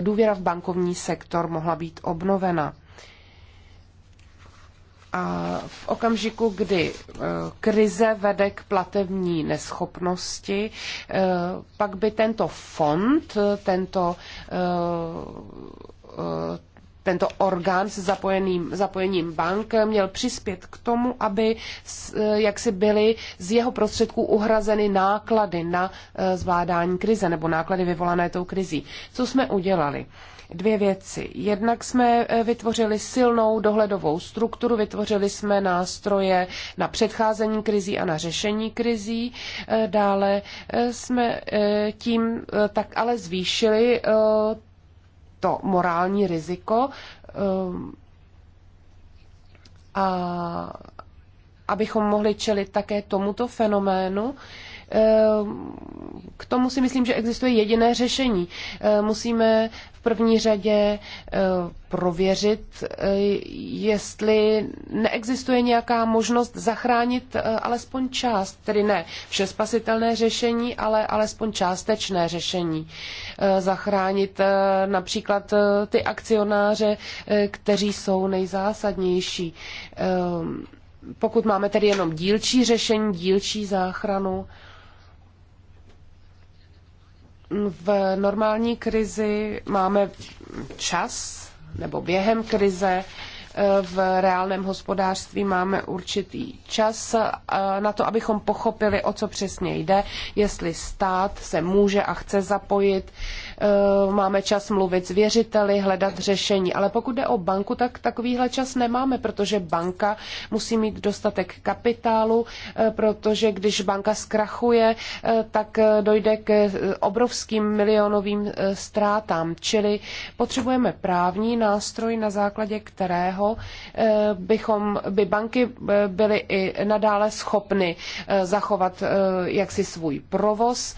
důvěra v bankovní sektor mohla být obnovena. A v okamžiku, kdy krize vede k platební neschopnosti, pak by tento fond, tento tento orgán se zapojeným, zapojením bank měl přispět k tomu, aby eh, jak si byly z jeho prostředků uhrazeny náklady na eh, zvládání krize nebo náklady vyvolané tou krizí. Co jsme udělali? Dvě věci. Jednak jsme eh, vytvořili silnou dohledovou strukturu, vytvořili jsme nástroje na předcházení krizí a na řešení krizí. Dále jsme tím tak ale zvýšili to morální riziko ehm, a abychom mohli čelit také tomuto fenoménu, ehm, k tomu si myslím, že existuje jediné řešení. Ehm, musíme první řadě eh, prověřit, eh, jestli neexistuje nějaká možnost zachránit eh, alespoň část, tedy ne vše spasitelné řešení, ale alespoň částečné řešení. Zachránit například ty akcionáře, kteří jsou nejzásadnější. Pokud máme tedy jenom dílčí řešení, dílčí záchranu, v normální krizi máme čas, nebo během krize eh, v reálném hospodářství máme určitý čas eh, na to, abychom pochopili, o co přesně jde, jestli stát se může a chce zapojit Eh, máme čas mluvit s věřiteli, hledat řešení. Ale pokud jde o banku, tak takovýhle čas nemáme, protože banka musí mít dostatek kapitálu, eh, protože když banka zkrachuje, eh, tak dojde k obrovským milionovým ztrátám. Čili potřebujeme právní nástroj, na základě kterého bychom, by banky byly i nadále schopny zachovat jaksi svůj provoz,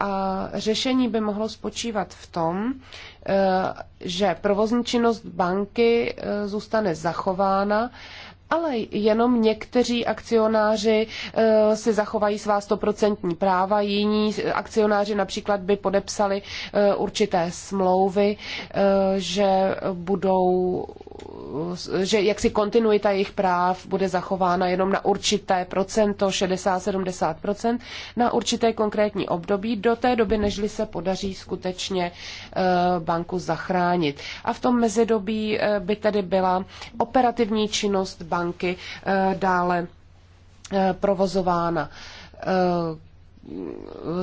a řešení by mohlo spočívat v tom, eh, že provozní činnost banky eh, zůstane zachována ale jenom někteří akcionáři eh, si zachovají svá stoprocentní práva, jiní akcionáři například by podepsali eh, určité smlouvy, eh, že budou, že jaksi kontinuita jejich práv bude zachována jenom na určité procento, 60-70%, na určité konkrétní období do té doby, nežli se podaří skutečně banku zachránit. A v tom mezidobí by tedy byla operativní činnost banky banky eh, dále eh, provozována. Eh,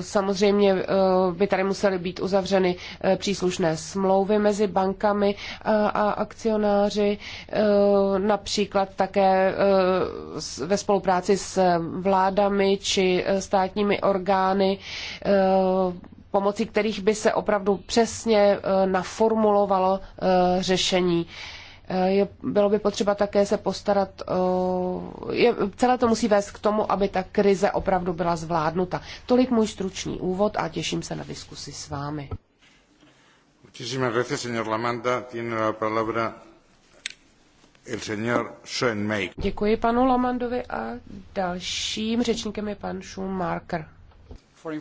samozřejmě by tady musely být uzavřeny příslušné smlouvy mezi bankami a akcionáři, například také ve spolupráci s vládami či státními orgány, pomocí kterých by se opravdu přesně naformulovalo řešení Eh, je, bylo by potřeba také se postarat, je, celé to musí vést k tomu, aby ta krize opravdu byla zvládnuta. Tolik můj stručný úvod a těším se na diskusi s vámi. Muchísimas gracias, señor Lamanda. Tiene la palabra el señor Děkuji panu Lamandovi a dalším řečníkem je pan Schumacher. Uh,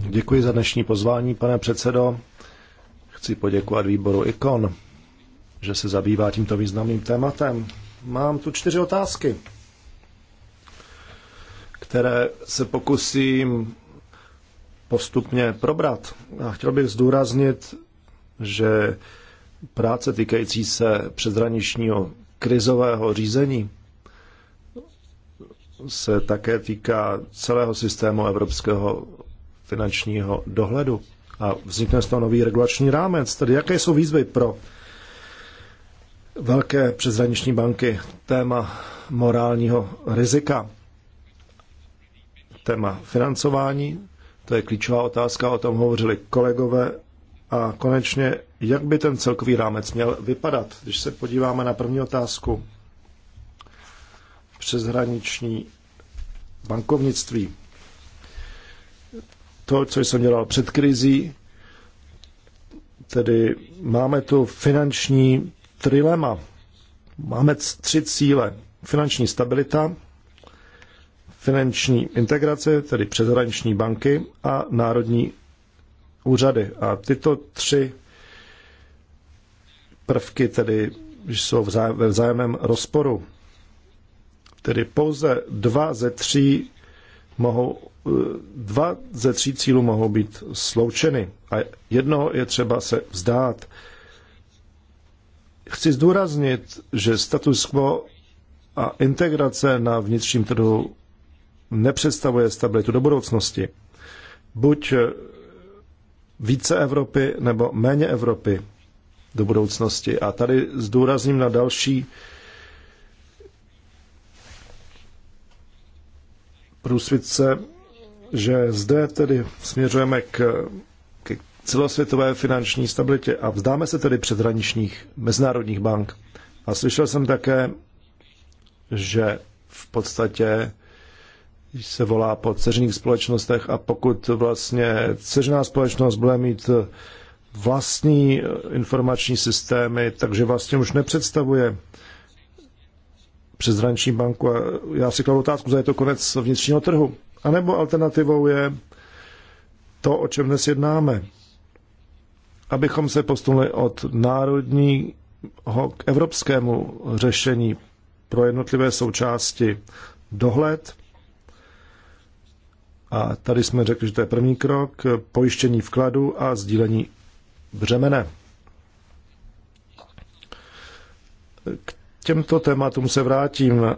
Děkuji za dnešní pozvání, pane předsedo. Chci poděkovat výboru ICON že se zabývá tímto významným tématem. Mám tu čtyři otázky, které se pokusím postupně probrat. A chtěl bych zdůraznit, že práce týkající se přezraničního krizového řízení se také týká celého systému evropského finančního dohledu a vznikne z toho nový regulační rámec. Tedy jaké jsou výzvy pro velké přezraniční banky, téma morálního rizika, téma financování, to je klíčová otázka, o tom hovořili kolegové. A konečně, jak by ten celkový rámec měl vypadat, když se podíváme na první otázku přeshraniční bankovnictví. To, co jsem dělal před krizí, tedy máme tu finanční trilema. Máme tři cíle. Finanční stabilita, finanční integrace, tedy přeshraniční banky a národní úřady. A tyto tři prvky tedy jsou ve vzájemném rozporu. Tedy pouze dva ze tří mohou, eh, dva ze tří cílů mohou být sloučeny a jednoho je třeba se vzdát. Chci zdůraznit, že status quo a integrace na vnitřním trhu nepředstavuje stabilitu do budoucnosti. Buď více Evropy nebo méně Evropy do budoucnosti. A tady zdůrazním na další průsvitce, že zde tedy směřujeme k celosvětové finanční stabilitě a vzdáme se tedy předhraničních mezinárodních bank. A slyšel jsem také, že v podstatě se volá po ceřných společnostech a pokud vlastně ceřná společnost bude mít vlastní informační systémy, takže vlastně už nepředstavuje přeshraniční banku. A já si kladu otázku, zda je to konec vnitřního trhu. A nebo alternativou je to, o čem dnes jednáme abychom se posunuli od národního k evropskému řešení pro jednotlivé součásti dohled. A tady jsme řekli, že to je první krok, pojištění vkladu a sdílení břemene. K těmto tématům se vrátím.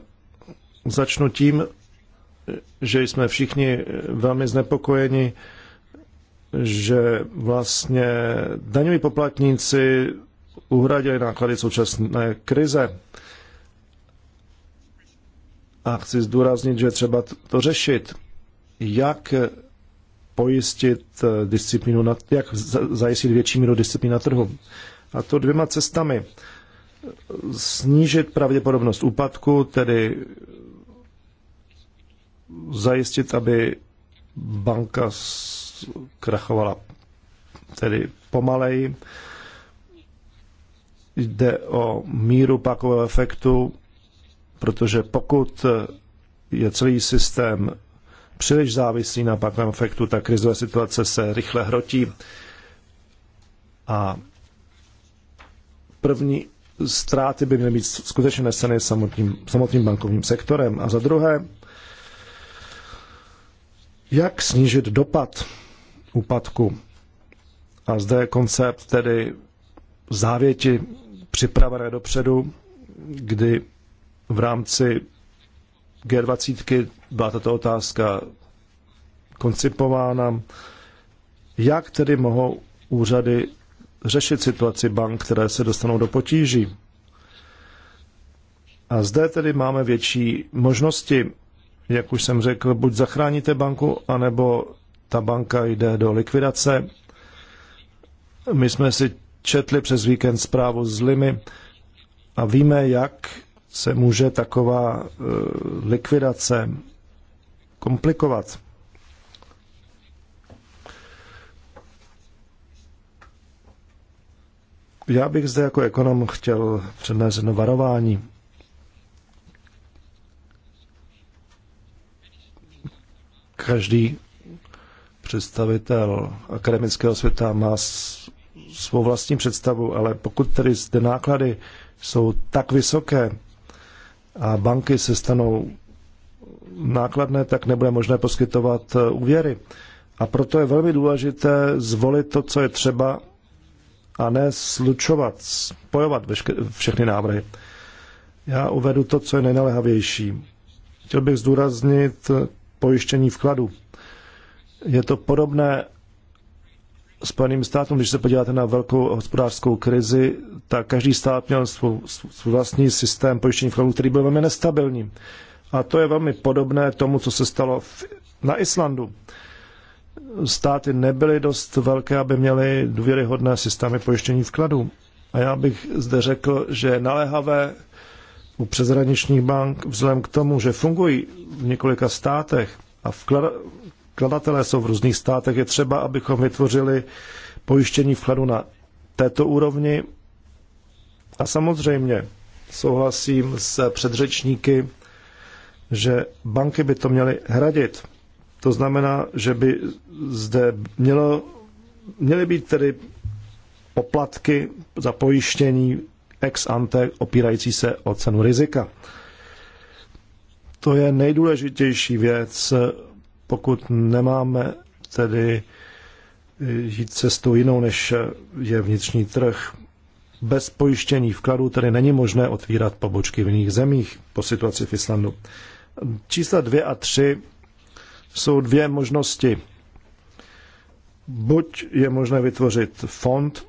Začnu tím, že jsme všichni velmi znepokojeni že vlastně daňoví poplatníci uhradili náklady současné krize. A chci zdůraznit, že třeba to řešit, jak pojistit disciplínu, na, jak zajistit větší míru disciplíny na trhu. A to dvěma cestami. Snížit pravděpodobnost úpadku, tedy zajistit, aby banka krachovala tedy pomalej. Jde o míru pakového efektu, protože pokud je celý systém příliš závislý na pakovém efektu, tak krizové situace se rychle hrotí. A první ztráty by měly být skutečně neseny samotným, samotným bankovním sektorem. A za druhé, jak snížit dopad úpadku. A zde je koncept tedy závěti připravené dopředu, kdy v rámci G20 byla tato otázka koncipována, jak tedy mohou úřady řešit situaci bank, které se dostanou do potíží. A zde tedy máme větší možnosti, jak už jsem řekl, buď zachráníte banku, anebo ta banka jde do likvidace. My jsme si četli přes víkend zprávu z Limy a víme, jak se může taková e, likvidace komplikovat. Já bych zde jako ekonom chtěl přednést jedno varování. Každý představitel akademického světa má svou vlastní představu, ale pokud tedy zde náklady jsou tak vysoké a banky se stanou nákladné, tak nebude možné poskytovat eh, úvěry. A proto je velmi důležité zvolit to, co je třeba, a ne slučovat, spojovat všechny návrhy. Já uvedu to, co je nejnalehavější. Chtěl bych zdůraznit eh, pojištění vkladu. Je to podobné Spojeným státům, když se podíváte na velkou hospodářskou krizi, tak každý stát měl svůj, svůj vlastní systém pojištění vkladů, který byl velmi nestabilní. A to je velmi podobné tomu, co se stalo v, na Islandu. Státy nebyly dost velké, aby měly důvěryhodné systémy pojištění vkladů. A já bych zde řekl, že je naléhavé u přezraničních bank, vzhledem k tomu, že fungují v několika státech a vklad, vkladatelé jsou v různých státech, je třeba, abychom vytvořili pojištění vkladu na této úrovni. A samozřejmě souhlasím s předřečníky, že banky by to měly hradit. To znamená, že by zde mělo, měly být tedy poplatky za pojištění ex ante opírající se o cenu rizika. To je nejdůležitější věc pokud nemáme tedy eh, žít cestou jinou, než je vnitřní trh, bez pojištění vkladů tedy není možné otvírat pobočky v jiných zemích po situaci v Islandu. Čísla dvě a tři jsou dvě možnosti. Buď je možné vytvořit fond,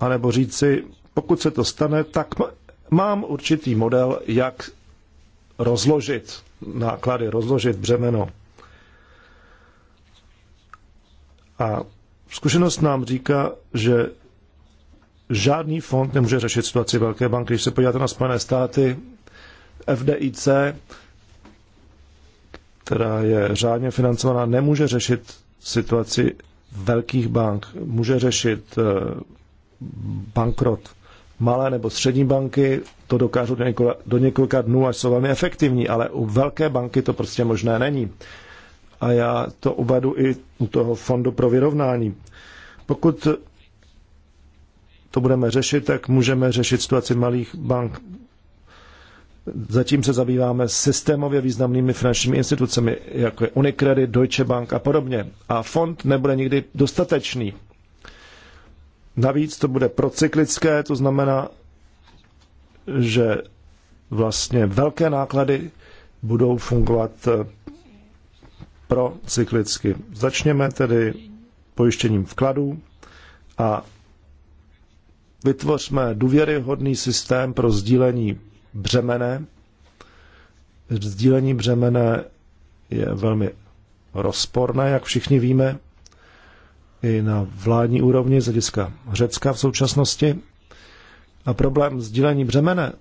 anebo říci, pokud se to stane, tak mám určitý model, jak rozložit náklady, rozložit břemeno A zkušenost nám říká, že žádný fond nemůže řešit situaci velké banky. Když se podíváte na Spojené státy, FDIC, která je řádně financovaná, nemůže řešit situaci velkých bank. Může řešit eh, bankrot. Malé nebo střední banky to dokážou do několika, dnů, až jsou velmi efektivní, ale u velké banky to prostě možné není a já to uvedu i u toho fondu pro vyrovnání. Pokud to budeme řešit, tak můžeme řešit situaci malých bank. Zatím se zabýváme systémově významnými finančními institucemi, jako je Unicredit, Deutsche Bank a podobně. A fond nebude nikdy dostatečný. Navíc to bude procyklické, to znamená, že vlastně velké náklady budou fungovat pro Začněme tedy pojištěním vkladů a vytvořme důvěryhodný systém pro sdílení břemene. Sdílení břemene je velmi rozporné, jak všichni víme, i na vládní úrovni z hlediska Řecka v současnosti. A problém sdílení břemene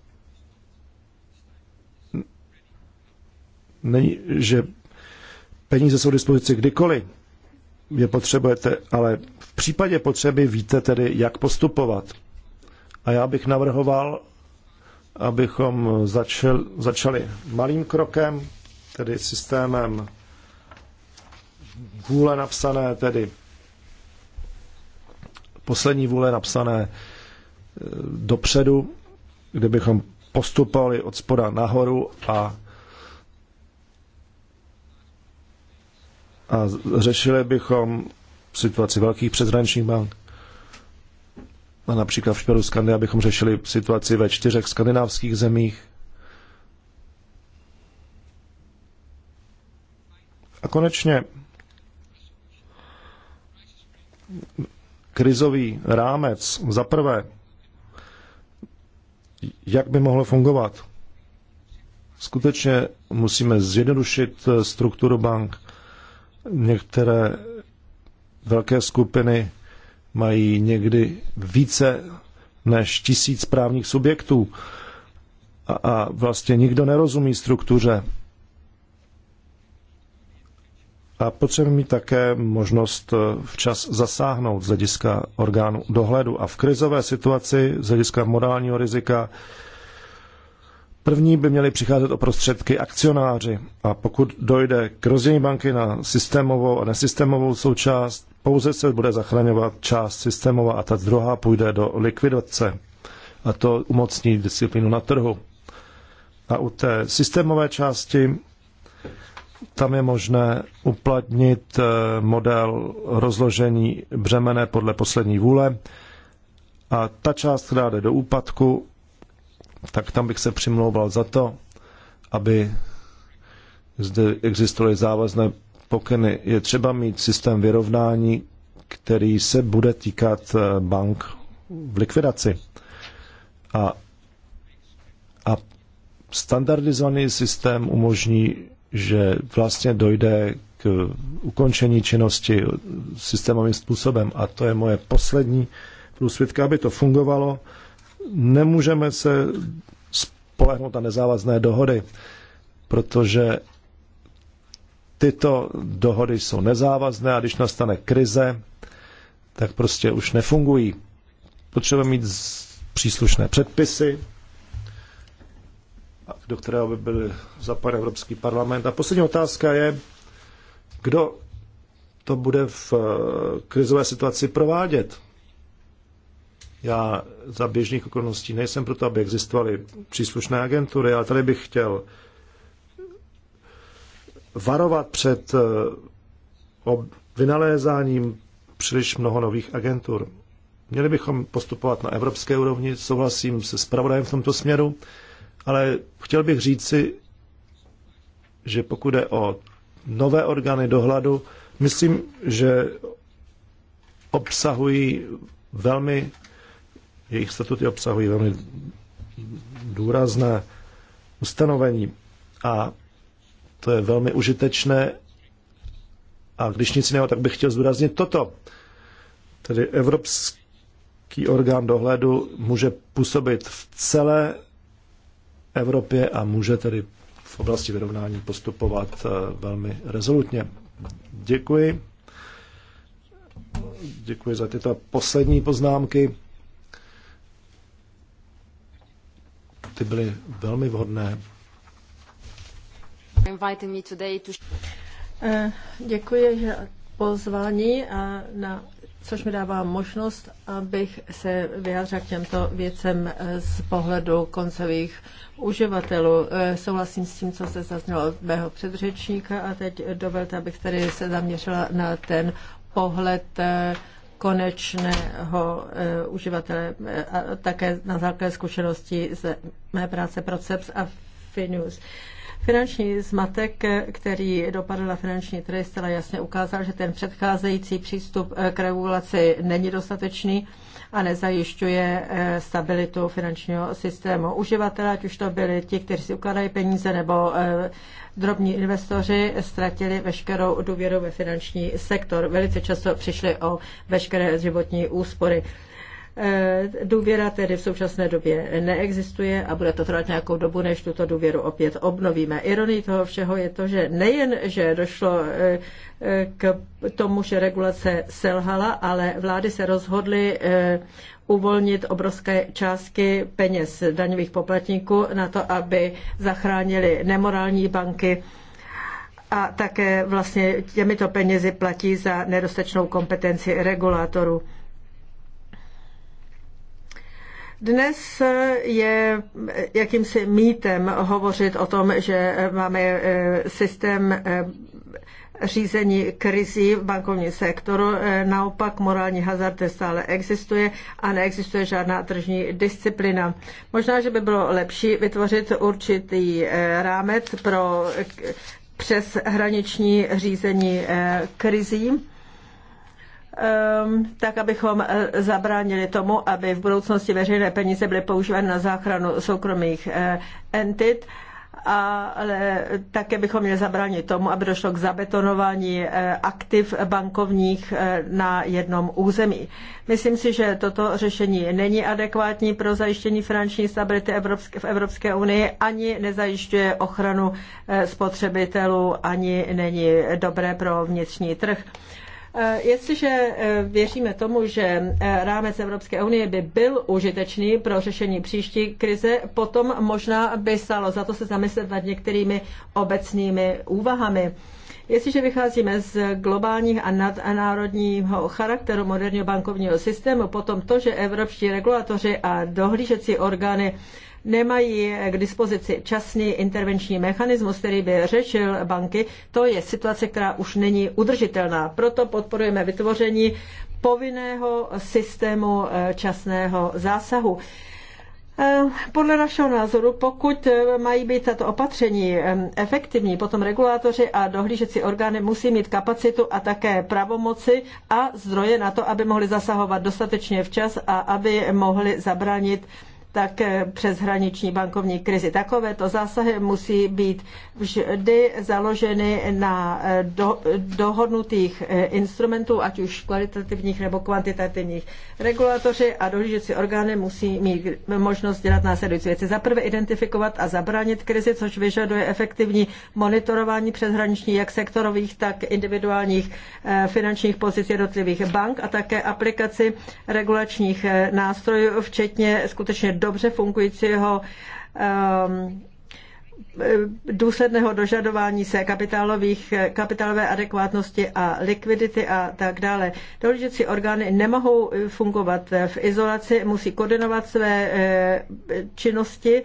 není, že Peníze jsou k dispozici kdykoliv je potřebujete, ale v případě potřeby víte tedy, jak postupovat. A já bych navrhoval, abychom začal, začali malým krokem, tedy systémem vůle napsané, tedy poslední vůle napsané eh, dopředu, kde bychom postupovali od spoda nahoru a a řešili bychom situaci velkých přeshraničních bank. A například v případu Skandy, abychom řešili situaci ve čtyřech skandinávských zemích. A konečně krizový rámec za prvé, jak by mohl fungovat. Skutečně musíme zjednodušit strukturu bank, Některé velké skupiny mají někdy více než tisíc právních subjektů a, a vlastně nikdo nerozumí struktuře. A potřebujeme mít také možnost eh, včas zasáhnout z hlediska orgánu dohledu a v krizové situaci z hlediska morálního rizika První by měli přicházet o prostředky akcionáři a pokud dojde k rozdělení banky na systémovou a nesystémovou součást, pouze se bude zachraňovat část systémová a ta druhá půjde do likvidace a to umocní disciplínu na trhu. A u té systémové části tam je možné uplatnit eh, model rozložení břemene podle poslední vůle a ta část, která jde do úpadku, tak tam bych se přimlouval za to, aby zde existovaly závazné pokyny. Je třeba mít systém vyrovnání, který se bude týkat eh, bank v likvidaci. A, a standardizovaný systém umožní, že vlastně dojde k ukončení činnosti systémovým způsobem. A to je moje poslední průsvědka, aby to fungovalo Nemůžeme se spolehnout na nezávazné dohody, protože tyto dohody jsou nezávazné a když nastane krize, tak prostě už nefungují. Potřebujeme mít příslušné předpisy, do kterého by byl zapad Evropský parlament. A poslední otázka je, kdo to bude v eh, krizové situaci provádět. Já za běžných okolností nejsem proto, aby existovaly příslušné agentury, ale tady bych chtěl varovat před eh, vynalézáním příliš mnoho nových agentur. Měli bychom postupovat na evropské úrovni, souhlasím se zpravodajem v tomto směru, ale chtěl bych říci, že pokud jde o nové orgány dohladu, myslím, že obsahují velmi jejich statuty obsahují velmi důrazné ustanovení a to je velmi užitečné. A když nic jiného, tak bych chtěl zdůraznit toto. Tedy Evropský orgán dohledu může působit v celé Evropě a může tedy v oblasti vyrovnání postupovat eh, velmi rezolutně. Děkuji. Děkuji za tyto poslední poznámky. ty byly velmi vhodné. Eh, děkuji, že pozvání a na, což mi dává možnost, abych se vyjádřil k těmto věcem eh, z pohledu koncových uživatelů. Eh, souhlasím s tím, co se zaznělo od mého předřečníka a teď dovolte, abych tady se zaměřila na ten pohled konečného eh, uživatele eh, a také na základě zkušenosti z mé práce pro CEPS a Finus. Finanční zmatek, který dopadl na finanční trhy, zcela jasně ukázal, že ten předcházející přístup eh, k regulaci není dostatečný a nezajišťuje eh, stabilitu finančního systému. Uživatelé, ať už to byli ti, kteří si ukladají peníze, nebo eh, drobní investoři, ztratili veškerou důvěru ve finanční sektor. Velice často přišli o veškeré životní úspory. Eh, důvěra tedy v současné době neexistuje a bude to trvat nějakou dobu, než tuto důvěru opět obnovíme. Ironí toho všeho je to, že nejen, že došlo eh, k tomu, že regulace selhala, ale vlády se rozhodly eh, uvolnit obrovské částky peněz daňových poplatníků na to, aby zachránili nemorální banky a také vlastně těmito penězi platí za nedostatečnou kompetenci regulátorů. Dnes je jakýmsi mýtem hovořit o tom, že máme eh, systém eh, řízení krizí v bankovním sektoru. Eh, naopak morální hazard stále existuje a neexistuje žádná tržní disciplina. Možná, že by bylo lepší vytvořit určitý rámec pro přes hraniční řízení krizí Ehm, tak abychom e, zabránili tomu, aby v budoucnosti veřejné peníze byly používány na záchranu soukromých e, entit, ale také bychom měli zabránit tomu, aby došlo k zabetonování e, aktiv bankovních na jednom území. Myslím si, že toto řešení není adekvátní pro zajištění finanční stability v Evropské unii, ani nezajišťuje ochranu spotřebitelů, ani není dobré pro vnitřní trh. Eh, jestliže eh, věříme tomu, že eh, rámec Evropské unie by byl užitečný pro řešení příští krize, potom možná by stalo za to se zamyslet nad některými obecnými úvahami. Jestliže vycházíme z globálních a nadnárodního charakteru moderního bankovního systému, potom to, že evropští regulatoři a dohlížecí orgány nemají k dispozici časný intervenční mechanismus, který by řešil banky, to je situace, která už není udržitelná. Proto podporujeme vytvoření povinného systému eh, časného zásahu. Eh, podle našeho názoru, pokud eh, mají být tato opatření efektivní, potom regulátoři a dohlížecí orgány musí mít kapacitu a také pravomoci a zdroje na to, aby mohli zasahovat dostatečně včas a aby mohli zabránit tak přeshraniční bankovní krizi. Takovéto zásahy musí být vždy založeny na eh, do, dohodnutých eh, instrumentů, ať už kvalitativních nebo kvantitativních. Regulatoři a dohlížící orgány musí mít možnost dělat následující věci. Za prvé identifikovat a zabránit krizi, což vyžaduje efektivní monitorování přeshraniční jak sektorových, tak individuálních eh, finančních pozic jednotlivých bank a také aplikaci regulačních nástrojů, včetně skutečně dobře fungujícího ehm, e, důsledného dožadování se kapitálových, e, kapitálové adekvátnosti a likvidity a tak dále. Dohlížící orgány nemohou e, fungovat v izolaci, musí koordinovat své činnosti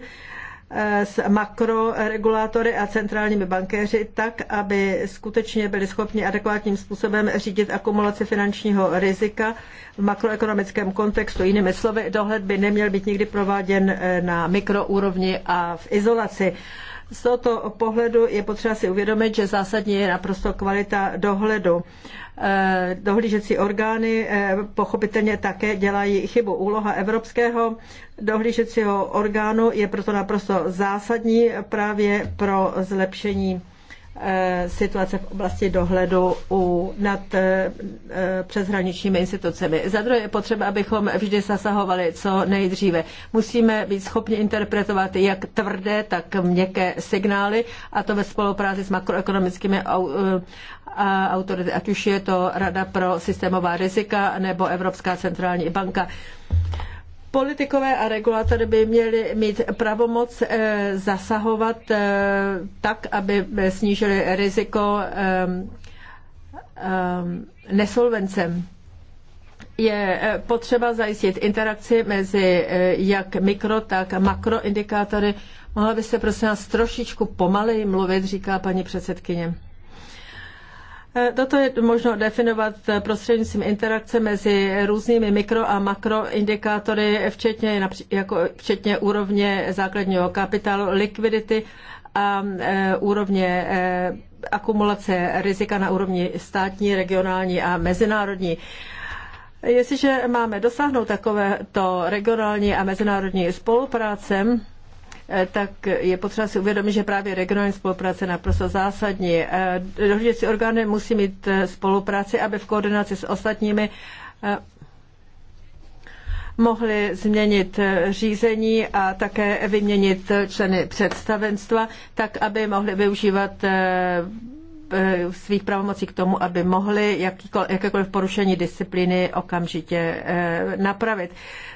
s makroregulátory a centrálními bankéři tak, aby skutečně byli schopni adekvátním způsobem řídit akumulaci finančního rizika v makroekonomickém kontextu. Jinými slovy, dohled by neměl být nikdy prováděn eh, na mikroúrovni a v izolaci. Z tohoto pohledu je potřeba si uvědomit, že zásadní je naprosto kvalita dohledu. Eh, dohlížecí orgány eh, pochopitelně také dělají chybu. Úloha Evropského dohlížecího orgánu je proto naprosto zásadní právě pro zlepšení Eh, situace v oblasti dohledu u, nad eh, eh, přeshraničními institucemi. Za druhé je potřeba, abychom vždy zasahovali co nejdříve. Musíme být schopni interpretovat jak tvrdé, tak měkké signály a to ve spolupráci s makroekonomickými autority, ať už je to Rada pro systémová rizika nebo Evropská centrální banka. Politikové a regulatory by měli mít pravomoc eh, zasahovat eh, tak, aby eh, snížili riziko ehm, ehm, nesolvencem. Je potřeba zajistit interakci mezi jak mikro, tak makroindikátory. Mohla byste prosím vás trošičku pomaleji mluvit, říká paní předsedkyně. Eh, toto je možno definovat eh, prostřednictvím interakce mezi různými mikro a makroindikátory, včetně, jako, včetně úrovně základního kapitálu, likvidity a e, úrovně e, akumulace rizika na úrovni státní, regionální a mezinárodní. Jestliže máme dosáhnout takovéto regionální a mezinárodní spolupráce, Eh, tak je potřeba si uvědomit, že právě regionální spolupráce je naprosto zásadní. Dohodnicí eh, orgány musí mít eh, spolupráci, aby v koordinaci s ostatními mohli změnit řízení a také vyměnit členy představenstva, tak aby mohli využívat Eh, svých pravomocí k tomu, aby mohli jakékoliv porušení disciplíny okamžitě eh, napravit.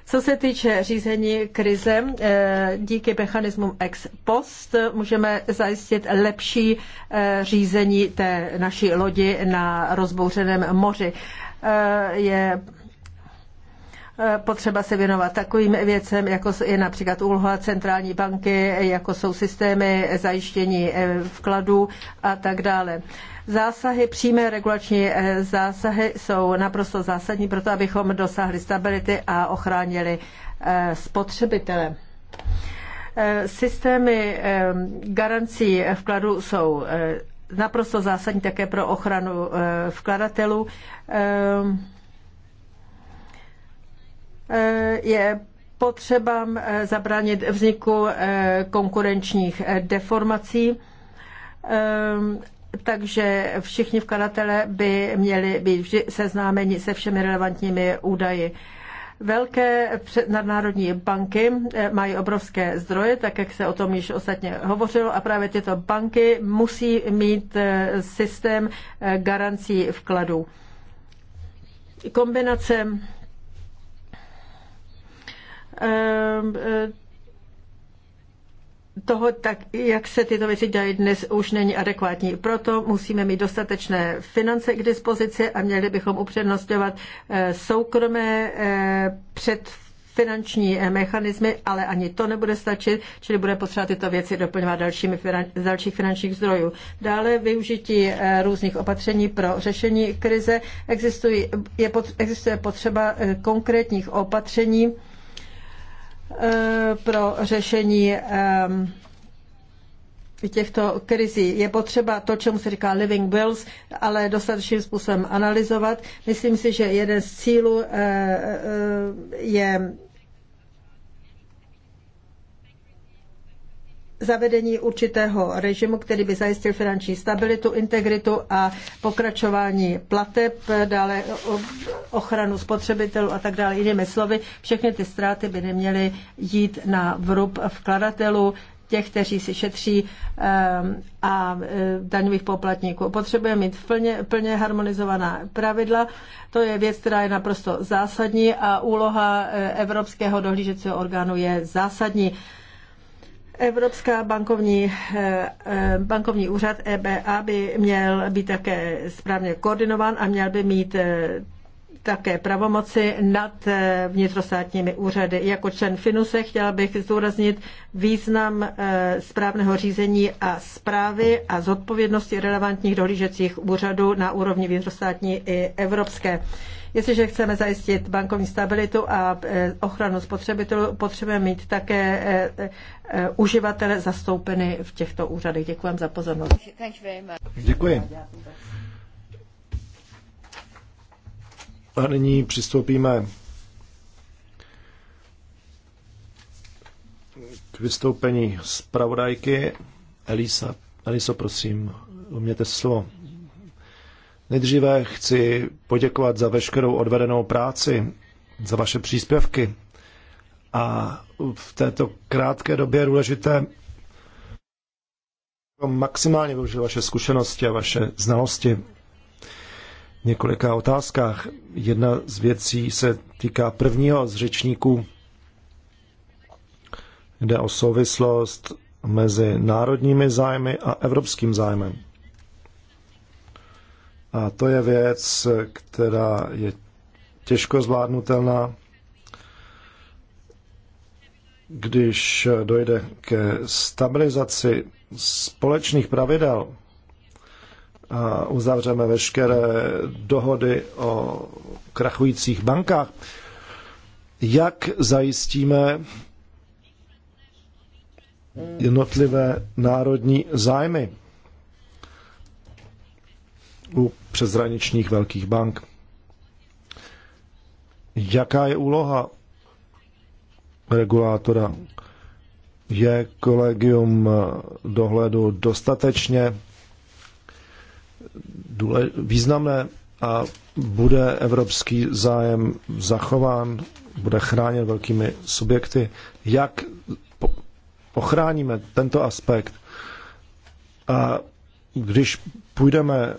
Co se týče řízení krize, eh, díky mechanismům ex post můžeme zajistit lepší řízení té naší lodi na rozbouřeném moři. Je Eh, potřeba se věnovat takovým věcem, jako je například úloha centrální banky, jako jsou systémy zajištění eh, vkladů a tak dále. Zásahy, přímé regulační eh, zásahy jsou naprosto zásadní pro to, abychom dosáhli stability a ochránili spotřebitele. Systémy garancí vkladu jsou naprosto zásadní také pro ochranu vkladatelů. Eh, je potřeba eh, zabránit vzniku eh, konkurenčních deformací. Takže všichni vkladatelé by měli být vždy seznámeni se všemi relevantními údaji. Velké nadnárodní banky mají obrovské zdroje, tak jak se o tom již ostatně hovořilo, a právě tyto banky musí mít systém garancí vkladů. Kombinace Ehm, eh, toho, tak jak se tyto věci dělají dnes, už není adekvátní. Proto musíme mít dostatečné finance k dispozici a měli bychom upřednostňovat eh, soukromé eh, před finanční mechanismy, ale ani to nebude stačit, čili bude potřeba tyto věci doplňovat dalšími finan, z dalších finančních zdrojů. Dále využití různých opatření pro řešení krize. Existují, je, existuje potřeba konkrétních opatření, Eh, pro řešení eh, těchto krizí. Je potřeba to, čemu se říká living wills, ale dostatečným způsobem analyzovat. Myslím si, že jeden z cílů eh, je zavedení určitého režimu, který by zajistil finanční stabilitu, integritu a pokračování plateb, dále ochranu spotřebitelů a tak dále. Jinými slovy, všechny ty ztráty by neměly jít na vrub vkladatelů, těch, kteří si šetří ehm, a e, daňových poplatníků. Potřebujeme mít plně, plně harmonizovaná pravidla. To je věc, která je naprosto zásadní a úloha e, Evropského dohlížecího orgánu je zásadní. Evropská bankovní, eh, eh, bankovní úřad EBA by měl být také správně koordinován a měl by mít eh, také pravomoci nad vnitrostátními úřady. Jako člen Finuse chtěla bych zdůraznit význam správného řízení a zprávy a zodpovědnosti relevantních dohlížecích úřadů na úrovni vnitrostátní i evropské. Jestliže chceme zajistit bankovní stabilitu a e, ochranu spotřebitelů, potřebujeme mít také e, e, uživatele zastoupeny v těchto úřadech. Děkuji za pozornost. Děkuji. A nyní přistoupíme k vystoupení zpravodajky. Elisa, Eliso, prosím, uměte slovo. Nejdříve chci poděkovat za veškerou odvedenou práci, za vaše příspěvky. A v této krátké době je důležité maximálně využít vaše zkušenosti a vaše znalosti v několika otázkách. Jedna z věcí se týká prvního z řečníků. Jde o souvislost mezi národními zájmy a evropským zájmem. A to je věc, která je těžko zvládnutelná, když dojde ke stabilizaci společných pravidel a uzavřeme veškeré dohody o krachujících bankách, jak zajistíme jednotlivé národní zájmy u přeshraničních velkých bank. Jaká je úloha regulátora? Je kolegium dohledu dostatečně významné a bude evropský zájem zachován, bude chráněn velkými subjekty. Jak ochráníme tento aspekt? A když půjdeme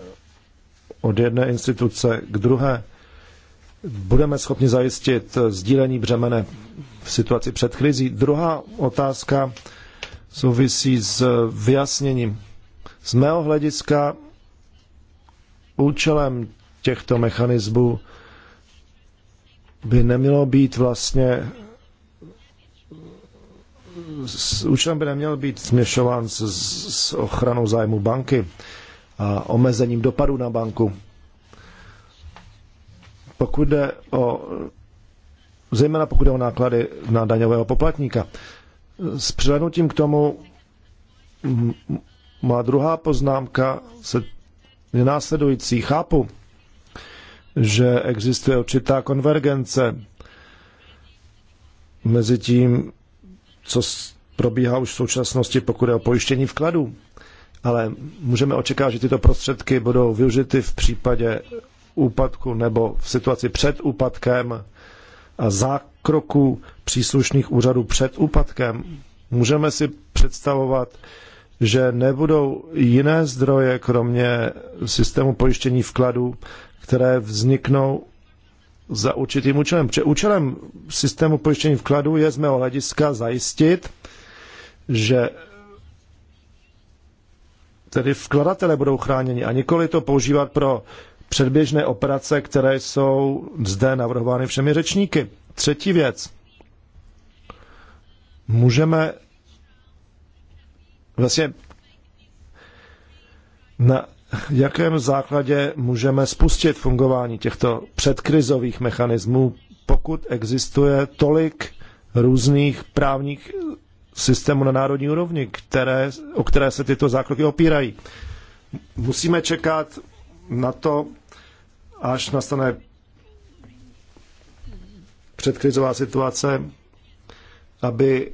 od jedné instituce k druhé, budeme schopni zajistit sdílení břemene v situaci před krizí. Druhá otázka souvisí s vyjasněním. Z mého hlediska účelem těchto mechanismů by nemělo být vlastně účelem by neměl být směšován s, s ochranou zájmu banky a omezením dopadu na banku. Pokud jde o, zejména pokud jde o náklady na daňového poplatníka. S přilenutím k tomu má druhá poznámka se je následující. Chápu, že existuje určitá konvergence mezi tím, co probíhá už v současnosti, pokud je o pojištění vkladů ale můžeme očekávat, že tyto prostředky budou využity v případě úpadku nebo v situaci před úpadkem a zákroku příslušných úřadů před úpadkem. Můžeme si představovat, že nebudou jiné zdroje, kromě systému pojištění vkladů, které vzniknou za určitým účelem. Protože účelem systému pojištění vkladů je z mého hlediska zajistit, že tedy vkladatele budou chráněni a nikoli to používat pro předběžné operace, které jsou zde navrhovány všemi řečníky. Třetí věc. Můžeme vlastně na jakém základě můžeme spustit fungování těchto předkrizových mechanismů, pokud existuje tolik různých právních systému na národní úrovni, které, o které se tyto zákroky opírají. Musíme čekat na to, až nastane předkrizová situace, aby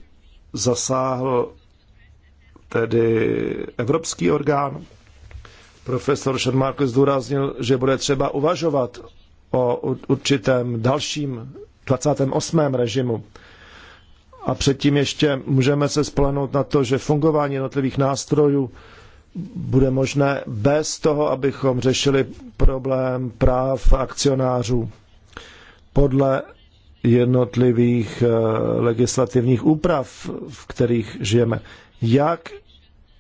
zasáhl tedy evropský orgán. Profesor Šermárko zdůraznil, že bude třeba uvažovat o určitém dalším 28. režimu a předtím ještě můžeme se spolehnout na to, že fungování jednotlivých nástrojů bude možné bez toho, abychom řešili problém práv akcionářů podle jednotlivých eh, legislativních úprav, v kterých žijeme. Jak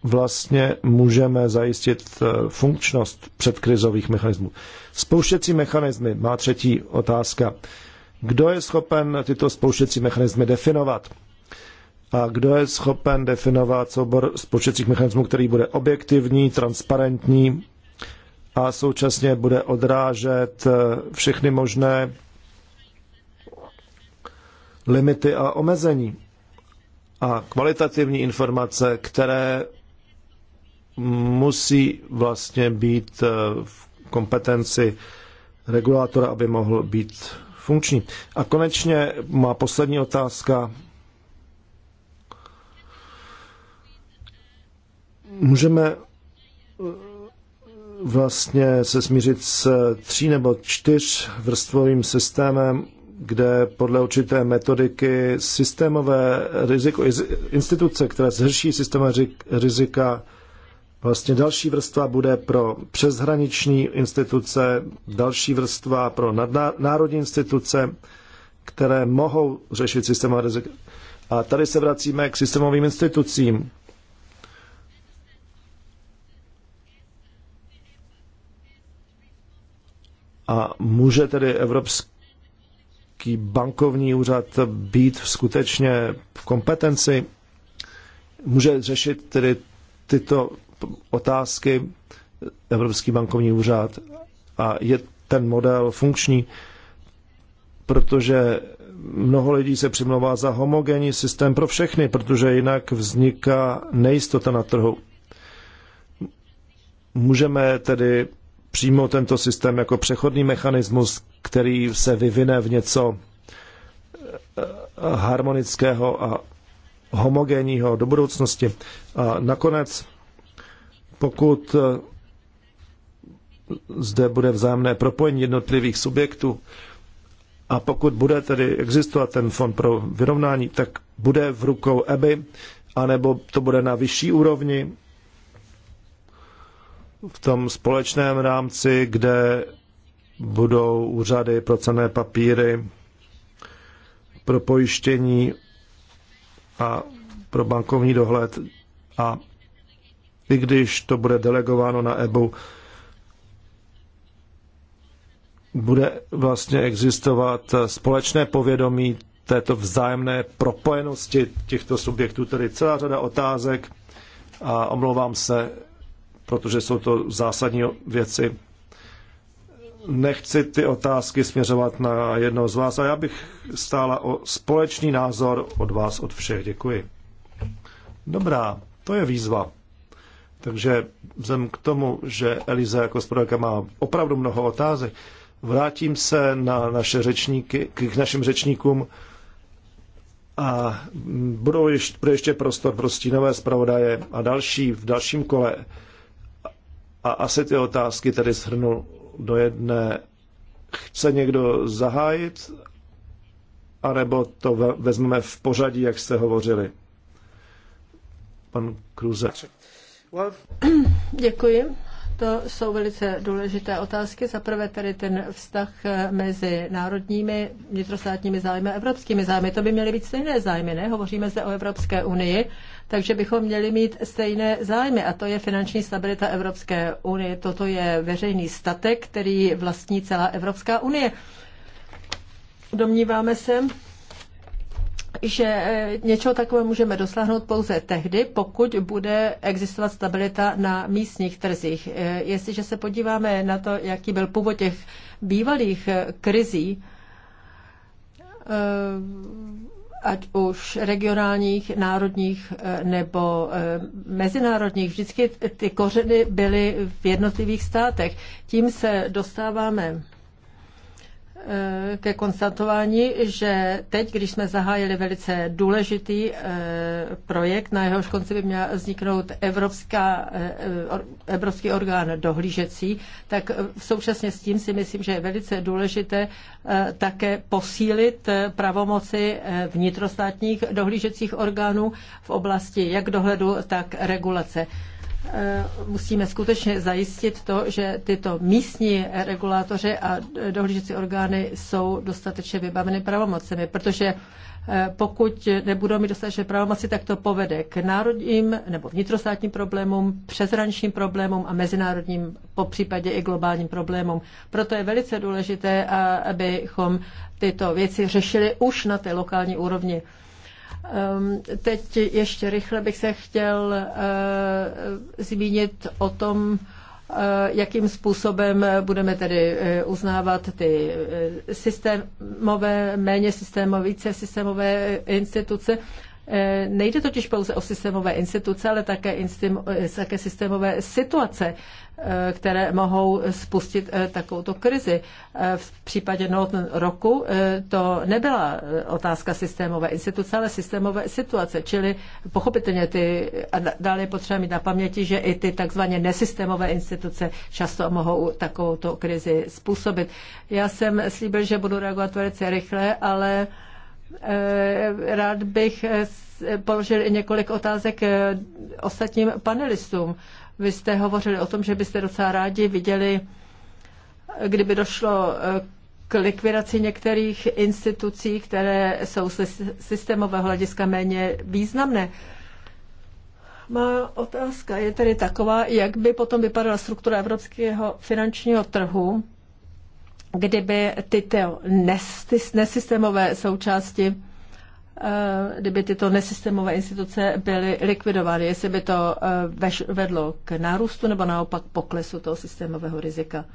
vlastně můžeme zajistit eh, funkčnost předkrizových mechanismů? Spouštěcí mechanismy má třetí otázka kdo je schopen tyto spouštěcí mechanismy definovat a kdo je schopen definovat soubor spouštěcích mechanismů, který bude objektivní, transparentní a současně bude odrážet eh, všechny možné limity a omezení a kvalitativní informace, které musí vlastně být eh, v kompetenci regulátora, aby mohl být funkční. A konečně má poslední otázka. Můžeme eh, vlastně se smířit s tří nebo čtyř vrstvovým systémem, kde podle určité metodiky systémové riziko, instituce, které zhrší systémové rizika, Vlastně další vrstva bude pro přeshraniční instituce, další vrstva pro národní instituce, které mohou řešit systémové rizika. A tady se vracíme k systémovým institucím. A může tedy Evropský bankovní úřad být skutečně v kompetenci? Může řešit tedy tyto otázky, Evropský bankovní úřad a je ten model funkční, protože mnoho lidí se přimlouvá za homogenní systém pro všechny, protože jinak vzniká nejistota na trhu. Můžeme tedy přijmout tento systém jako přechodný mechanismus, který se vyvine v něco eh, harmonického a homogénního do budoucnosti. A nakonec pokud eh, zde bude vzájemné propojení jednotlivých subjektů a pokud bude tedy existovat ten fond pro vyrovnání, tak bude v rukou EBY, anebo to bude na vyšší úrovni v tom společném rámci, kde budou úřady pro cené papíry, pro pojištění a pro bankovní dohled a i když to bude delegováno na EBU, bude vlastně existovat společné povědomí této vzájemné propojenosti těchto subjektů, tedy celá řada otázek a omlouvám se, protože jsou to zásadní věci. Nechci ty otázky směřovat na jednoho z vás a já bych stála o společný názor od vás, od všech. Děkuji. Dobrá, to je výzva. Takže vzhledem k tomu, že Eliza jako zpravodajka má opravdu mnoho otázek, vrátím se na naše řečníky, k našim řečníkům a budou ještě, bude ještě prostor pro stínové zpravodaje a další v dalším kole. A asi ty otázky tedy shrnu do jedné. Chce někdo zahájit, anebo to vezmeme v pořadí, jak jste hovořili? Pan Kruze. *clears throat* Děkuji. To jsou velice důležité otázky. Za prvé tedy ten vztah eh, mezi národními, vnitrostátními zájmy a evropskými zájmy. To by měly být stejné zájmy, ne? Hovoříme zde o Evropské unii, takže bychom měli mít stejné zájmy a to je finanční stabilita Evropské unie. Toto je veřejný statek, který vlastní celá Evropská unie. Domníváme se, že e, něčeho takového můžeme dosáhnout pouze tehdy, pokud bude existovat stabilita na místních trzích. E, jestliže se podíváme na to, jaký byl původ těch bývalých e, krizí, ať už regionálních, národních nebo mezinárodních, vždycky ty kořeny byly v jednotlivých státech. Tím se dostáváme Eh, ke konstatování, že teď, když jsme zahájili velice důležitý eh, projekt, na jehož konci by měl vzniknout Evropská, eh, Evropský orgán dohlížecí, tak současně s tím si myslím, že je velice důležité také posílit pravomoci vnitrostátních dohlížecích orgánů v oblasti jak dohledu, tak regulace. Eh, musíme skutečně zajistit to, že tyto místní regulátoři a dohlížecí orgány jsou dostatečně vybaveny pravomocemi, protože eh, pokud nebudou mít dostatečné pravomoci, tak to povede k národním nebo vnitrostátním problémům, přeshraničním problémům a mezinárodním, po případě i globálním problémům. Proto je velice důležité, abychom tyto věci řešili už na té lokální úrovni. Ehm, teď ještě rychle bych se chtěl eh, zmínit o tom, eh, jakým způsobem budeme tedy eh, uznávat ty systémové, méně systémové, více systémové instituce. Eh, nejde totiž pouze o systémové instituce, ale také, instim, eh, také systémové situace, eh, které mohou spustit takovouto krizi. V případě Northern roku to nebyla otázka systémové instituce, ale systémové situace. Čili pochopitelně ty, a dále je potřeba mít na paměti, že i ty takzvaně nesystémové instituce často mohou takovouto krizi způsobit. Já jsem slíbil, že budu reagovat velice rychle, ale Eh, rád bych eh, položil i několik otázek eh, ostatním panelistům. Vy jste hovořili o tom, že byste docela rádi viděli, kdyby došlo k likvidaci některých institucí, které jsou z systémového hlediska méně významné. Má otázka je tedy taková, jak by potom vypadala struktura evropského finančního trhu, kdyby tyto nesystémové součásti eh, kdyby tyto nesystémové instituce byly likvidovány, jestli by to eh, vedlo k nárůstu nebo naopak poklesu toho systémového rizika.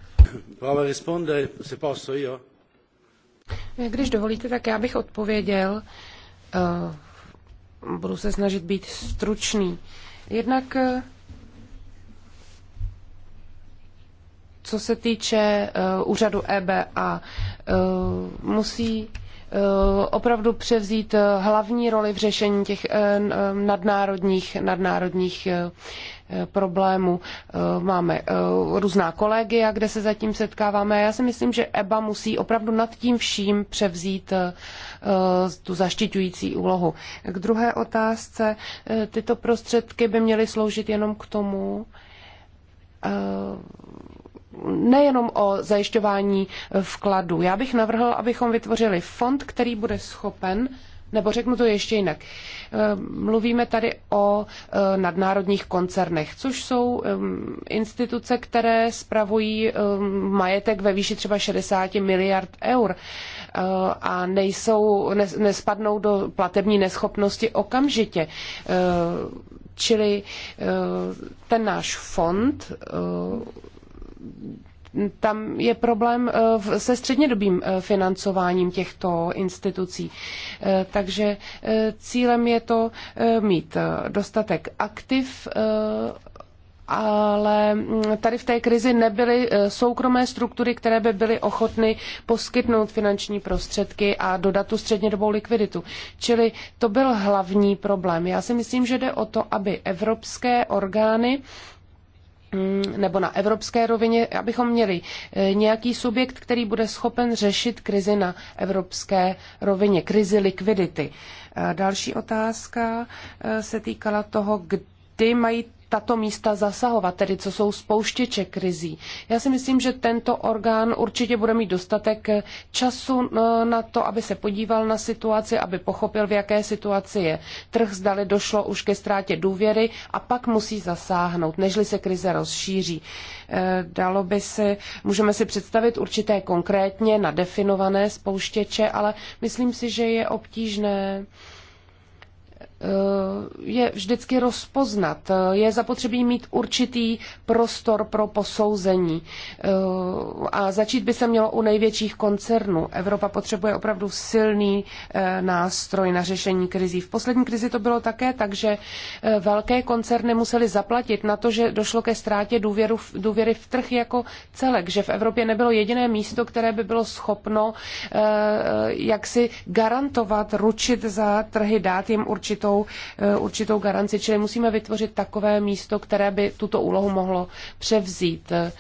Eh, když dovolíte, tak já bych odpověděl. Budu se snažit být stručný. Jednak co se týče eh, úřadu EBA, eh, musí eh, opravdu převzít hlavní roli v řešení těch nadnárodních, nadnárodních problémů. Máme různá kolegia, kde se zatím setkáváme. Já si myslím, že EBA musí opravdu nad tím vším převzít tu zaštiťující úlohu. K druhé otázce, tyto prostředky by měly sloužit jenom k tomu, nejenom o zajišťování vkladu. Já bych navrhl, abychom vytvořili fond, který bude schopen, nebo řeknu to ještě jinak, eh, mluvíme tady o eh, nadnárodních koncernech, což jsou eh, instituce, které spravují majetek ve výši třeba 60 miliard eur a nejsou, nespadnou do platební neschopnosti okamžitě. Čili ten náš fond tam je problém eh, se střednědobým eh, financováním těchto institucí. Eh, takže cílem je to mít dostatek aktiv ale mm, tady v té krizi nebyly soukromé struktury, které by byly ochotny poskytnout finanční prostředky a dodat tu střednědobou likviditu. Čili to byl hlavní problém. Já si myslím, že jde o to, aby evropské orgány Mm, nebo na evropské rovině, abychom měli eh, nějaký subjekt, který bude schopen řešit krizi na evropské rovině, krizi likvidity. Další otázka eh, se týkala toho, kdy mají tato místa zasahovat, tedy co jsou spouštěče krizí. Já si myslím, že tento orgán určitě bude mít dostatek eh, času eh, na to, aby se podíval na situaci, aby pochopil, v jaké situaci je trh, zdali došlo už ke ztrátě důvěry a pak musí zasáhnout, nežli se krize rozšíří. Eh, dalo by si, můžeme si představit určité konkrétně nadefinované spouštěče, ale myslím si, že je obtížné Eh, je vždycky rozpoznat. Eh, je zapotřebí mít určitý prostor pro posouzení. Eh, a začít by se mělo u největších koncernů. Evropa potřebuje opravdu silný nástroj na řešení krizí. V poslední krizi to bylo také tak, že velké koncerny museli zaplatit na to, že došlo ke ztrátě důvěru, důvěry v trh jako celek, že v Evropě nebylo jediné místo, které by bylo schopno jaksi garantovat, ručit za trhy, dát jim určitou nějakou eh, určitou garanci, čili musíme vytvořit takové místo, které by tuto úlohu mohlo převzít. Eh,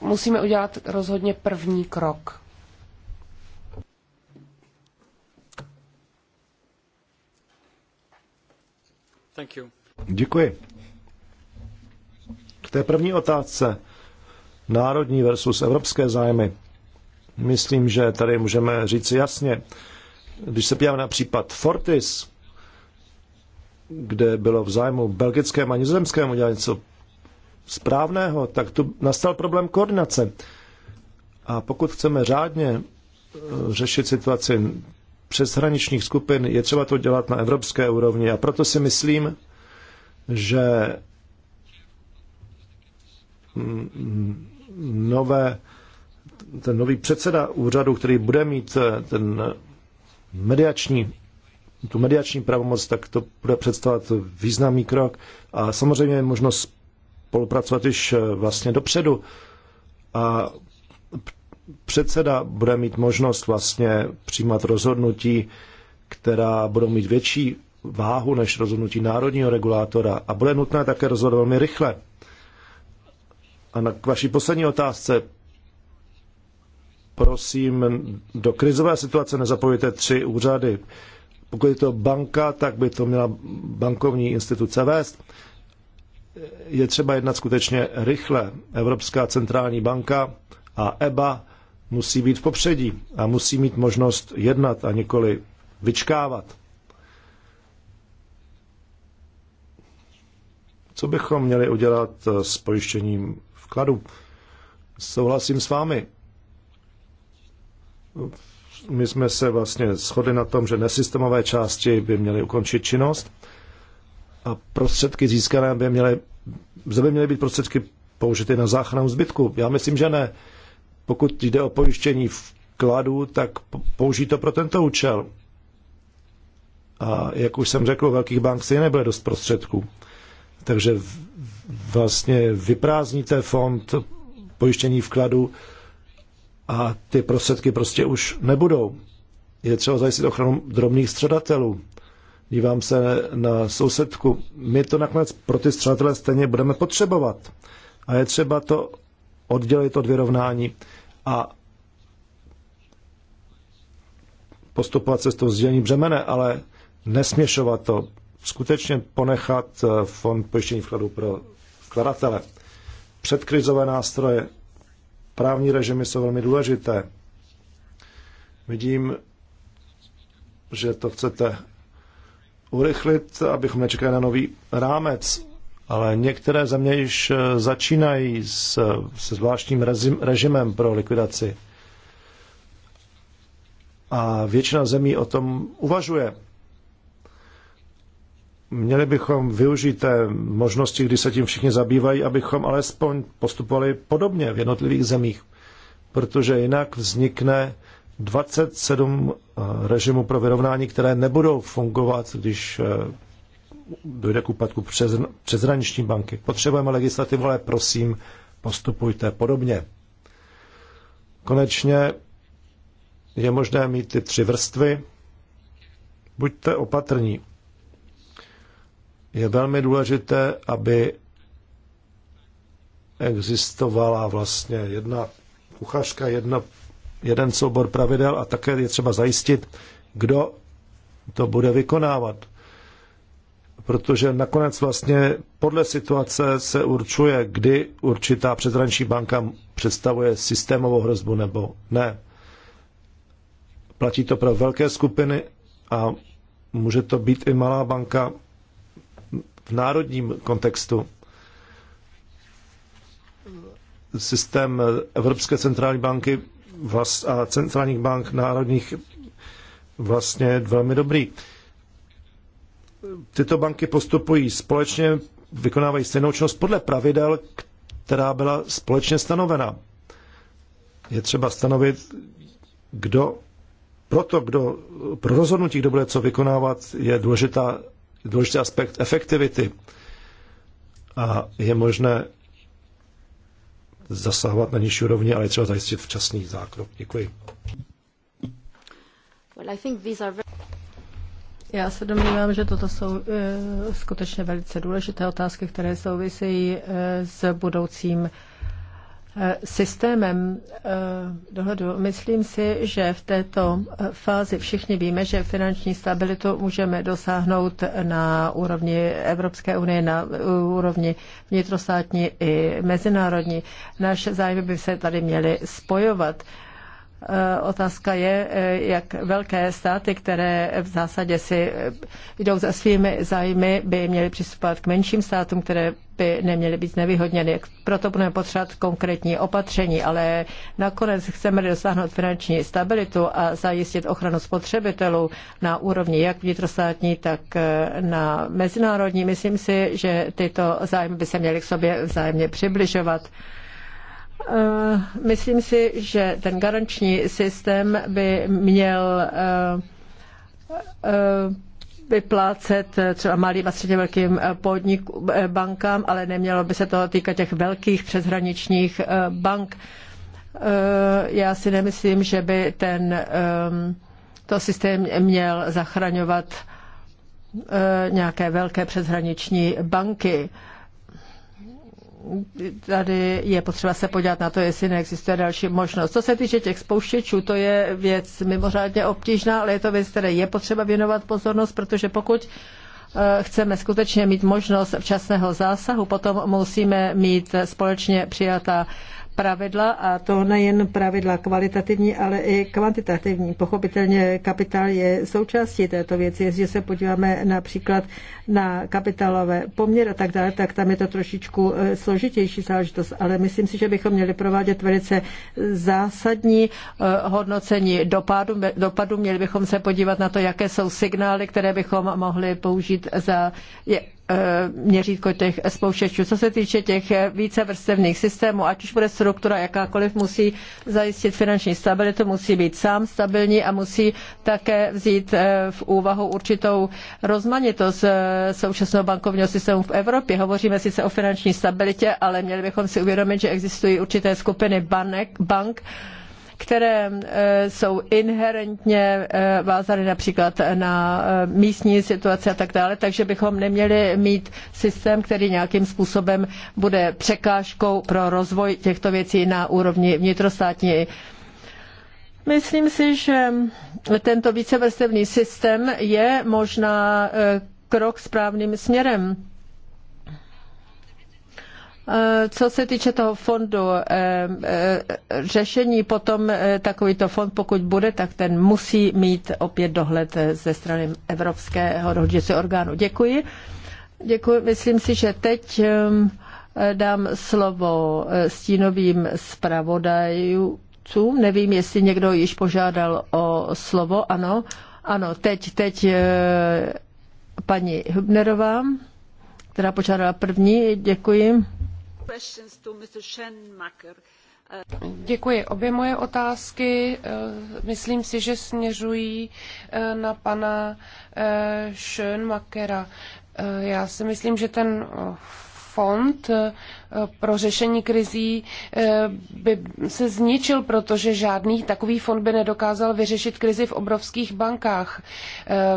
musíme udělat rozhodně první krok. Děkuji. K té první otázce, národní versus evropské zájmy, myslím, že tady můžeme říci jasně, když se podíváme na případ Fortis, kde bylo v zájmu belgickému a nizozemskému dělat něco správného, tak tu nastal problém koordinace. A pokud chceme řádně e, řešit situaci přeshraničních skupin, je třeba to dělat na evropské úrovni. A proto si myslím, že mm, mm, nové, ten nový předseda úřadu, který bude mít e, ten mediační, tu mediační pravomoc, tak to bude představovat významný krok. A samozřejmě je možnost spolupracovat již eh, vlastně dopředu. A předseda bude mít možnost vlastně přijímat rozhodnutí, která budou mít větší váhu než rozhodnutí národního regulátora a bude nutné také rozhodovat velmi rychle. A na k vaší poslední otázce prosím, do krizové situace nezapojujte tři úřady. Pokud je to banka, tak by to měla bankovní instituce vést. Je třeba jednat skutečně rychle. Evropská centrální banka a EBA musí být v popředí a musí mít možnost jednat a nikoli vyčkávat. Co bychom měli udělat s pojištěním vkladu? Souhlasím s vámi my jsme se vlastně shodli na tom, že nesystémové části by měly ukončit činnost a prostředky získané by měly, zde by měly být prostředky použity na záchranu zbytku. Já myslím, že ne. Pokud jde o pojištění vkladů, tak použij to pro tento účel. A jak už jsem řekl, velkých bank si nebude dost prostředků. Takže vlastně vyprázdníte fond pojištění vkladu a ty prostředky prostě už nebudou. Je třeba zajistit ochranu drobných středatelů. Dívám se na sousedku. My to nakonec pro ty střadatele stejně budeme potřebovat. A je třeba to oddělit od vyrovnání a postupovat cestou sdělení břemene, ale nesměšovat to. Skutečně ponechat eh, fond pojištění vkladů pro vkladatele. Předkrizové nástroje právní režimy jsou velmi důležité. Vidím, že to chcete urychlit, abychom nečekali na nový rámec, ale některé země již eh, začínají s, se zvláštním rezim, režimem pro likvidaci. A většina zemí o tom uvažuje. Měli bychom využít té možnosti, kdy se tím všichni zabývají, abychom alespoň postupovali podobně v jednotlivých zemích, protože jinak vznikne 27 eh, režimů pro vyrovnání, které nebudou fungovat, když eh, dojde k úpadku přes, přeshraniční banky. Potřebujeme legislativu, ale prosím, postupujte podobně. Konečně je možné mít ty tři vrstvy. Buďte opatrní je velmi důležité, aby existovala vlastně jedna kuchařka, jedna, jeden soubor pravidel a také je třeba zajistit, kdo to bude vykonávat. Protože nakonec vlastně podle situace se určuje, kdy určitá přezranční banka představuje systémovou hrozbu nebo ne. Platí to pro velké skupiny a může to být i malá banka, v národním kontextu. Systém Evropské centrální banky a centrálních bank národních vlastně velmi dobrý. Tyto banky postupují společně, vykonávají stejnou činnost podle pravidel, která byla společně stanovena. Je třeba stanovit, kdo proto, kdo pro rozhodnutí, kdo bude co vykonávat, je důležitá důležitý aspekt efektivity. A je možné zasahovat na nižší úrovni, ale je třeba zajistit včasný zákrok. Děkuji. Já se domnívám, že toto jsou e, skutečně velice důležité otázky, které souvisejí e, s budoucím Eh, systémem eh, dohledu. Myslím si, že v této eh, fázi všichni víme, že finanční stabilitu můžeme dosáhnout na úrovni Evropské unie, na úrovni vnitrostátní i mezinárodní. Naše zájmy by se tady měly spojovat. Eh, otázka je, eh, jak velké státy, které v zásadě si eh, jdou za svými zájmy, by měly přistupovat k menším státům, které by neměly být nevyhodněny. Proto budeme potřebovat konkrétní opatření, ale nakonec chceme dosáhnout finanční stabilitu a zajistit ochranu spotřebitelů na úrovni jak vnitrostátní, tak na mezinárodní. Myslím si, že tyto zájmy by se měly k sobě vzájemně přibližovat. Eh, myslím si, že ten garanční systém by měl eh, eh, vyplácet třeba malým a středně velkým podnikům, bankám, ale nemělo by se to týkat těch velkých přeshraničních bank. Já si nemyslím, že by ten to systém měl zachraňovat nějaké velké přeshraniční banky tady je potřeba se podívat na to, jestli neexistuje další možnost. Co se týče těch spouštěčů, to je věc mimořádně obtížná, ale je to věc, které je potřeba věnovat pozornost, protože pokud eh, chceme skutečně mít možnost včasného zásahu, potom musíme mít společně přijatá pravidla a to nejen pravidla kvalitativní, ale i kvantitativní. Pochopitelně kapitál je součástí této věci. Jestliže se podíváme například na kapitálové poměry a tak dále, tak tam je to trošičku eh, složitější záležitost, ale myslím si, že bychom měli provádět velice zásadní eh, hodnocení dopadu. dopadu. Měli bychom se podívat na to, jaké jsou signály, které bychom mohli použít za Eh, měřítko těch spouštěčů. Co se týče těch vrstevných systémů, ať už bude struktura jakákoliv, musí zajistit finanční stabilitu, musí být sám stabilní a musí také vzít eh, v úvahu určitou rozmanitost eh, současného bankovního systému v Evropě. Hovoříme sice o finanční stabilitě, ale měli bychom si uvědomit, že existují určité skupiny banek, bank, bank které eh, jsou inherentně eh, vázány například na eh, místní situaci a tak dále, takže bychom neměli mít systém, který nějakým způsobem bude překážkou pro rozvoj těchto věcí na úrovni vnitrostátní. Myslím si, že tento vícevrstevný systém je možná krok správným směrem. Eh, co se týče toho fondu, eh, eh, řešení potom takovýto fond, pokud bude, tak ten musí mít opět dohled ze strany Evropského dohodícího orgánu. Děkuji. Děkuji. Myslím si, že teď ehm, dám slovo stínovým zpravodajům. Nevím, jestli někdo již požádal o slovo. Ano, ano, teď, teď paní Hübnerová, která požádala první. Děkuji. Děkuji. Obě moje otázky, eh, myslím si, že směřují eh, na pana eh, Schönmakera. Já si myslím, že ten fond pro řešení krizí by se zničil, protože žádný takový fond by nedokázal vyřešit krizi v obrovských bankách.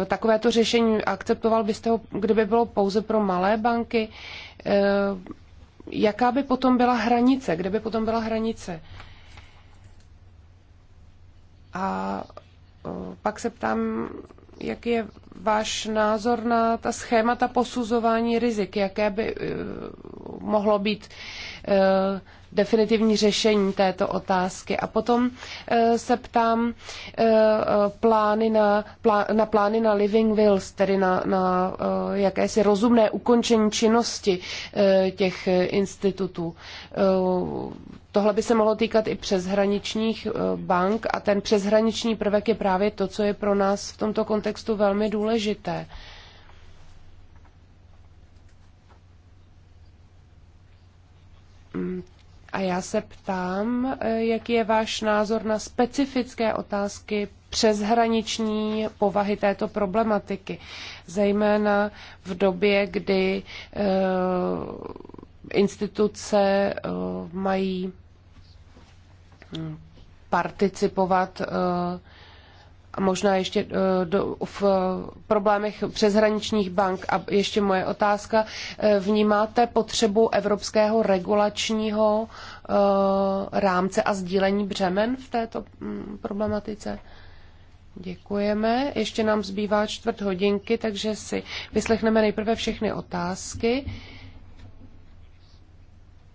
Takovéto řešení akceptoval byste ho, kdyby bylo pouze pro malé banky? jaká by potom byla hranice, kde by potom byla hranice. A pak se ptám, jaký je váš názor na ta schémata posuzování rizik, jaké by e, mohlo být Eh, definitivní řešení této otázky. A potom eh, se ptám eh, plány na, na plány na living wills, tedy na, na jakési rozumné ukončení činnosti těch institutů. Tohle by se mohlo týkat i přeshraničních bank a ten přeshraniční prvek je právě to, co je pro nás v tomto kontextu velmi důležité. A já se ptám, jaký je váš názor na specifické otázky přeshraniční povahy této problematiky, zejména v době, kdy eh, instituce eh, mají hm, participovat eh, a možná ještě eh, do, v eh, problémech přeshraničních bank. A ještě moje otázka. Eh, vnímáte potřebu evropského regulačního rámce a sdílení břemen v této mm, problematice? Děkujeme. Ještě nám zbývá čtvrt hodinky, takže si vyslechneme nejprve všechny otázky.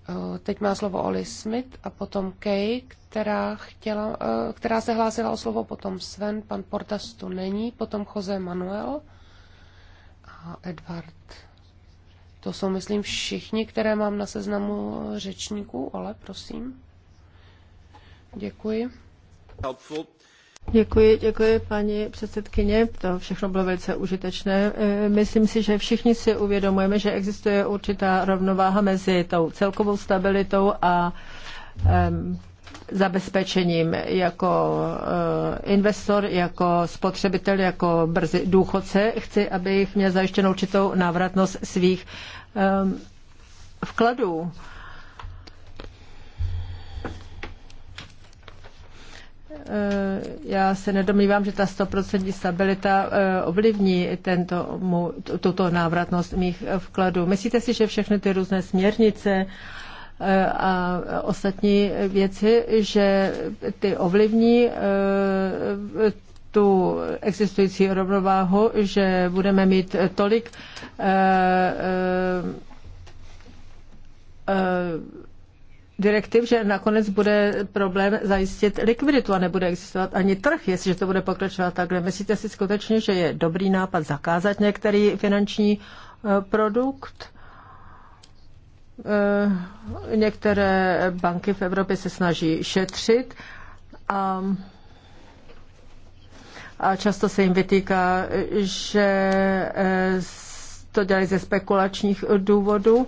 Eh, teď má slovo Oli Smith a potom Kay, která, chtěla, eh, která se hlásila o slovo, potom Sven, pan Portas tu není, potom Jose Manuel a Edward. To jsou, myslím, všichni, které mám na seznamu řečníků. Ole, prosím. Děkuji. Helpful. Děkuji, děkuji paní předsedkyně. To všechno bylo velice užitečné. Eh, myslím si, že všichni si uvědomujeme, že existuje určitá rovnováha mezi tou celkovou stabilitou a um, zabezpečením jako eh, investor, jako spotřebitel, jako brzy důchodce. Chci, abych měl zajištěnou určitou návratnost svých um, vkladů. Uh, Eh, já se nedomývám, že ta 100% stabilita eh, ovlivní tento, tuto návratnost mých eh, vkladů. Myslíte si, že všechny ty různé směrnice a ostatní věci, že ty ovlivní tu existující rovnováhu, že budeme mít tolik direktiv, že nakonec bude problém zajistit likviditu a nebude existovat ani trh, jestliže to bude pokračovat takhle. Myslíte si skutečně, že je dobrý nápad zakázat některý finanční eh, produkt? Eh, některé banky v Evropě se snaží šetřit a, a často se jim vytýká, že eh, to dělají ze spekulačních důvodů.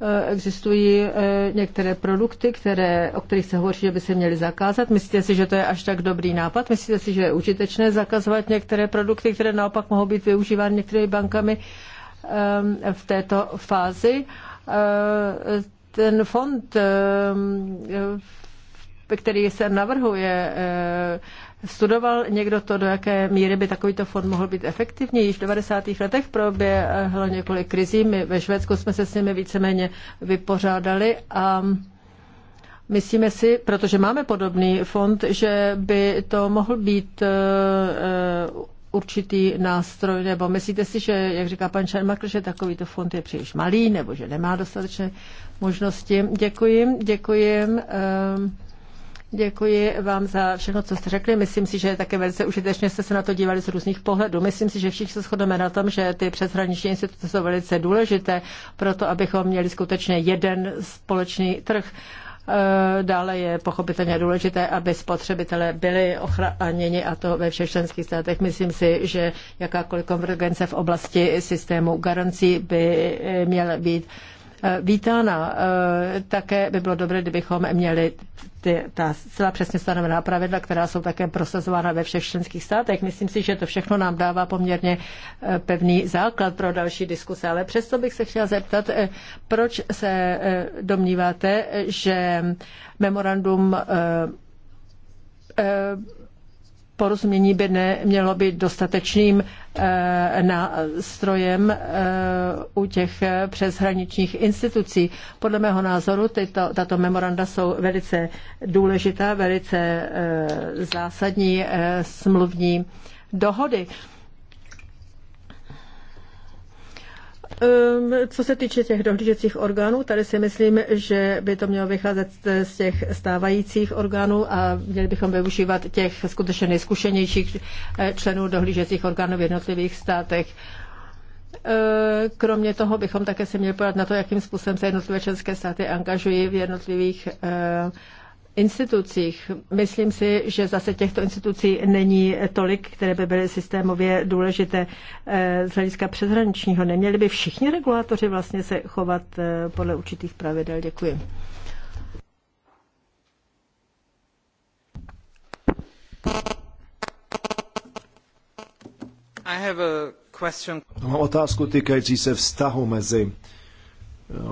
Eh, existují eh, některé produkty, které, o kterých se hovoří, že by se měly zakázat. Myslíte si, že to je až tak dobrý nápad? Myslíte si, že je užitečné zakazovat některé produkty, které naopak mohou být využívány některými bankami eh, v této fázi? Ten fond, který se navrhuje, studoval někdo to, do jaké míry by takovýto fond mohl být efektivní. Již v 90. letech proběhlo několik krizí. My ve Švédsku jsme se s nimi víceméně vypořádali a Myslíme si, protože máme podobný fond, že by to mohl být eh, eh, určitý nástroj, nebo myslíte si, že, jak říká pan Šermakl, že takovýto fond je příliš malý, nebo že nemá dostatečné možnosti? Děkuji, děkuji. Eh, Děkuji vám za všechno, co jste řekli. Myslím si, že také velice užitečně jste se na to dívali z různých pohledů. Myslím si, že všichni se shodneme na tom, že ty přeshraniční instituce jsou velice důležité pro to, abychom měli skutečně jeden společný trh. Eh, dále je pochopitelně důležité, aby spotřebitelé byli ochráněni a to ve všech členských státech. Myslím si, že jakákoliv konvergence v oblasti systému garancí by eh, měla být Eh, vítána. Eh, také by bylo dobré, kdybychom měli ty, ta celá přesně stanovená pravidla, která jsou také prosazována ve všech členských státech. Myslím si, že to všechno nám dává poměrně eh, pevný základ pro další diskuse, ale přesto bych se chtěla zeptat, proč se domníváte, že memorandum porozumění by nemělo být dostatečným eh, nástrojem eh, u těch eh, přeshraničních institucí. Podle mého názoru tyto, tato memoranda jsou velice důležitá, velice zásadní smluvní dohody. Ehm, co se týče těch dohlížecích orgánů, tady si myslím, že by to mělo vycházet z těch stávajících orgánů a měli bychom využívat těch skutečně nejzkušenějších eh, členů dohlížecích orgánů v jednotlivých státech. Ehm, kromě toho bychom také se měli podat na to, jakým způsobem se jednotlivé členské státy angažují v jednotlivých ehm, institucích. Myslím si, že zase těchto institucí není tolik, které by byly systémově důležité eh, z hlediska přeshraničního. Neměli by všichni regulátoři vlastně se chovat eh, podle určitých pravidel. Děkuji. I have a question. Mám otázku týkající se vztahu mezi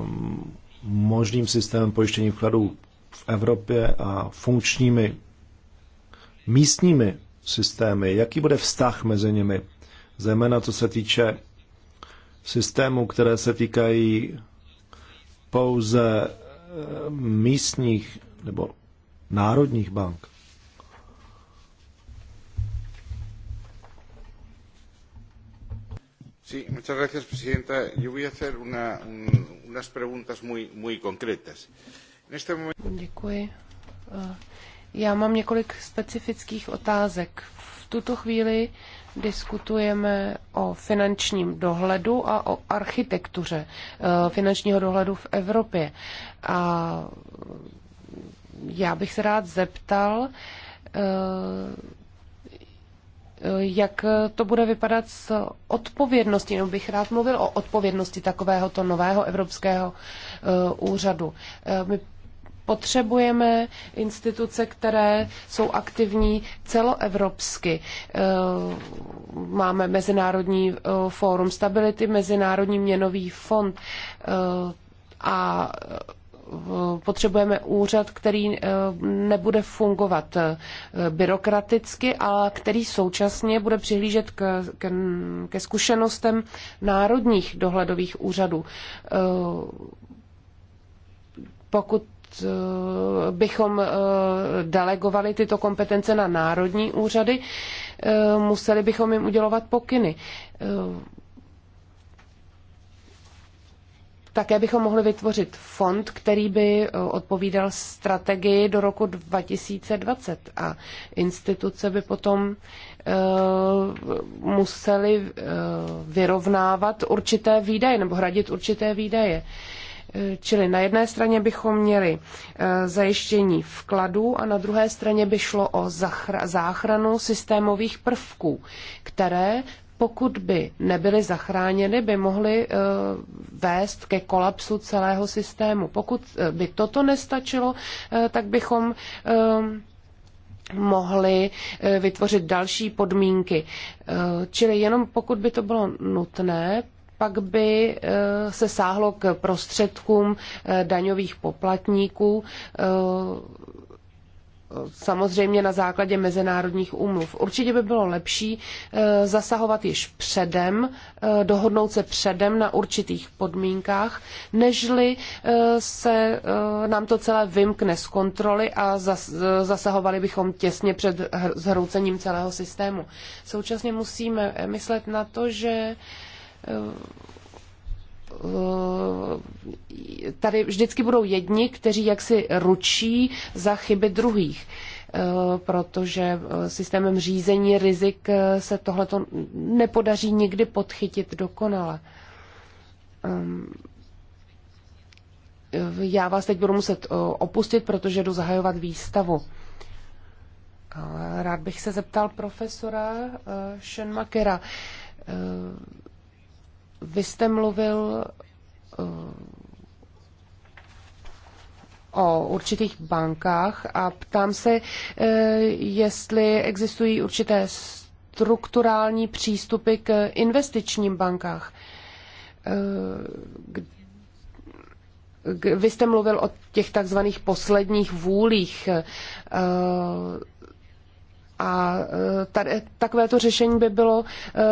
um, možným systémem pojištění vkladů v Evropě a funkčními místními systémy, jaký bude vztah mezi nimi, zejména co se týče systémů, které se týkají pouze eh, místních nebo národních bank. Sí, muchas gracias, presidenta. Yo voy a hacer una, un, unas preguntas muy, muy concretas. Děkuji. Eh, já mám několik specifických otázek. V tuto chvíli diskutujeme o finančním dohledu a o architektuře eh, finančního dohledu v Evropě. A já bych se rád zeptal, eh, jak to bude vypadat s odpovědností, nebo bych rád mluvil o odpovědnosti takovéhoto nového evropského úřadu. My Potřebujeme instituce, které jsou aktivní celoevropsky. Eh, máme Mezinárodní eh, fórum stability, Mezinárodní měnový fond eh, a potřebujeme úřad, který nebude fungovat byrokraticky, ale který současně bude přihlížet k, ke zkušenostem národních dohledových úřadů. Pokud Eh, bychom eh, delegovali tyto kompetence na národní úřady, eh, museli bychom jim udělovat pokyny. Také bychom mohli vytvořit fond, který by odpovídal strategii do roku 2020 a instituce by potom museli vyrovnávat určité výdaje nebo hradit určité výdaje. Uh, Čili na jedné straně bychom měli e, zajištění vkladů a na druhé straně by šlo o záchranu systémových prvků, které pokud by nebyly zachráněny, by mohly e, vést ke kolapsu celého systému. Pokud e, by toto nestačilo, tak bychom mohli vytvořit další podmínky. Čili jenom pokud by to bylo nutné, pak by eh, se sáhlo k prostředkům eh, daňových poplatníků eh, samozřejmě na základě mezinárodních úmluv. Určitě by bylo lepší zasahovat již předem, dohodnout se předem na určitých podmínkách, nežli se nám to celé vymkne z kontroly a zasahovali bychom těsně před zhroucením celého systému. Současně musíme myslet na to, že Eh, tady vždycky budou jedni, kteří jaksi ručí za chyby druhých, eh, protože eh, systémem řízení rizik se tohleto nepodaří nikdy podchytit dokonale. Já vás teď budu muset opustit, protože jdu zahajovat výstavu. Rád bych se zeptal profesora Shenmakera. Vy jste mluvil eh, o určitých bankách a ptám se, eh, jestli existují určité strukturální přístupy k investičním bankách. Eh, vy jste mluvil o těch takzvaných posledních vůlích. A e, tady, to řešení by bylo e,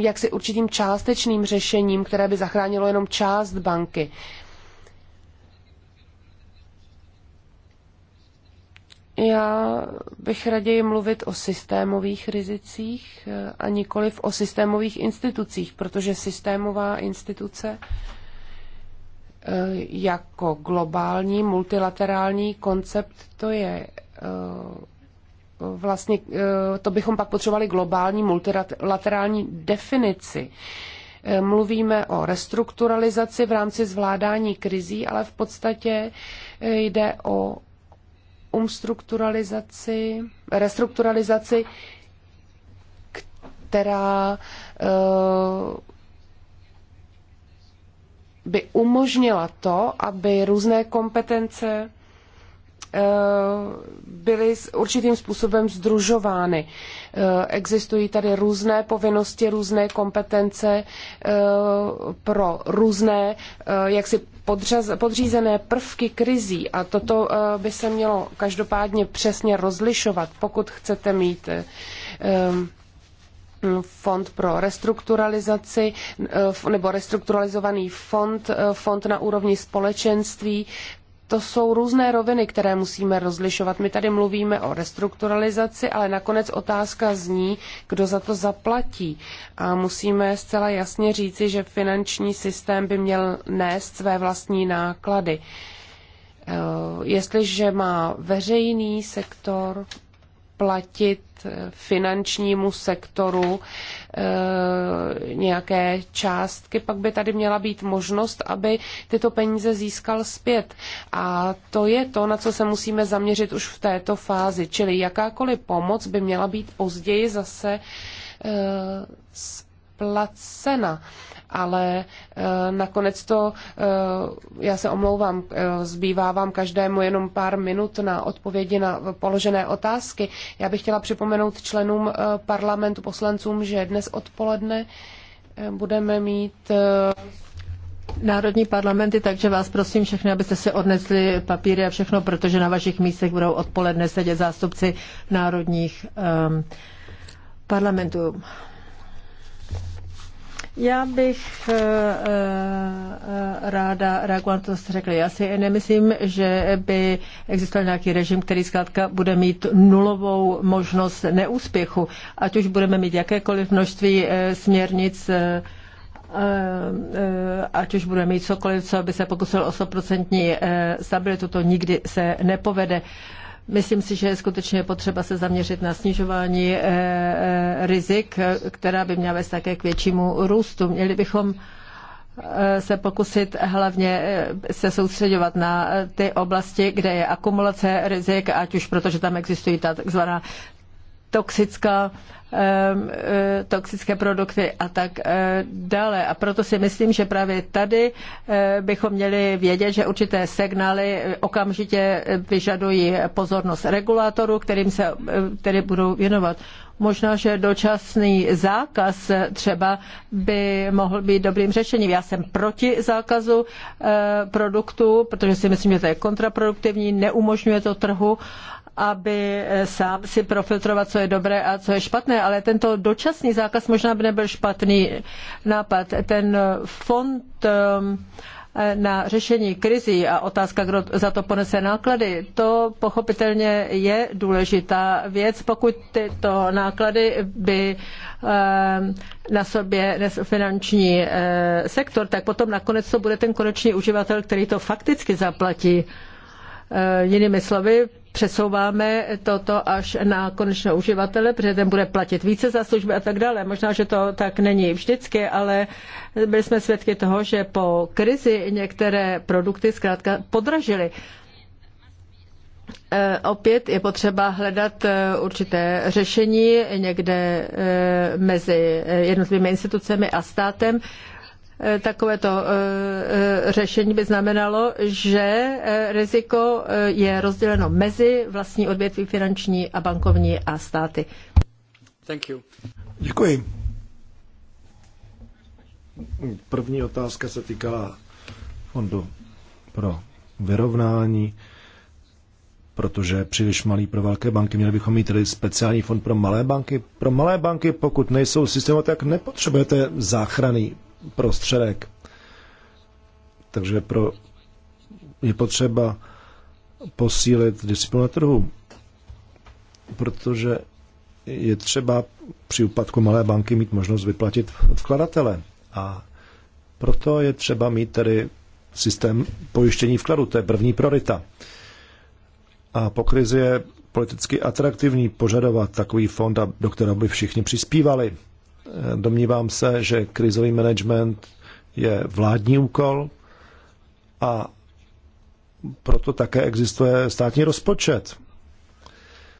jaksi určitým částečným řešením, které by zachránilo jenom část banky. Já bych raději mluvit o systémových rizicích e, a nikoliv o systémových institucích, protože systémová instituce jako globální multilaterální koncept to je vlastně eh, to bychom pak potřebovali globální multilaterální definici. Eh, mluvíme o restrukturalizaci v rámci zvládání krizí, ale v podstatě eh, jde o umstrukturalizaci, restrukturalizaci, která by umožnila to, aby různé kompetence Eh, byly určitým způsobem združovány. Eh, existují tady různé povinnosti, různé kompetence eh, pro různé jaksi podřaz, podřízené prvky krizí a toto by se mělo každopádně přesně rozlišovat, pokud chcete mít fond pro restrukturalizaci nebo restrukturalizovaný fond, fond na úrovni společenství, to jsou různé roviny, které musíme rozlišovat. My tady mluvíme o restrukturalizaci, ale nakonec otázka zní, kdo za to zaplatí. A musíme zcela jasně říci, že finanční systém by měl nést své vlastní náklady. E, jestliže má veřejný sektor platit finančnímu sektoru eh, nějaké částky, pak by tady měla být možnost, aby tyto peníze získal zpět. A to je to, na co se musíme zaměřit už v této fázi. Čili jakákoliv pomoc by měla být později zase zpět eh, placena. Ale e, nakonec to, e, já se omlouvám, e, zbývá vám každému jenom pár minut na odpovědi na položené otázky. Já bych chtěla připomenout členům parlamentu, poslancům, že dnes odpoledne budeme mít národní parlamenty, takže vás prosím všechny, abyste si odnesli papíry a všechno, protože na vašich místech budou odpoledne sedět zástupci národních um, parlamentů. Já bych eh, eh, ráda reagovala na to, co jste řekli. Já si nemyslím, že by existoval nějaký režim, který zkrátka bude mít nulovou možnost neúspěchu. Ať už budeme mít jakékoliv množství eh, směrnic, ať už budeme mít cokoliv, co by se pokusil o 100% stabilitu, to nikdy se nepovede. Myslím si, že je skutečně potřeba se zaměřit na snižování eh, eh, rizik, která by měla vést také k většímu růstu. Měli bychom eh, se pokusit hlavně se soustředovat na ty oblasti, kde je akumulace rizik, ať už protože tam existují ta takzvaná toxická Ehm, eh, toxické produkty a tak eh, dále. A proto si myslím, že právě tady eh, bychom měli vědět, že určité signály okamžitě vyžadují pozornost regulátorů, kterým se tedy budou věnovat. Možná, že dočasný zákaz třeba by mohl být dobrým řešením. Já jsem proti zákazu produktů, protože si myslím, že to je kontraproduktivní, neumožňuje to trhu aby eh, sám si profiltrovat, co je dobré a co je špatné, ale tento dočasný zákaz možná by nebyl špatný nápad. Ten eh, fond ehm, eh, na řešení krizí a otázka, kdo za to ponese náklady, to pochopitelně je důležitá věc, pokud tyto náklady by ehm, na sobě nesl finanční sektor, tak potom nakonec to bude ten konečný uživatel, který to fakticky zaplatí. Jinými slovy, přesouváme toto až na konečného uživatele, protože ten bude platit více za služby a tak dále. Možná, že to tak není vždycky, ale byli jsme svědky toho, že po krizi některé produkty zkrátka podražily. E, opět je potřeba hledat e, určité řešení někde e, mezi jednotlivými institucemi a státem. Eh, takovéto eh, eh, řešení by znamenalo, že riziko je rozděleno mezi vlastní odvětví finanční a bankovní a státy. Thank you. Děkuji. První otázka se týkala fondu pro vyrovnání, protože příliš malý pro velké banky. Měli bychom mít tedy speciální fond pro malé banky. Pro malé banky, pokud nejsou systémové, tak nepotřebujete záchranný prostředek. Takže pro, je potřeba posílit disciplinu trhu, protože je třeba při úpadku malé banky mít možnost vyplatit vkladatele. A proto je třeba mít tedy systém pojištění vkladu, to je první priorita. A po krizi je politicky atraktivní požadovat takový fond, do kterého by všichni přispívali. Domnívám se, že krizový management je vládní úkol a proto také existuje státní rozpočet.